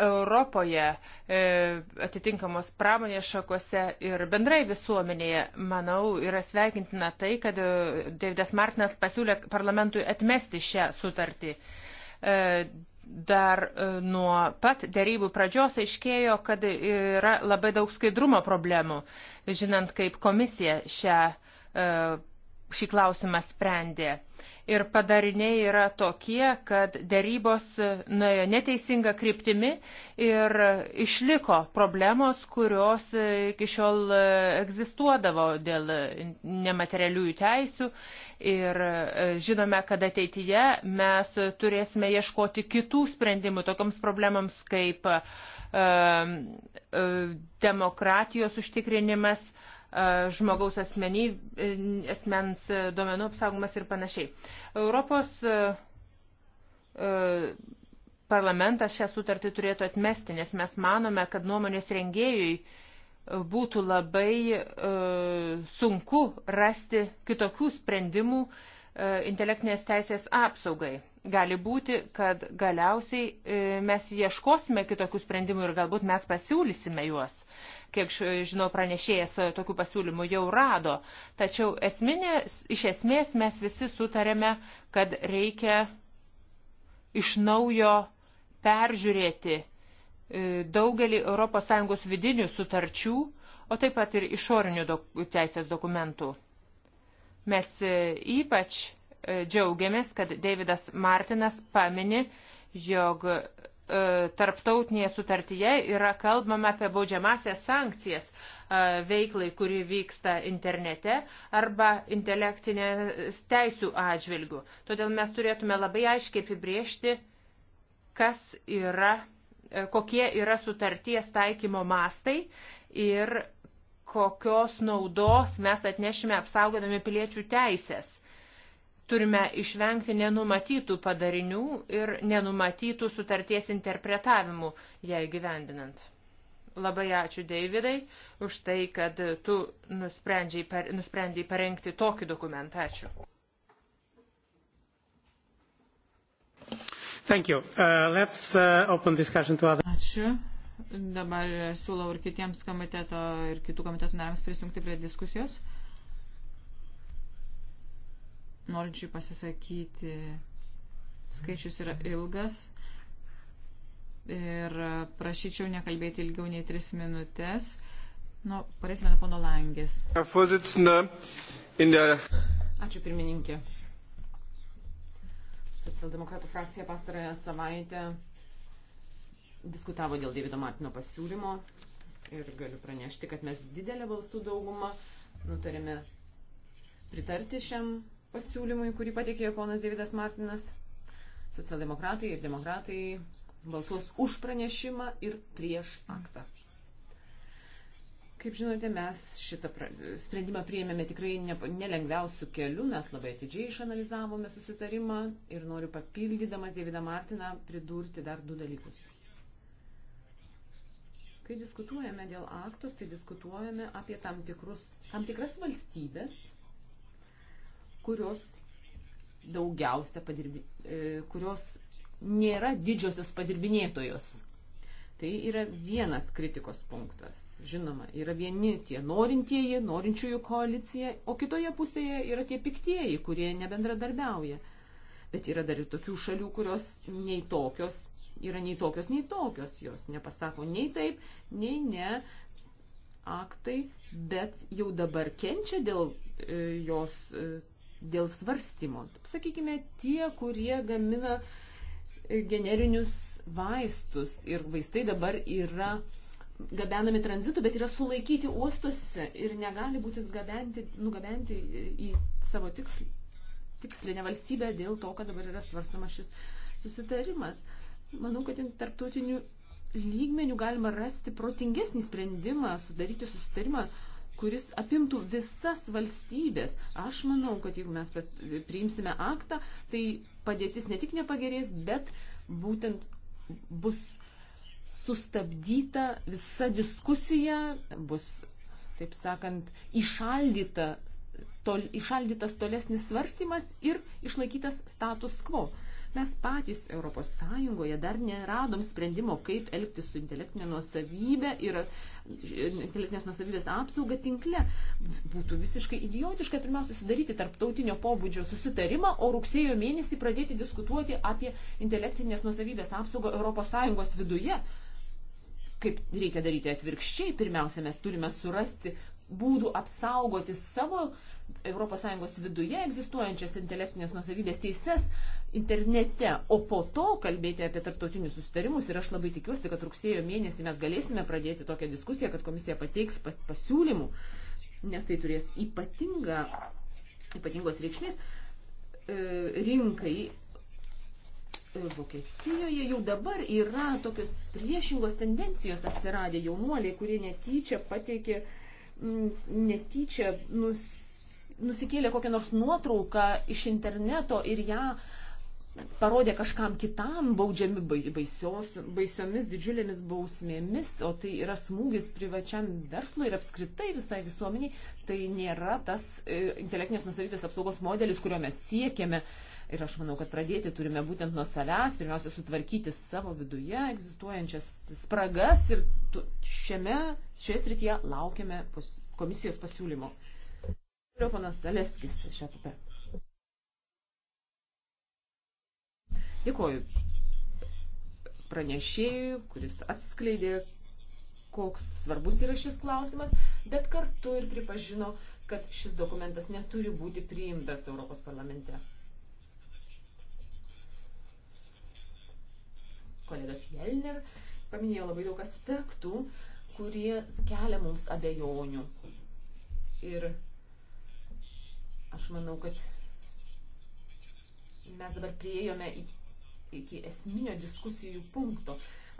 Europoje, e, atitinkamos pramonės šakose ir bendrai visuomenėje, manau, yra sveikintina tai, kad e, Davidas Martinas pasiūlė parlamentui atmesti šią sutartį. E, dar nuo pat dėrybų pradžios aiškėjo, kad yra labai daug skaidrumo problemų, žinant, kaip komisija šią šį klausimą sprendė. Ir padariniai yra tokie, kad dėrybos nuėjo neteisinga kryptimi ir išliko problemos, kurios iki šiol egzistuodavo dėl nematerialiųjų teisių. Ir e, žinome, kad ateityje mes turėsime ieškoti kitų sprendimų tokiams problemams kaip e, e, demokratijos užtikrinimas žmogaus asmeny, e, asmens duomenų apsaugomas ir panašiai. Europos e, e, parlamentas šią sutartį turėtų atmesti, nes mes manome, kad nuomonės rengėjui būtų labai sunku rasti kitokių sprendimų intelektinės teisės apsaugai. Gali būti, kad galiausiai mes ieškosime kitokių sprendimų ir galbūt mes pasiūlysime juos. Kiek žinau, pranešėjas e, tokių pasiūlymų jau rado. Tačiau esminė, iš esmės mes visi sutarėme, kad reikia iš naujo peržiūrėti e, daugelį ES vidinių sutarčių, o taip pat ir išorinių dok teisės dokumentų. Mes e, ypač džiaugiamės, kad Davidas Martinas pamini, jog E, tarptautinėje sutartyje yra kalbama apie baudžiamasias sankcijas e, veiklai, kuri vyksta internete arba intelektinės teisų atžvilgių. Todėl mes turėtume labai aiškiai apibriežti, kas yra, e, kokie yra sutarties taikymo mastai ir kokios naudos mes atnešime apsaugodami piliečių teisės Turime išvengti nenumatytų padarinių ir nenumatytų sutarties interpretavimų, jei gyvendinant. Labai ačiū, Deividai, už tai, kad tu nusprendžiai parengti tokį dokumentą. Ačiū. Thank you. Uh, let's uh, open discussion to other. Ačiū. Dabar siūlau ir kitiems komiteto ir kitų komitetų nariams prisijungti prie diskusijos norinčių pasisakyti skaičius yra ilgas ir prašyčiau nekalbėti ilgiau nei tris minutės. Nu, pradėsime nuo pono Langės. Ačiū pirmininkė. Socialdemokratų frakcija pastarąją savaitę diskutavo dėl Davido Martino pasiūlymo ir galiu pranešti, kad mes didelę balsų daugumą nutarėme pritarti šiam pasiūlymui, kurį pateikė ponas Davidas Martinas. Socialdemokratai ir demokratai balsuos už pranešimą ir prieš aktą. Kaip žinote, mes šitą sprendimą priėmėme tikrai nelengviausių ne kelių, mes labai atidžiai išanalizavome susitarimą ir noriu papildydamas Davidą Martiną pridurti dar du dalykus. Kai diskutuojame dėl aktos, tai diskutuojame apie tam, tikrus, tam tikras valstybės, kurios daugiausia padirbi, e, kurios nėra didžiosios padirbinėtojos. Tai yra vienas kritikos punktas. Žinoma, yra vieni tie norintieji, norinčiųjų koalicija, o kitoje pusėje yra tie piktieji, kurie nebendradarbiauja. Bet yra dar ir tokių šalių, kurios nei tokios, yra nei tokios, nei tokios, jos nepasako nei taip, nei ne aktai, bet jau dabar kenčia dėl e, jos e, dėl svarstymo. Sakykime, tie, kurie gamina e, generinius vaistus ir vaistai dabar yra gabenami tranzitu, bet yra sulaikyti uostuose ir negali būti gabenti, nugabenti į savo tikslį, tikslinę valstybę dėl to, kad dabar yra svarstamas šis susitarimas. Manau, kad tarptautinių lygmenių galima rasti protingesnį sprendimą, sudaryti susitarimą kuris apimtų visas valstybės. Aš manau, kad jeigu mes pas, priimsime aktą, tai padėtis ne tik nepagerės, bet būtent bus sustabdyta visa diskusija, bus, taip sakant, išaldyta, tol, išaldytas tolesnis svarstymas ir išlaikytas status quo. Mes patys ES dar neradom sprendimo, kaip elgtis su intelektinė nuosavybė ir intelektinės nuosavybės apsauga tinkle. Būtų visiškai idiotiška pirmiausia sudaryti tarptautinio pobūdžio susitarimą, o rugsėjo mėnesį pradėti diskutuoti apie intelektinės nuosavybės apsaugą ES viduje kaip reikia daryti atvirkščiai, pirmiausia, mes turime surasti būdų apsaugoti savo ES viduje egzistuojančias intelektinės nusavybės teises internete, o po to kalbėti apie tarptautinius susitarimus. Ir aš labai tikiuosi, kad rugsėjo mėnesį mes galėsime pradėti tokią diskusiją, kad komisija pateiks pas, pasiūlymų, nes tai turės ypatinga, ypatingos reikšmės e, rinkai. E, Vokietijoje jau dabar yra tokios priešingos tendencijos atsiradę jaunuoliai, kurie netyčia pateikė uh, Mm, netyčia nus, nusikėlė kokią nors nuotrauką iš interneto ir ją parodė kažkam kitam, baudžiami baisios, baisiomis didžiulėmis bausmėmis, o tai yra smūgis privačiam verslui ir apskritai visai visuomeniai, tai nėra tas e, intelektinės nusavybės apsaugos modelis, kurio mes siekiame. Uh, Ir aš manau, kad pradėti turime būtent nuo savęs, pirmiausia, sutvarkyti savo viduje egzistuojančias spragas ir šiame, šioje srityje laukiame komisijos pasiūlymo. Ponas Aleskis šią papę. Dėkoju pranešėjui, kuris atskleidė, koks svarbus yra šis klausimas, bet kartu ir pripažino, kad šis dokumentas neturi būti priimtas Europos parlamente. kolega Fjellner paminėjo labai daug aspektų, kurie kelia mums abejonių. Ir aš manau, kad mes dabar priejome iki esminio diskusijų punkto.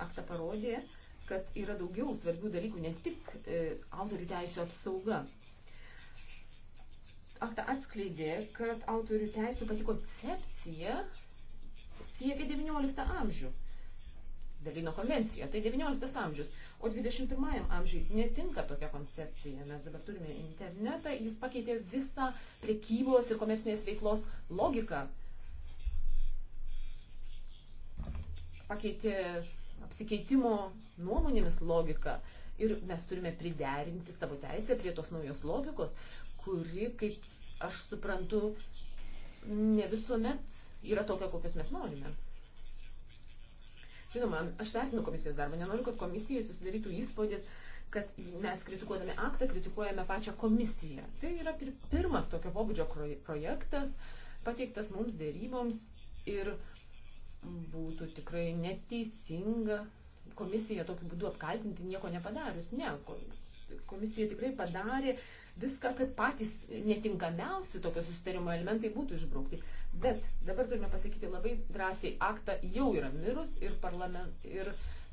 Akta parodė, kad yra daugiau svarbių dalykų, ne tik e, autorių teisų apsauga. Akta atskleidė, kad autorių teisų pati koncepcija siekia XIX amžių. Berlyno konvencija. Tai 19 amžius. O 21 amžiui netinka tokia koncepcija. Mes dabar turime internetą, jis pakeitė visą prekybos ir komersinės veiklos logiką. Pakeitė apsikeitimo nuomonėmis logiką. Ir mes turime priderinti savo teisę prie tos naujos logikos, kuri, kaip aš suprantu, ne visuomet yra tokia, kokios mes norime. Žinoma, aš vertinu komisijos darbą, nenoriu, kad komisijai susidarytų įspūdis, kad mes kritikuodami aktą kritikuojame pačią komisiją. Tai yra pirmas tokio pobūdžio projektas, pateiktas mums dėryboms ir būtų tikrai neteisinga komisiją tokiu būdu apkaltinti nieko nepadarius. Ne, komisija tikrai padarė viską, kad patys netinkamiausi tokio susitarimo elementai būtų išbraukti. Bet dabar turime pasakyti labai drąsiai, aktą jau yra mirus ir, ir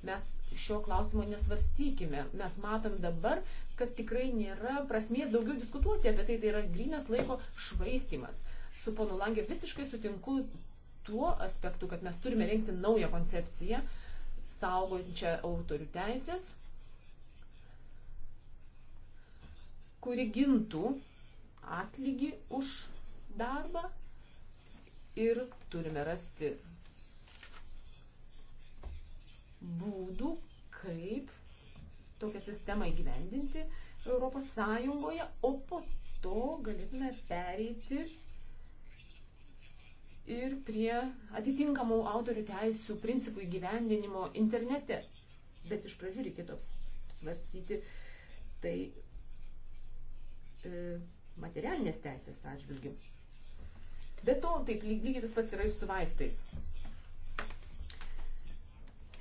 mes šio klausimo nesvarstykime. Mes matom dabar, kad tikrai nėra prasmės daugiau diskutuoti apie tai, tai yra grinas laiko švaistimas. Su ponu Langė visiškai sutinku tuo aspektu, kad mes turime renkti naują koncepciją saugančią autorių teisės kuri gintų atlygį už darbą ir turime rasti būdų, kaip tokią sistemą įgyvendinti Europos Sąjungoje, o po to galėtume pereiti ir prie atitinkamų autorių teisų principų įgyvendinimo internete. Bet iš pradžių reikėtų svarstyti tai E, materialinės teisės atžvilgių. Be to, taip lygiai tas pats yra ir su vaistais.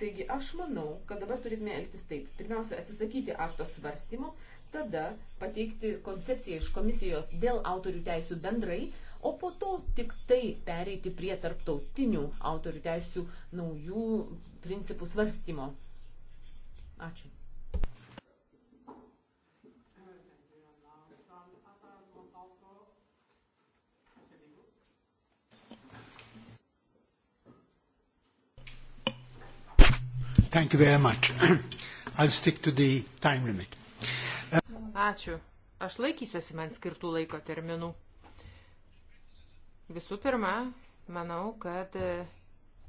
Taigi aš manau, kad dabar turėtume elgtis taip. Pirmiausia, atsisakyti akto svarstymo, tada pateikti koncepciją iš komisijos dėl autorių teisų bendrai, o po to tik tai pereiti prie tarptautinių autorių teisų naujų principų svarstymo. Ačiū. Thank you very much. I'll stick to the time limit. Uh... Ačiū. Aš laikysiuosi man skirtų laiko terminų. Visų pirma, manau, kad uh,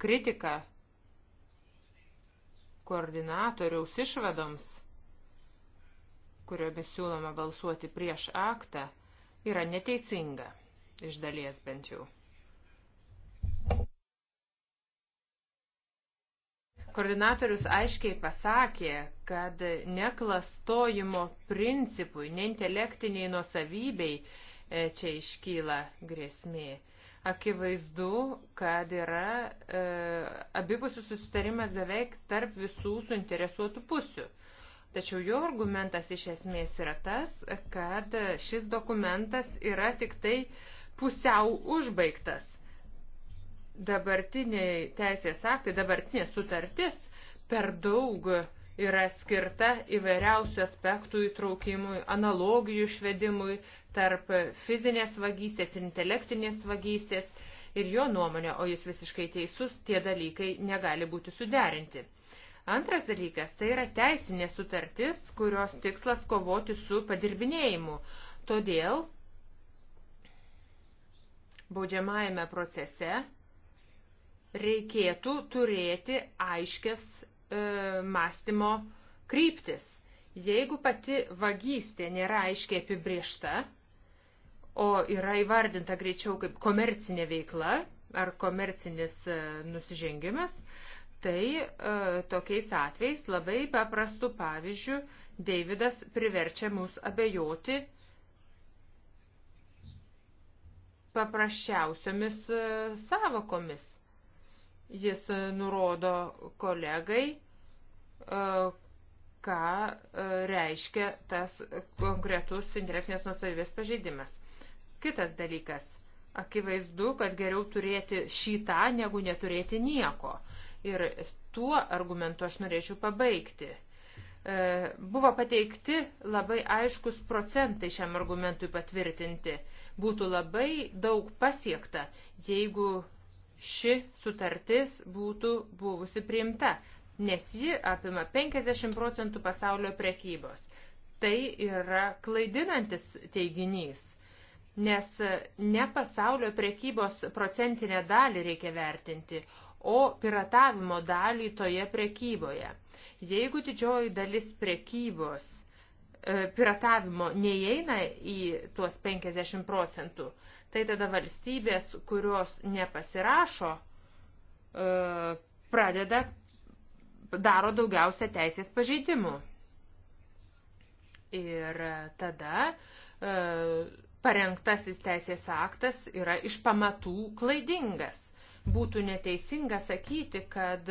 kritika koordinatoriaus išvadoms, kuriomis siūloma balsuoti prieš aktą, yra neteisinga, iš dalies bent jau. Koordinatorius aiškiai pasakė, kad neklastojimo principui, neintelектiniai nuosavybei e, čia iškyla grėsmė. Akivaizdu, kad yra e, abipusių susitarimas beveik tarp visų suinteresuotų pusių. Tačiau jo argumentas iš esmės yra tas, kad šis dokumentas yra tik tai pusiau užbaigtas dabartiniai teisės aktai, dabartinė sutartis per daug yra skirta įvairiausių aspektų įtraukimui, analogijų išvedimui tarp fizinės vagystės ir intelektinės vagystės. Ir jo nuomonė, o jis visiškai teisus, tie dalykai negali būti suderinti. Antras dalykas - tai yra teisinė sutartis, kurios tikslas kovoti su padirbinėjimu. Todėl baudžiamajame procese reikėtų turėti aiškės e, mąstymo kryptis. Jeigu pati vagystė nėra aiškiai apibriešta, o yra įvardinta greičiau kaip komercinė veikla ar komercinis e, nusižengimas, tai e, tokiais atvejais labai paprastų pavyzdžių Deividas priverčia mus abejoti paprasčiausiomis e, savokomis. Jis e, nurodo kolegai, e, ką e, reiškia tas konkretus intelektinės nusavybės pažeidimas. Kitas dalykas. Akivaizdu, kad geriau turėti šitą, negu neturėti nieko. Ir tuo argumentu aš norėčiau pabaigti buvo pateikti labai aiškus procentai šiam argumentui patvirtinti. Būtų labai daug pasiekta, jeigu ši sutartis būtų buvusi priimta, nes ji apima 50 procentų pasaulio prekybos. Tai yra klaidinantis teiginys, nes ne pasaulio prekybos procentinę dalį reikia vertinti, o piratavimo dalį toje prekyboje. Jeigu didžioji dalis prekybos e, piratavimo neįeina į tuos 50 procentų, tai tada valstybės, kurios nepasirašo, e, pradeda, daro daugiausia teisės pažeidimų. Ir tada e, parengtasis teisės aktas yra iš pamatų klaidingas. Būtų neteisinga sakyti, kad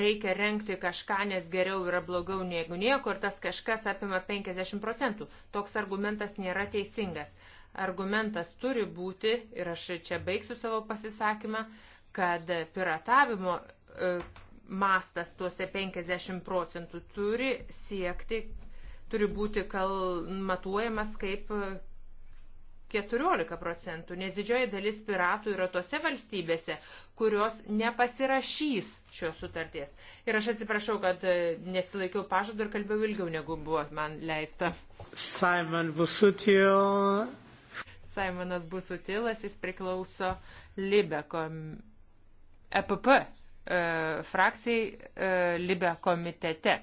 reikia renkti kažką, nes geriau yra blogiau negu nieko ir tas kažkas apima 50 procentų. Toks argumentas nėra teisingas argumentas turi būti, ir aš čia baigsiu savo pasisakymą, kad piratavimo e, mastas tuose 50 procentų turi siekti, turi būti kal, matuojamas kaip 14 e, procentų, nes didžioji dalis piratų yra tose valstybėse, kurios nepasirašys šios sutarties. Ir aš atsiprašau, kad e, nesilaikiau pažadų ir kalbėjau ilgiau, negu buvo man leista. Simon Busutil, Saimonas Busutilas, jis priklauso Libe kom... EPP e, frakcijai e, Libe komitete.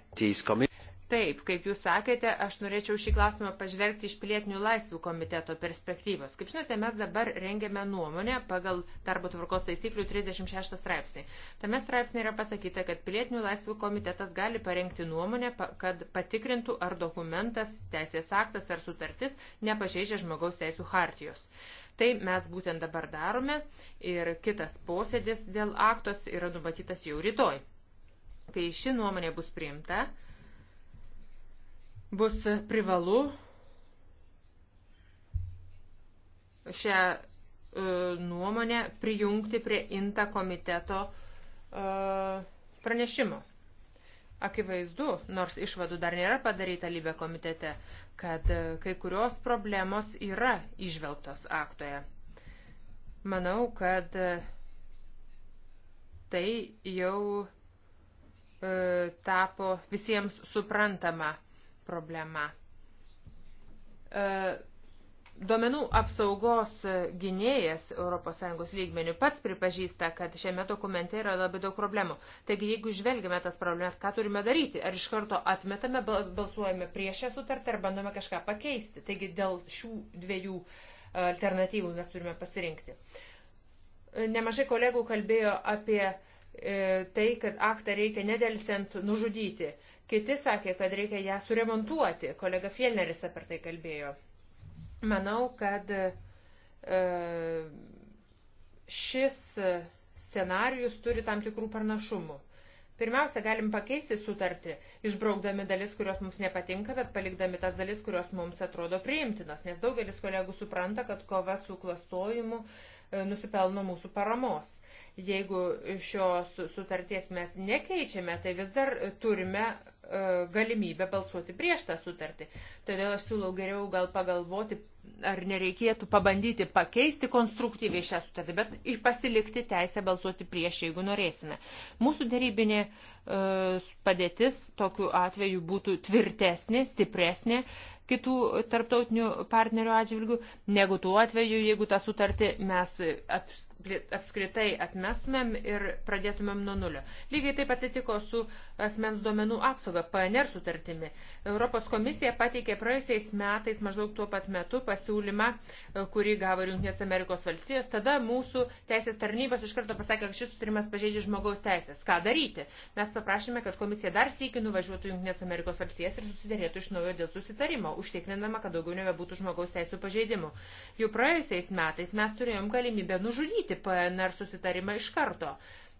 Taip, kaip jūs sakėte, aš norėčiau šį klausimą pažvelgti iš pilietinių laisvių komiteto perspektyvos. Kaip žinote, mes dabar rengiame nuomonę pagal darbo tvarkos taisyklių 36 straipsnį. Tame straipsnė yra pasakyta, kad pilietinių laisvių komitetas gali parengti nuomonę, kad patikrintų, ar dokumentas, teisės aktas ar sutartis nepažeidžia žmogaus teisų hartijos. Tai mes būtent dabar darome ir kitas posėdis dėl aktos yra numatytas jau rytoj. Kai ši nuomonė bus priimta, bus privalu šią e, nuomonę prijungti prie INTA komiteto e, pranešimo. Akivaizdu, nors išvadų dar nėra padaryta lybė komitete, kad e, kai kurios problemos yra išvelgtos aktoje. Manau, kad tai jau e, tapo visiems suprantama problema. E, duomenų apsaugos gynėjas ES lygmenių pats pripažįsta, kad šiame dokumente yra labai daug problemų. Taigi, jeigu žvelgiame tas problemas, ką turime daryti? Ar iš karto atmetame, balsuojame prieš šią sutartį, ar bandome kažką pakeisti? Taigi, dėl šių dviejų e, alternatyvų mes turime pasirinkti. E, nemažai kolegų kalbėjo apie tai, kad aktą reikia nedelsiant nužudyti. Kiti sakė, kad reikia ją suremontuoti. Kolega Fielneris apie tai kalbėjo. Manau, kad e, šis scenarius turi tam tikrų pranašumų. Pirmiausia, galim pakeisti sutartį, išbraukdami dalis, kurios mums nepatinka, bet palikdami tas dalis, kurios mums atrodo priimtinas, nes daugelis kolegų supranta, kad kova su klastojimu e, nusipelno mūsų paramos. Jeigu šios sutarties mes nekeičiame, tai vis dar turime e, galimybę balsuoti prieš tą sutartį. Todėl aš siūlau geriau gal pagalvoti, ar nereikėtų pabandyti pakeisti konstruktyviai šią sutartį, bet pasilikti teisę balsuoti prieš, jeigu norėsime. Mūsų darybinė e, padėtis tokiu atveju būtų tvirtesnė, stipresnė kitų tarptautinių partnerių atžvilgių, negu tuo atveju, jeigu tą sutartį mes apskritai atmestumėm ir pradėtumėm nuo nulio. Lygiai taip atsitiko su asmens duomenų apsauga PNR sutartimi. Europos komisija pateikė praėjusiais metais maždaug tuo pat metu pasiūlymą, e, kurį gavo Junktinės Amerikos valstijos. Tada mūsų teisės tarnybos iš karto pasakė, kad šis sutarimas pažeidžia žmogaus teisės. Ką daryti? Mes paprašėme, kad komisija dar sėki nuvažiuotų Junktinės Amerikos valstijas ir susidarėtų iš naujo dėl susitarimo, užtikrinama, kad daugiau nebebūtų žmogaus teisų pažeidimų. Jau praėjusiais metais mes turėjom galimybę nužudyti pateikti PNR susitarimą iš karto.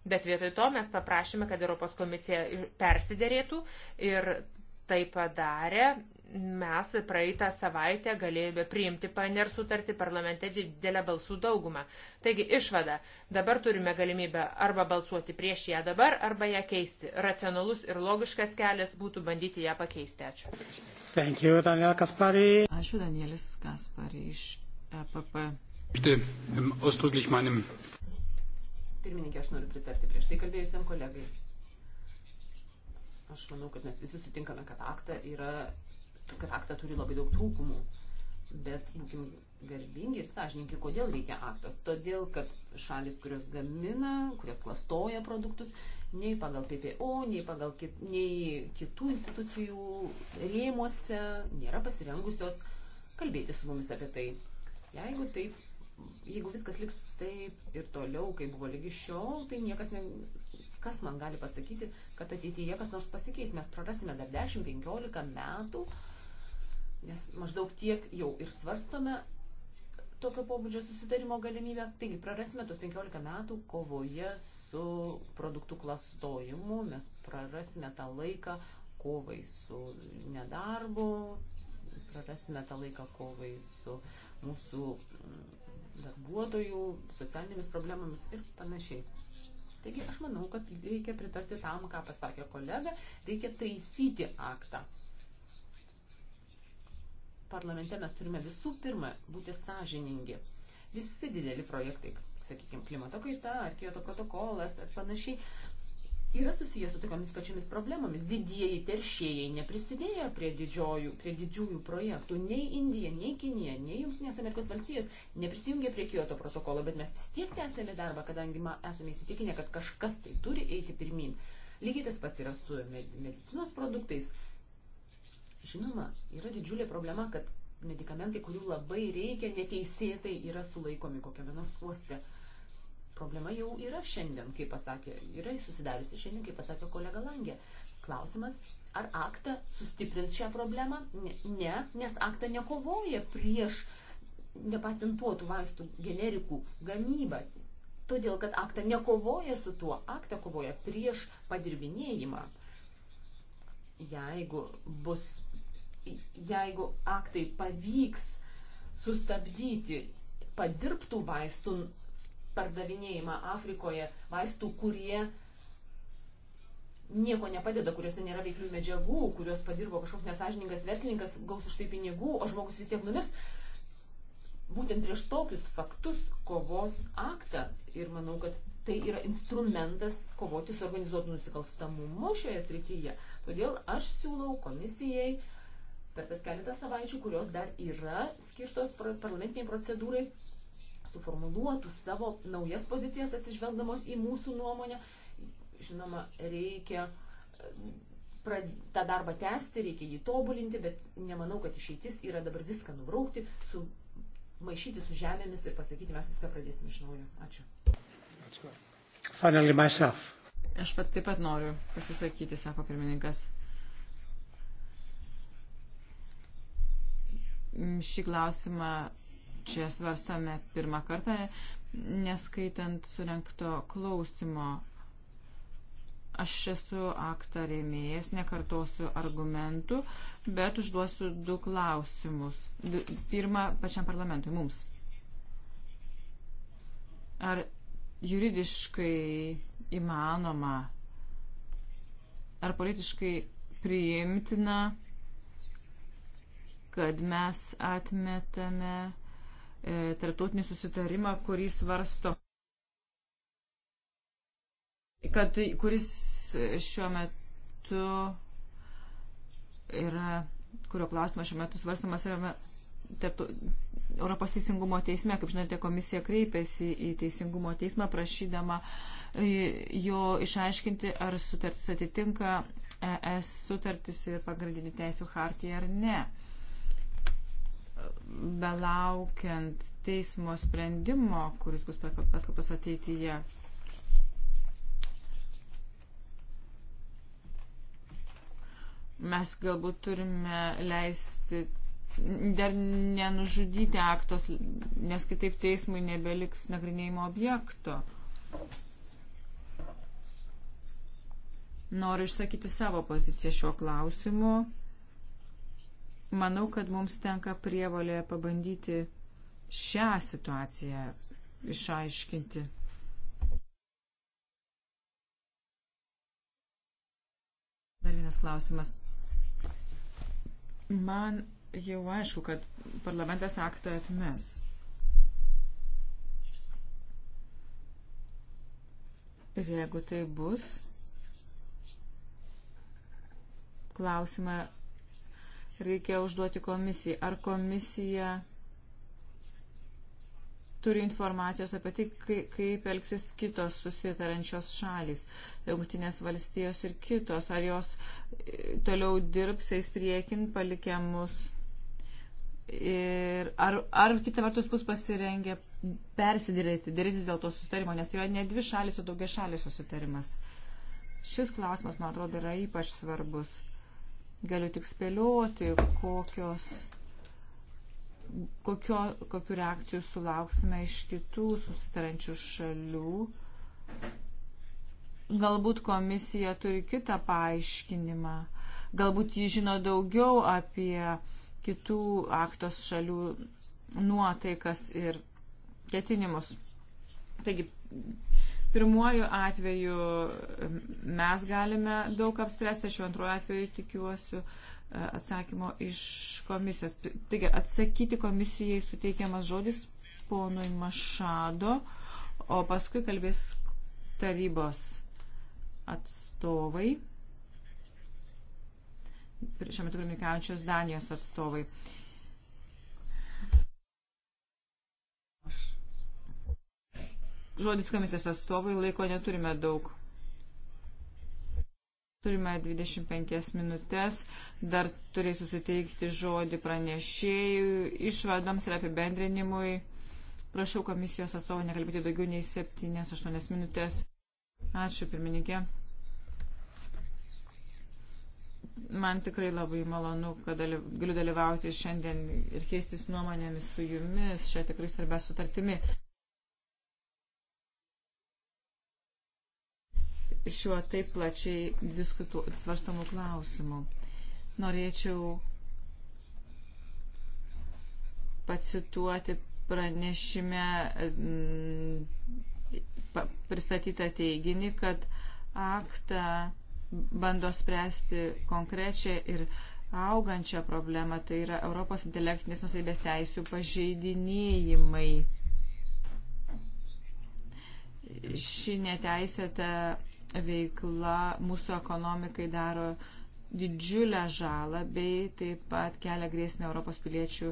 Bet vietoj to mes paprašėme, kad Europos komisija persiderėtų ir tai padarė. Mes praeitą savaitę galėjome priimti PNR sutartį parlamente didelę balsų daugumą. Taigi išvada, dabar turime galimybę arba balsuoti prieš ją dabar, arba ją keisti. Racionalus ir logiškas kelias būtų bandyti ją pakeisti. Ačiū. Thank you, Daniel Kaspari. Ačiū, Danielis Kaspari iš EPP Ähm, Pirmininkė, aš noriu pritarti prieš tai kalbėjusiam kolegai. Aš manau, kad mes visi sutinkame, kad aktą, yra, kad aktą turi labai daug trūkumų. Bet būkim garbingi ir sąžininkai, kodėl reikia aktos. Todėl, kad šalis, kurios gamina, kurios klastoja produktus, nei pagal PPO, nei pagal kit, nei kitų institucijų rėmuose nėra pasirengusios kalbėti su mumis apie tai. Jeigu taip jeigu viskas liks taip ir toliau, kaip buvo lygi šiol, tai niekas, ne, kas man gali pasakyti, kad ateityje kas nors pasikeis, mes prarasime dar 10-15 metų, nes maždaug tiek jau ir svarstome tokio pobūdžio susitarimo galimybę, taigi prarasime tos 15 metų kovoje su produktų klastojimu, mes prarasime tą laiką kovai su nedarbu, prarasime tą laiką kovai su mūsų darbuotojų, socialinėmis problemomis ir panašiai. Taigi aš manau, kad reikia pritarti tam, ką pasakė kolega, reikia taisyti aktą. Parlamente mes turime visų pirma būti sąžiningi. Visi dideli projektai, sakykime, klimato kaita ar kieto protokolas ar panašiai, yra susijęs su tokiamis pačiamis problemomis. Didieji teršėjai neprisidėjo prie, didžiojų, prie didžiųjų projektų. Nei Indija, nei Kinija, nei Junktinės Amerikos valstijos neprisijungė prie Kyoto protokolo, bet mes vis tiek tęsėme darbą, kadangi esame įsitikinę, kad kažkas tai turi eiti pirmin. Lygiai tas pats yra su medicinos produktais. Žinoma, yra didžiulė problema, kad medikamentai, kurių labai reikia, neteisėtai yra sulaikomi kokiame nors uoste problema jau yra šiandien, kaip pasakė, yra susidariusi šiandien, kaip pasakė kolega Langė. Klausimas, ar aktą sustiprins šią problemą? Ne, nes aktą nekovoja prieš nepatentuotų vaistų generikų gamybą. Todėl, kad aktą nekovoja su tuo, aktą kovoja prieš padirbinėjimą. Jeigu bus, jeigu aktai pavyks sustabdyti padirbtų vaistų pardavinėjimą Afrikoje vaistų, kurie nieko nepadeda, kuriuose nėra veiklių medžiagų, kuriuos padirbo kažkoks nesažiningas verslininkas, gaus už tai pinigų, o žmogus vis tiek numirs. Būtent prieš tokius faktus kovos aktą ir manau, kad tai yra instrumentas kovoti su organizuotu nusikalstamumu šioje srityje. Todėl aš siūlau komisijai per tas keletą savaičių, kurios dar yra skirtos parlamentiniai procedūrai, suformuluotų savo naujas pozicijas atsižvelgdamos į mūsų nuomonę. Žinoma, reikia e, tą darbą tęsti, reikia jį tobulinti, bet nemanau, kad išeitis yra dabar viską nubraukti, su, maišyti su žemėmis ir pasakyti, mes viską pradėsim iš naujo. Ačiū. Finally myself. Aš pats taip pat noriu pasisakyti, sako pirmininkas. Šį klausimą čia svarstame pirmą kartą, neskaitant surenkto klausimo. Aš esu aktą rėmėjas, nekartosiu argumentų, bet užduosiu du klausimus. Pirmą pačiam parlamentui, mums. Ar juridiškai įmanoma, ar politiškai priimtina, kad mes atmetame e, tarptautinį susitarimą, kurį svarsto, kad, kuris šiuo metu yra, kurio klausimas šiuo metu svarstamas yra tarptu, Europos teisingumo teisme, kaip žinote, komisija kreipėsi į teisingumo teismą prašydama e, jo išaiškinti, ar sutartis atitinka ES sutartis ir pagrindinį teisų hartiją ar ne belaukiant teismo sprendimo, kuris bus paskalbtas ateityje. Mes galbūt turime leisti dar nenužudyti aktos, nes kitaip teismui nebeliks nagrinėjimo objekto. Noriu išsakyti savo poziciją šiuo klausimu. Manau, kad mums tenka prievalė pabandyti šią situaciją išaiškinti. Dar vienas klausimas. Man jau aišku, kad parlamentas aktą atmes. Ir jeigu tai bus, klausimą reikia užduoti komisijai. Ar komisija turi informacijos apie tai, kaip elgsis kitos susitarančios šalis, jungtinės valstijos ir kitos, ar jos e, toliau dirbs, eis priekin, palikė mus. Ir ar, ar kitą vertus bus pasirengę persidėrėti, dėrėtis dėl to susitarimo, nes tai yra ne dvi šalis, o daugia šalis susitarimas. Šis klausimas, man atrodo, yra ypač svarbus. Galiu tik spėlioti, kokios, kokio, kokiu reakcijų sulauksime iš kitų susitarančių šalių. Galbūt komisija turi kitą paaiškinimą. Galbūt ji žino daugiau apie kitų aktos šalių nuotaikas ir ketinimus. Taigi, Pirmuoju atveju mes galime daug apspręsti, šiuo antruoju atveju tikiuosiu e, atsakymo iš komisijos. Taigi, atsakyti komisijai suteikiamas žodis ponui Mašado, o paskui kalbės tarybos atstovai, šiuo metu pirmininkaujančios Danijos atstovai. Uh, Žodis komisijos atstovai laiko neturime daug. Turime 25 minutės, dar turėsiu suteikti žodį pranešėjų išvadams ir apibendrinimui. Prašau komisijos atstovą nekalbėti daugiau nei 7-8 minutės. Ačiū, pirmininkė. Man tikrai labai malonu, kad galiu dalyvauti šiandien ir keistis nuomonėmis su jumis šią tikrai svarbę sutartimi. šiuo taip plačiai diskutu, svarstamu klausimu. Norėčiau pacituoti pranešime mm, pristatytą teiginį, kad aktą bando spręsti konkrečią ir augančią problemą, tai yra Europos intelektinės nusavybės teisų pažeidinėjimai. Ši neteisėta veikla mūsų ekonomikai daro didžiulę žalą bei taip pat kelia grėsmę Europos piliečių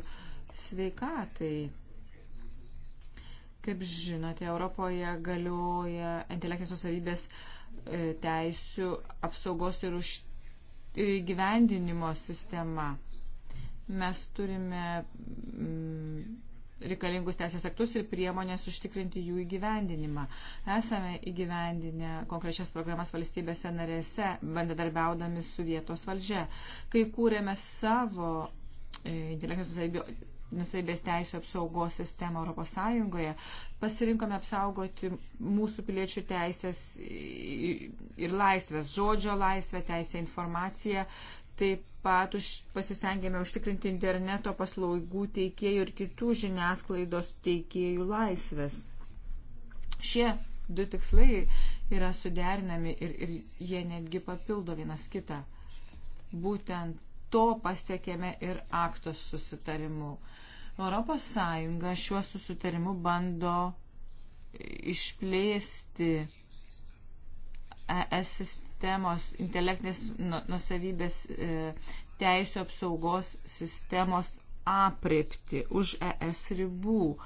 sveikatai. Kaip žinote, Europoje galioja intelektinės nusavybės e, teisų apsaugos ir už e, gyvendinimo sistema. Mes turime mm, reikalingus teisės aktus ir priemonės užtikrinti jų įgyvendinimą. Esame įgyvendinę konkrečias programas valstybėse narėse, bendradarbiaudami su vietos valdžia. Kai kūrėme savo e, intelektinės nusaibės teisų apsaugos sistemą Europos Sąjungoje, pasirinkome apsaugoti mūsų piliečių teisės ir laisvės, žodžio laisvę, teisę informaciją, Taip pat už, pasistengėme užtikrinti interneto paslaugų teikėjų ir kitų žiniasklaidos teikėjų laisvės. Šie du tikslai yra suderinami ir, ir jie netgi papildo vienas kitą. Būtent to pasiekėme ir aktos susitarimu. Europos Sąjunga šiuo susitarimu bando išplėsti ES sistemos, intelektinės nusavybės e, teisų apsaugos sistemos aprepti už ES ribų.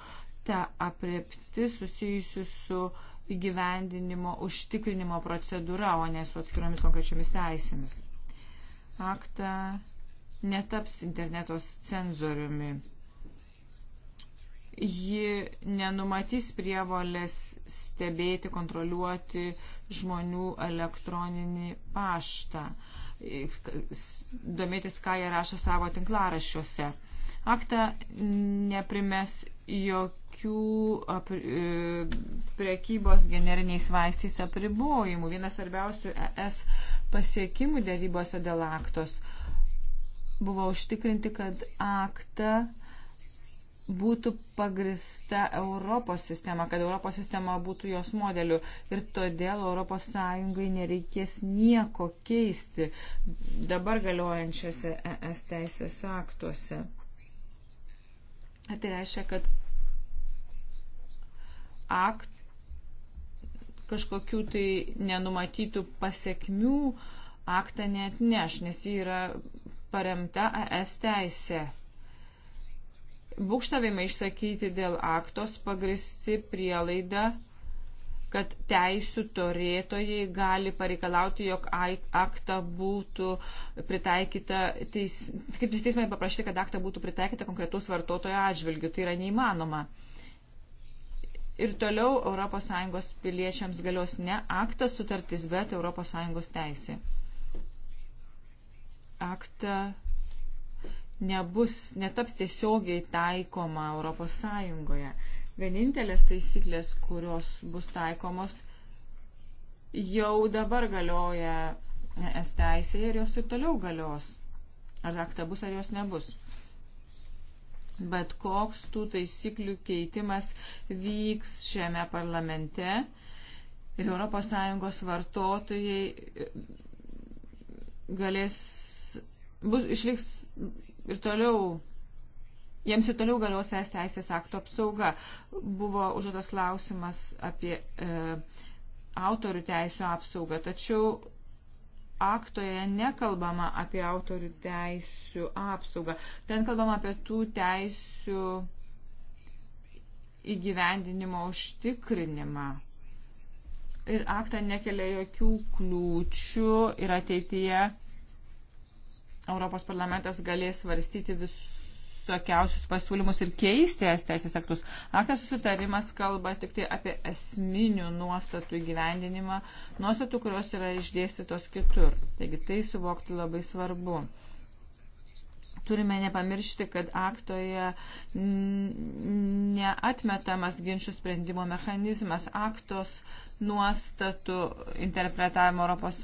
Ta aprepti susijusi su įgyvendinimo, užtikrinimo procedūra, o ne su atskiromis konkrečiomis teisėmis. Akta netaps internetos cenzoriumi. Ji nenumatys prievolės stebėti, kontroliuoti, žmonių elektroninį paštą, domėtis, ką jie rašo savo tinklarašiuose. Akta neprimes jokių e, prekybos generiniais vaistais apribojimų. Vienas svarbiausių ES pasiekimų dėrybose dėl aktos buvo užtikrinti, kad akta būtų pagrista Europos sistema, kad Europos sistema būtų jos modeliu ir todėl Europos Sąjungai nereikės nieko keisti dabar galiojančiose ES teisės aktuose. Tai reiškia, kad akt kažkokių tai nenumatytų pasiekmių aktą net neš, nes ji yra paremta ES teisė būkštavimai išsakyti dėl aktos pagristi prielaida, kad teisų torėtojai gali pareikalauti, jog aktą būtų pritaikyta, teis, kaip teismai paprašyti, kad aktą būtų pritaikyta konkretus vartotojo atžvilgių. Tai yra neįmanoma. Ir toliau ES piliečiams galios ne aktas sutartis, bet ES teisė. Aktą nebus, netaps tiesiogiai taikoma Europos Sąjungoje. Vienintelės taisyklės, kurios bus taikomos, jau dabar galioja es teisėje ir jos ir toliau galios. Ar akta bus, ar jos nebus. Bet koks tų taisyklių keitimas vyks šiame parlamente ir ES vartotojai e, galės, bus, išliks ir toliau, jiems ir toliau galios es teisės akto apsauga. Buvo užduotas klausimas apie e, autorių teisų apsaugą, tačiau aktoje nekalbama apie autorių teisų apsaugą. Ten kalbama apie tų teisų įgyvendinimo užtikrinimą. Ir aktą nekelia jokių kliūčių ir ateityje Europos parlamentas galės svarstyti visokiausius pasiūlymus ir keisti es teisės aktus. Aktas susitarimas kalba tik tai apie esminių nuostatų įgyvendinimą, nuostatų, kurios yra išdėstytos kitur. Taigi tai suvokti labai svarbu. Turime nepamiršti, kad aktoje neatmetamas ginčių sprendimo mechanizmas, aktos nuostatų interpretavimo ES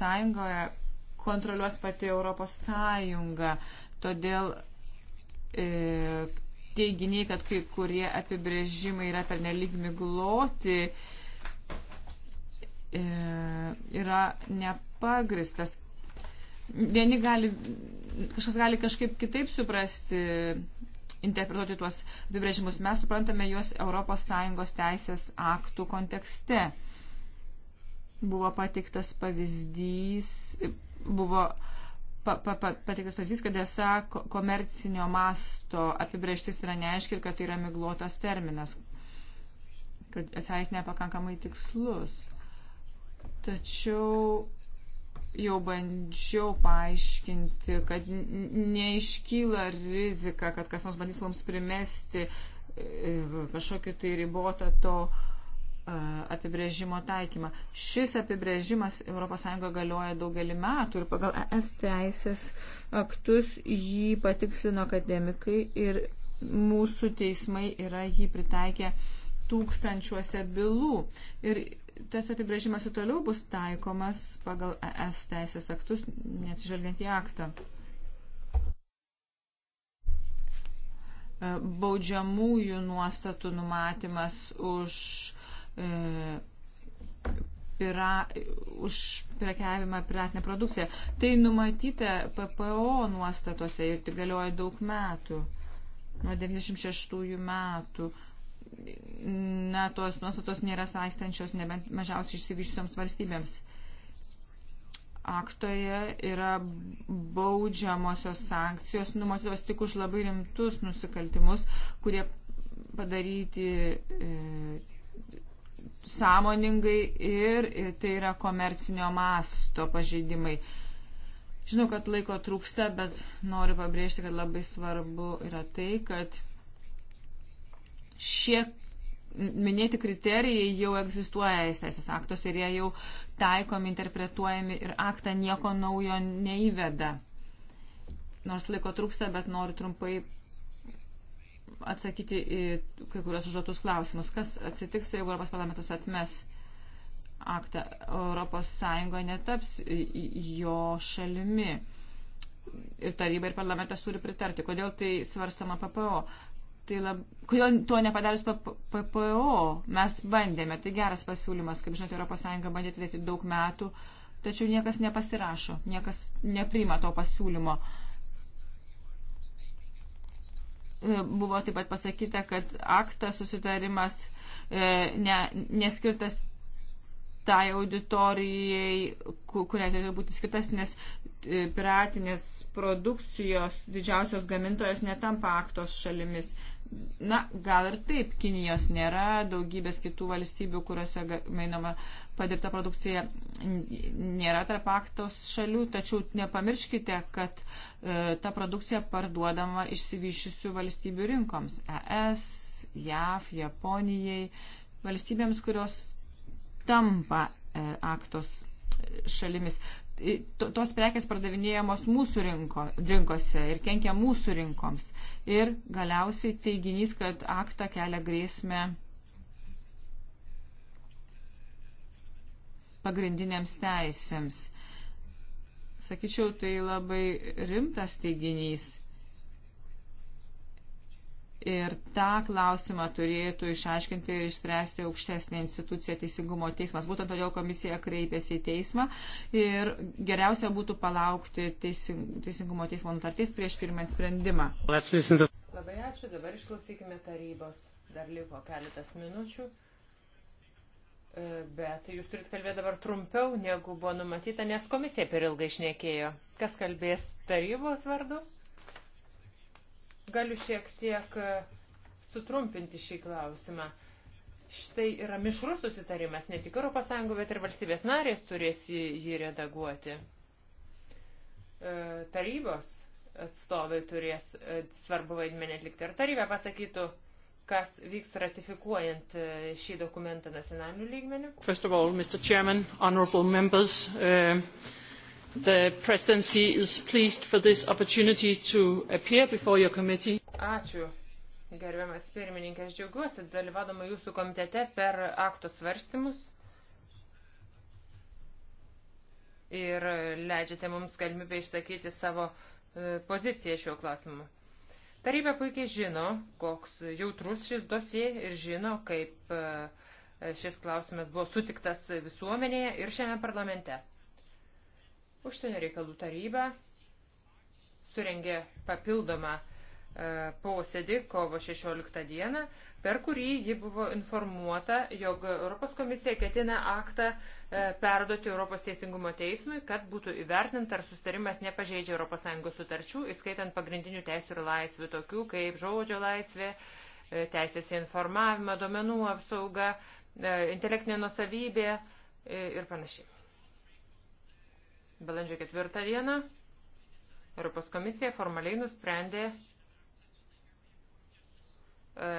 kontroliuos pati Europos Sąjunga. Todėl e, teiginiai, kad kai kurie apibrėžimai yra pernelyg migloti, e, yra nepagristas. Vieni gali, kažkas gali kažkaip kitaip suprasti, interpretuoti tuos apibrėžimus. Mes suprantame juos ES teisės aktų kontekste. Buvo patiktas pavyzdys, buvo pa, pa, pa, patiktas pavyzdys, kad esą komercinio masto apibrieštis yra neaiški ir kad tai yra miglotas terminas, kad esą jis nepakankamai tikslus. Tačiau jau bandžiau paaiškinti, kad neiškyla rizika, kad kas nors bandys mums primesti e, e, kažkokį tai ribotą to uh, apibrėžimo taikymą. Šis apibrėžimas ES galioja daugelį metų ir pagal ES teisės aktus jį patikslino akademikai ir mūsų teismai yra jį pritaikę tūkstančiuose bylų. Ir tas apibrėžimas ir toliau bus taikomas pagal ES teisės aktus, neatsižvelgiant į aktą. Baudžiamųjų nuostatų numatymas už e, pira, už prekiavimą piratinę produkciją. Tai numatyta PPO nuostatose ir tai galioja daug metų, nuo 96 metų. Na, tos nuostatos nėra saistančios nebent mažiausiai išsivyščiusioms valstybėms. Aktoje yra baudžiamosios sankcijos numatytos tik už labai rimtus nusikaltimus, kurie padaryti e, sąmoningai ir tai yra komercinio masto pažeidimai. Žinau, kad laiko trūksta, bet noriu pabrėžti, kad labai svarbu yra tai, kad šie minėti kriterijai jau egzistuoja teisės aktuose ir jie jau taikomi, interpretuojami ir aktą nieko naujo neįveda. Nors laiko trūksta, bet noriu trumpai atsakyti į kai kurios užduotus klausimus. Kas atsitiks, jeigu Europos parlamentas atmes aktą? Europos Sąjunga netaps jo šalimi. Ir taryba ir parlamentas turi pritarti. Kodėl tai svarstama PPO? Tai lab... Kodėl to nepadarius PPO? Mes bandėme. Tai geras pasiūlymas. Kaip žinote, Europos Sąjunga bandė turėti daug metų, tačiau niekas nepasirašo, niekas neprima to pasiūlymo. Uh, E, buvo taip pat pasakyta, kad aktas susitarimas e, ne, neskirtas tai auditorijai, kuriai turėtų būti skirtas, nes e, piratinės produkcijos didžiausios gamintojos netampa aktos šalimis. Na, gal ir taip, Kinijos nėra, daugybės kitų valstybių, kuriuose mainoma padirbta produkcija nėra tarp aktos šalių, tačiau nepamirškite, kad e, ta produkcija parduodama išsivyščiusių valstybių rinkoms - ES, JAF, Japonijai, valstybėms, kurios tampa e, aktos šalimis tos prekes pardavinėjamos mūsų rinko, rinkose ir kenkia mūsų rinkoms. Ir galiausiai teiginys, kad aktą kelia grėsmę pagrindiniams teisėms. Sakyčiau, tai labai rimtas teiginys. Ir tą klausimą turėtų išaiškinti ir išspręsti aukštesnė institucija Teisingumo teismas. Būtent todėl komisija kreipėsi į teismą ir geriausia būtų palaukti teising, Teisingumo teismo nutarties prieš pirmant sprendimą. Labai ačiū, dabar išklausykime tarybos. Dar liko keletas minučių. E, bet jūs turit kalbėti dabar trumpiau, negu buvo numatyta, nes komisija per ilgai išnekėjo. Kas kalbės tarybos vardu? Galiu šiek tiek e, sutrumpinti šį klausimą. Štai yra mišrus susitarimas, ne tik ES, bet ir valstybės narės turės jį, jį redaguoti. E, tarybos atstovai turės e, svarbu vaidmenį atlikti. Ar taryba pasakytų, kas vyks ratifikuojant šį dokumentą nacionaliniu lygmeniu? First of all, Mr. Chairman, honorable members, uh... The presidency is pleased for this opportunity to appear before your committee. Ačiū. Gerbiamas pirmininkė, aš džiaugiuosi dalyvaudama jūsų komitete per akto svarstymus ir leidžiate mums galimybę išsakyti savo e, poziciją šiuo klausimu. Taryba puikiai žino, koks jautrus šis dosie ir žino, kaip e, šis klausimas buvo sutiktas visuomenėje ir šiame parlamente. Užsienio reikalų taryba surengė papildomą e, posėdį kovo 16 dieną, per kurį ji buvo informuota, jog Europos komisija ketina aktą e, perduoti Europos teisingumo teismui, kad būtų įvertinta, ar sustarimas nepažeidžia ES sutarčių, įskaitant pagrindinių teisų ir laisvių, tokių kaip žodžio laisvė, e, teisės į informavimą, domenų apsauga, intelektinė nusavybė ir panašiai. Balandžio ketvirtą dieną Europos komisija formaliai nusprendė e,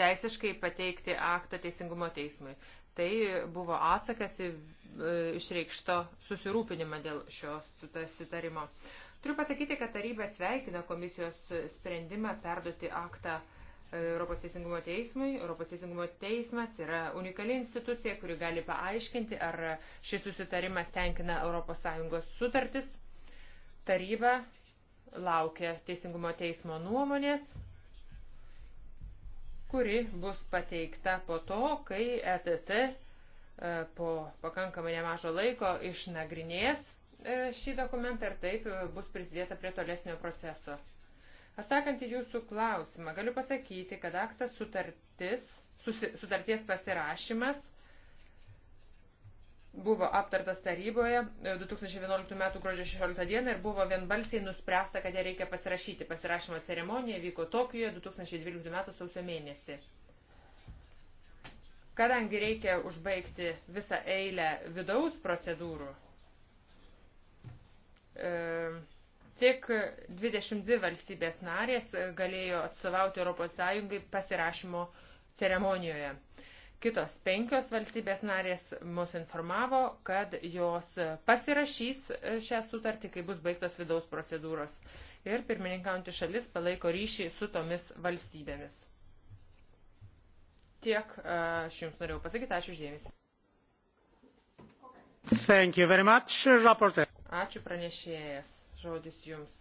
teisiškai pateikti aktą teisingumo teismui. Tai buvo atsakas į e, išreikšto susirūpinimą dėl šio sutarimo. Turiu pasakyti, kad taryba sveikina komisijos sprendimą perduoti aktą e, Europos teisingumo teismui. Europos teisingumo teismas yra unikali institucija, kuri gali paaiškinti, ar šis susitarimas tenkina ES sutartis. Taryba laukia teisingumo teismo nuomonės, kuri bus pateikta po to, kai ETT e, po pakankamai nemažo laiko išnagrinės e, šį dokumentą ir taip e, bus prisidėta prie tolesnio proceso. Atsakant į jūsų klausimą, galiu pasakyti, kad aktas sutartis, susi, sutarties pasirašymas buvo aptartas taryboje 2011 e, m. gruodžio 16 d. ir buvo vienbalsiai nuspręsta, kad ją reikia pasirašyti. Pasirašymo ceremonija vyko Tokijoje 2012 m. sausio mėnesį. Kadangi reikia užbaigti visą eilę vidaus procedūrų, e, tik 22 valstybės narės galėjo atstovauti ES pasirašymo ceremonijoje. Kitos penkios valstybės narės mus informavo, kad jos pasirašys šią sutartį, kai bus baigtos vidaus procedūros. Ir pirmininkaujantį šalis palaiko ryšį su tomis valstybėmis. Tiek aš Jums norėjau pasakyti, ačiū uždėmesi. Ačiū pranešėjas. Žodis jums.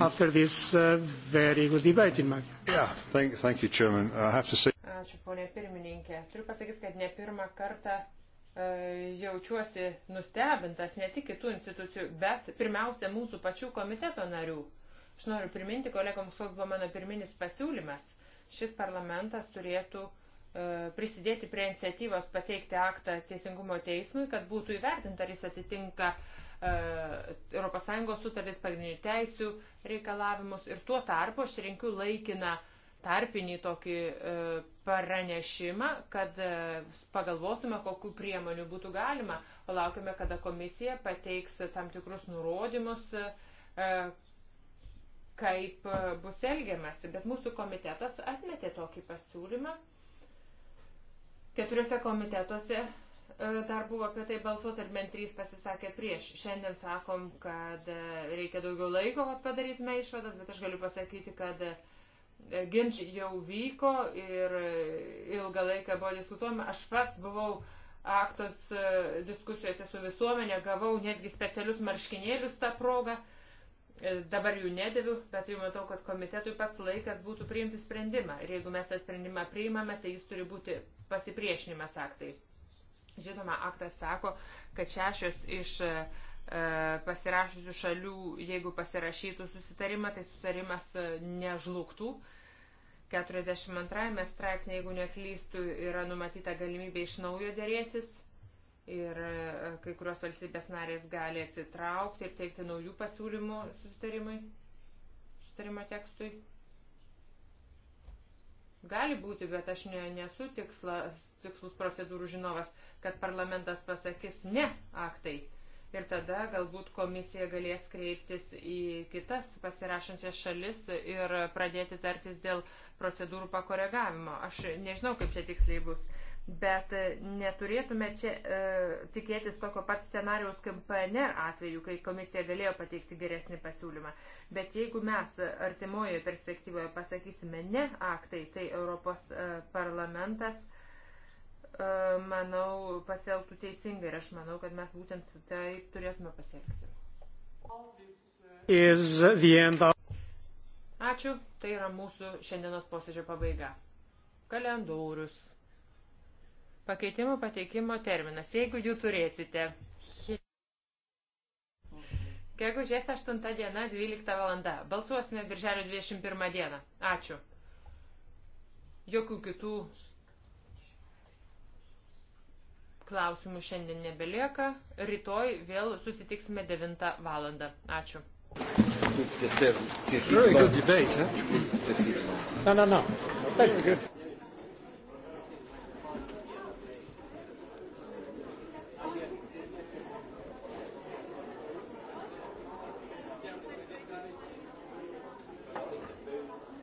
After this uh, very good debate in my yeah, thank, thank you, Chairman. I have to say... Ačiū, ponė pirmininkė. Turiu pasakyti, kad ne pirmą kartą e, jaučiuosi nustebintas ne tik kitų institucijų, bet pirmiausia mūsų pačių komiteto narių. Aš noriu priminti kolegoms, koks buvo mano pirminis pasiūlymas. Šis parlamentas turėtų e, prisidėti prie iniciatyvos pateikti aktą Teisingumo teismui, kad būtų įvertinta, ar jis atitinka uh, ES sutartis pagrindinių teisių reikalavimus ir tuo tarpu aš renkiu laikiną tarpinį tokį e, pranešimą, kad e, pagalvotume, kokiu priemonių būtų galima. Laukime, kada komisija pateiks tam tikrus nurodymus, e, kaip bus elgiamasi. Bet mūsų komitetas atmetė tokį pasiūlymą. Keturiuose komitetuose E, dar buvo apie tai balsuoti ir mentrys pasisakė prieš. Šiandien sakom, kad e, reikia daugiau laiko, kad padarytume išvadas, bet aš galiu pasakyti, kad e, ginčiai jau vyko ir ilgą laiką buvo diskutuojama. Aš pats buvau aktos diskusijose su visuomenė, gavau netgi specialius marškinėlius tą progą. Dabar jų nedėviu, bet jau matau, kad komitetui pats laikas būtų priimti sprendimą. Ir jeigu mes tą sprendimą priimame, tai jis turi būti pasipriešinimas aktai. Žinoma, aktas sako, kad šešios iš e, e, pasirašusių šalių, jeigu pasirašytų susitarimą, tai susitarimas e, nežlugtų. 42 straipsnė, jeigu neklystų, yra numatyta galimybė iš naujo dėrėtis ir kai kurios valstybės narės gali atsitraukti ir teikti naujų pasiūlymų susitarimui, susitarimo tekstui. Gali būti, bet aš ne, nesu tikslas, tikslus procedūrų žinovas, kad parlamentas pasakys ne aktai. Ir tada galbūt komisija galės kreiptis į kitas pasirašančias šalis ir pradėti tartis dėl procedūrų pakoregavimo. Aš nežinau, kaip čia tiksliai bus. Bet e, neturėtume čia e, tikėtis tokio pat scenarijaus kaip PNR atveju, kai komisija galėjo pateikti geresnį pasiūlymą. Bet jeigu mes artimojoje perspektyvoje pasakysime ne aktai, tai Europos e, parlamentas, e, manau, pasielgtų teisingai ir aš manau, kad mes būtent taip turėtume pasielgti. Ačiū, tai yra mūsų šiandienos posėdžio pabaiga. Kalendorius. Pakeitimo pateikimo terminas, jeigu jų turėsite. Gegužės 8 diena, 12 valanda. Balsuosime birželio 21 dieną. Ačiū. Jokių kitų klausimų šiandien nebelieka. Rytoj vėl susitiksime 9 valandą. Ačiū. Very good debate, huh? No, no, no. Thank you.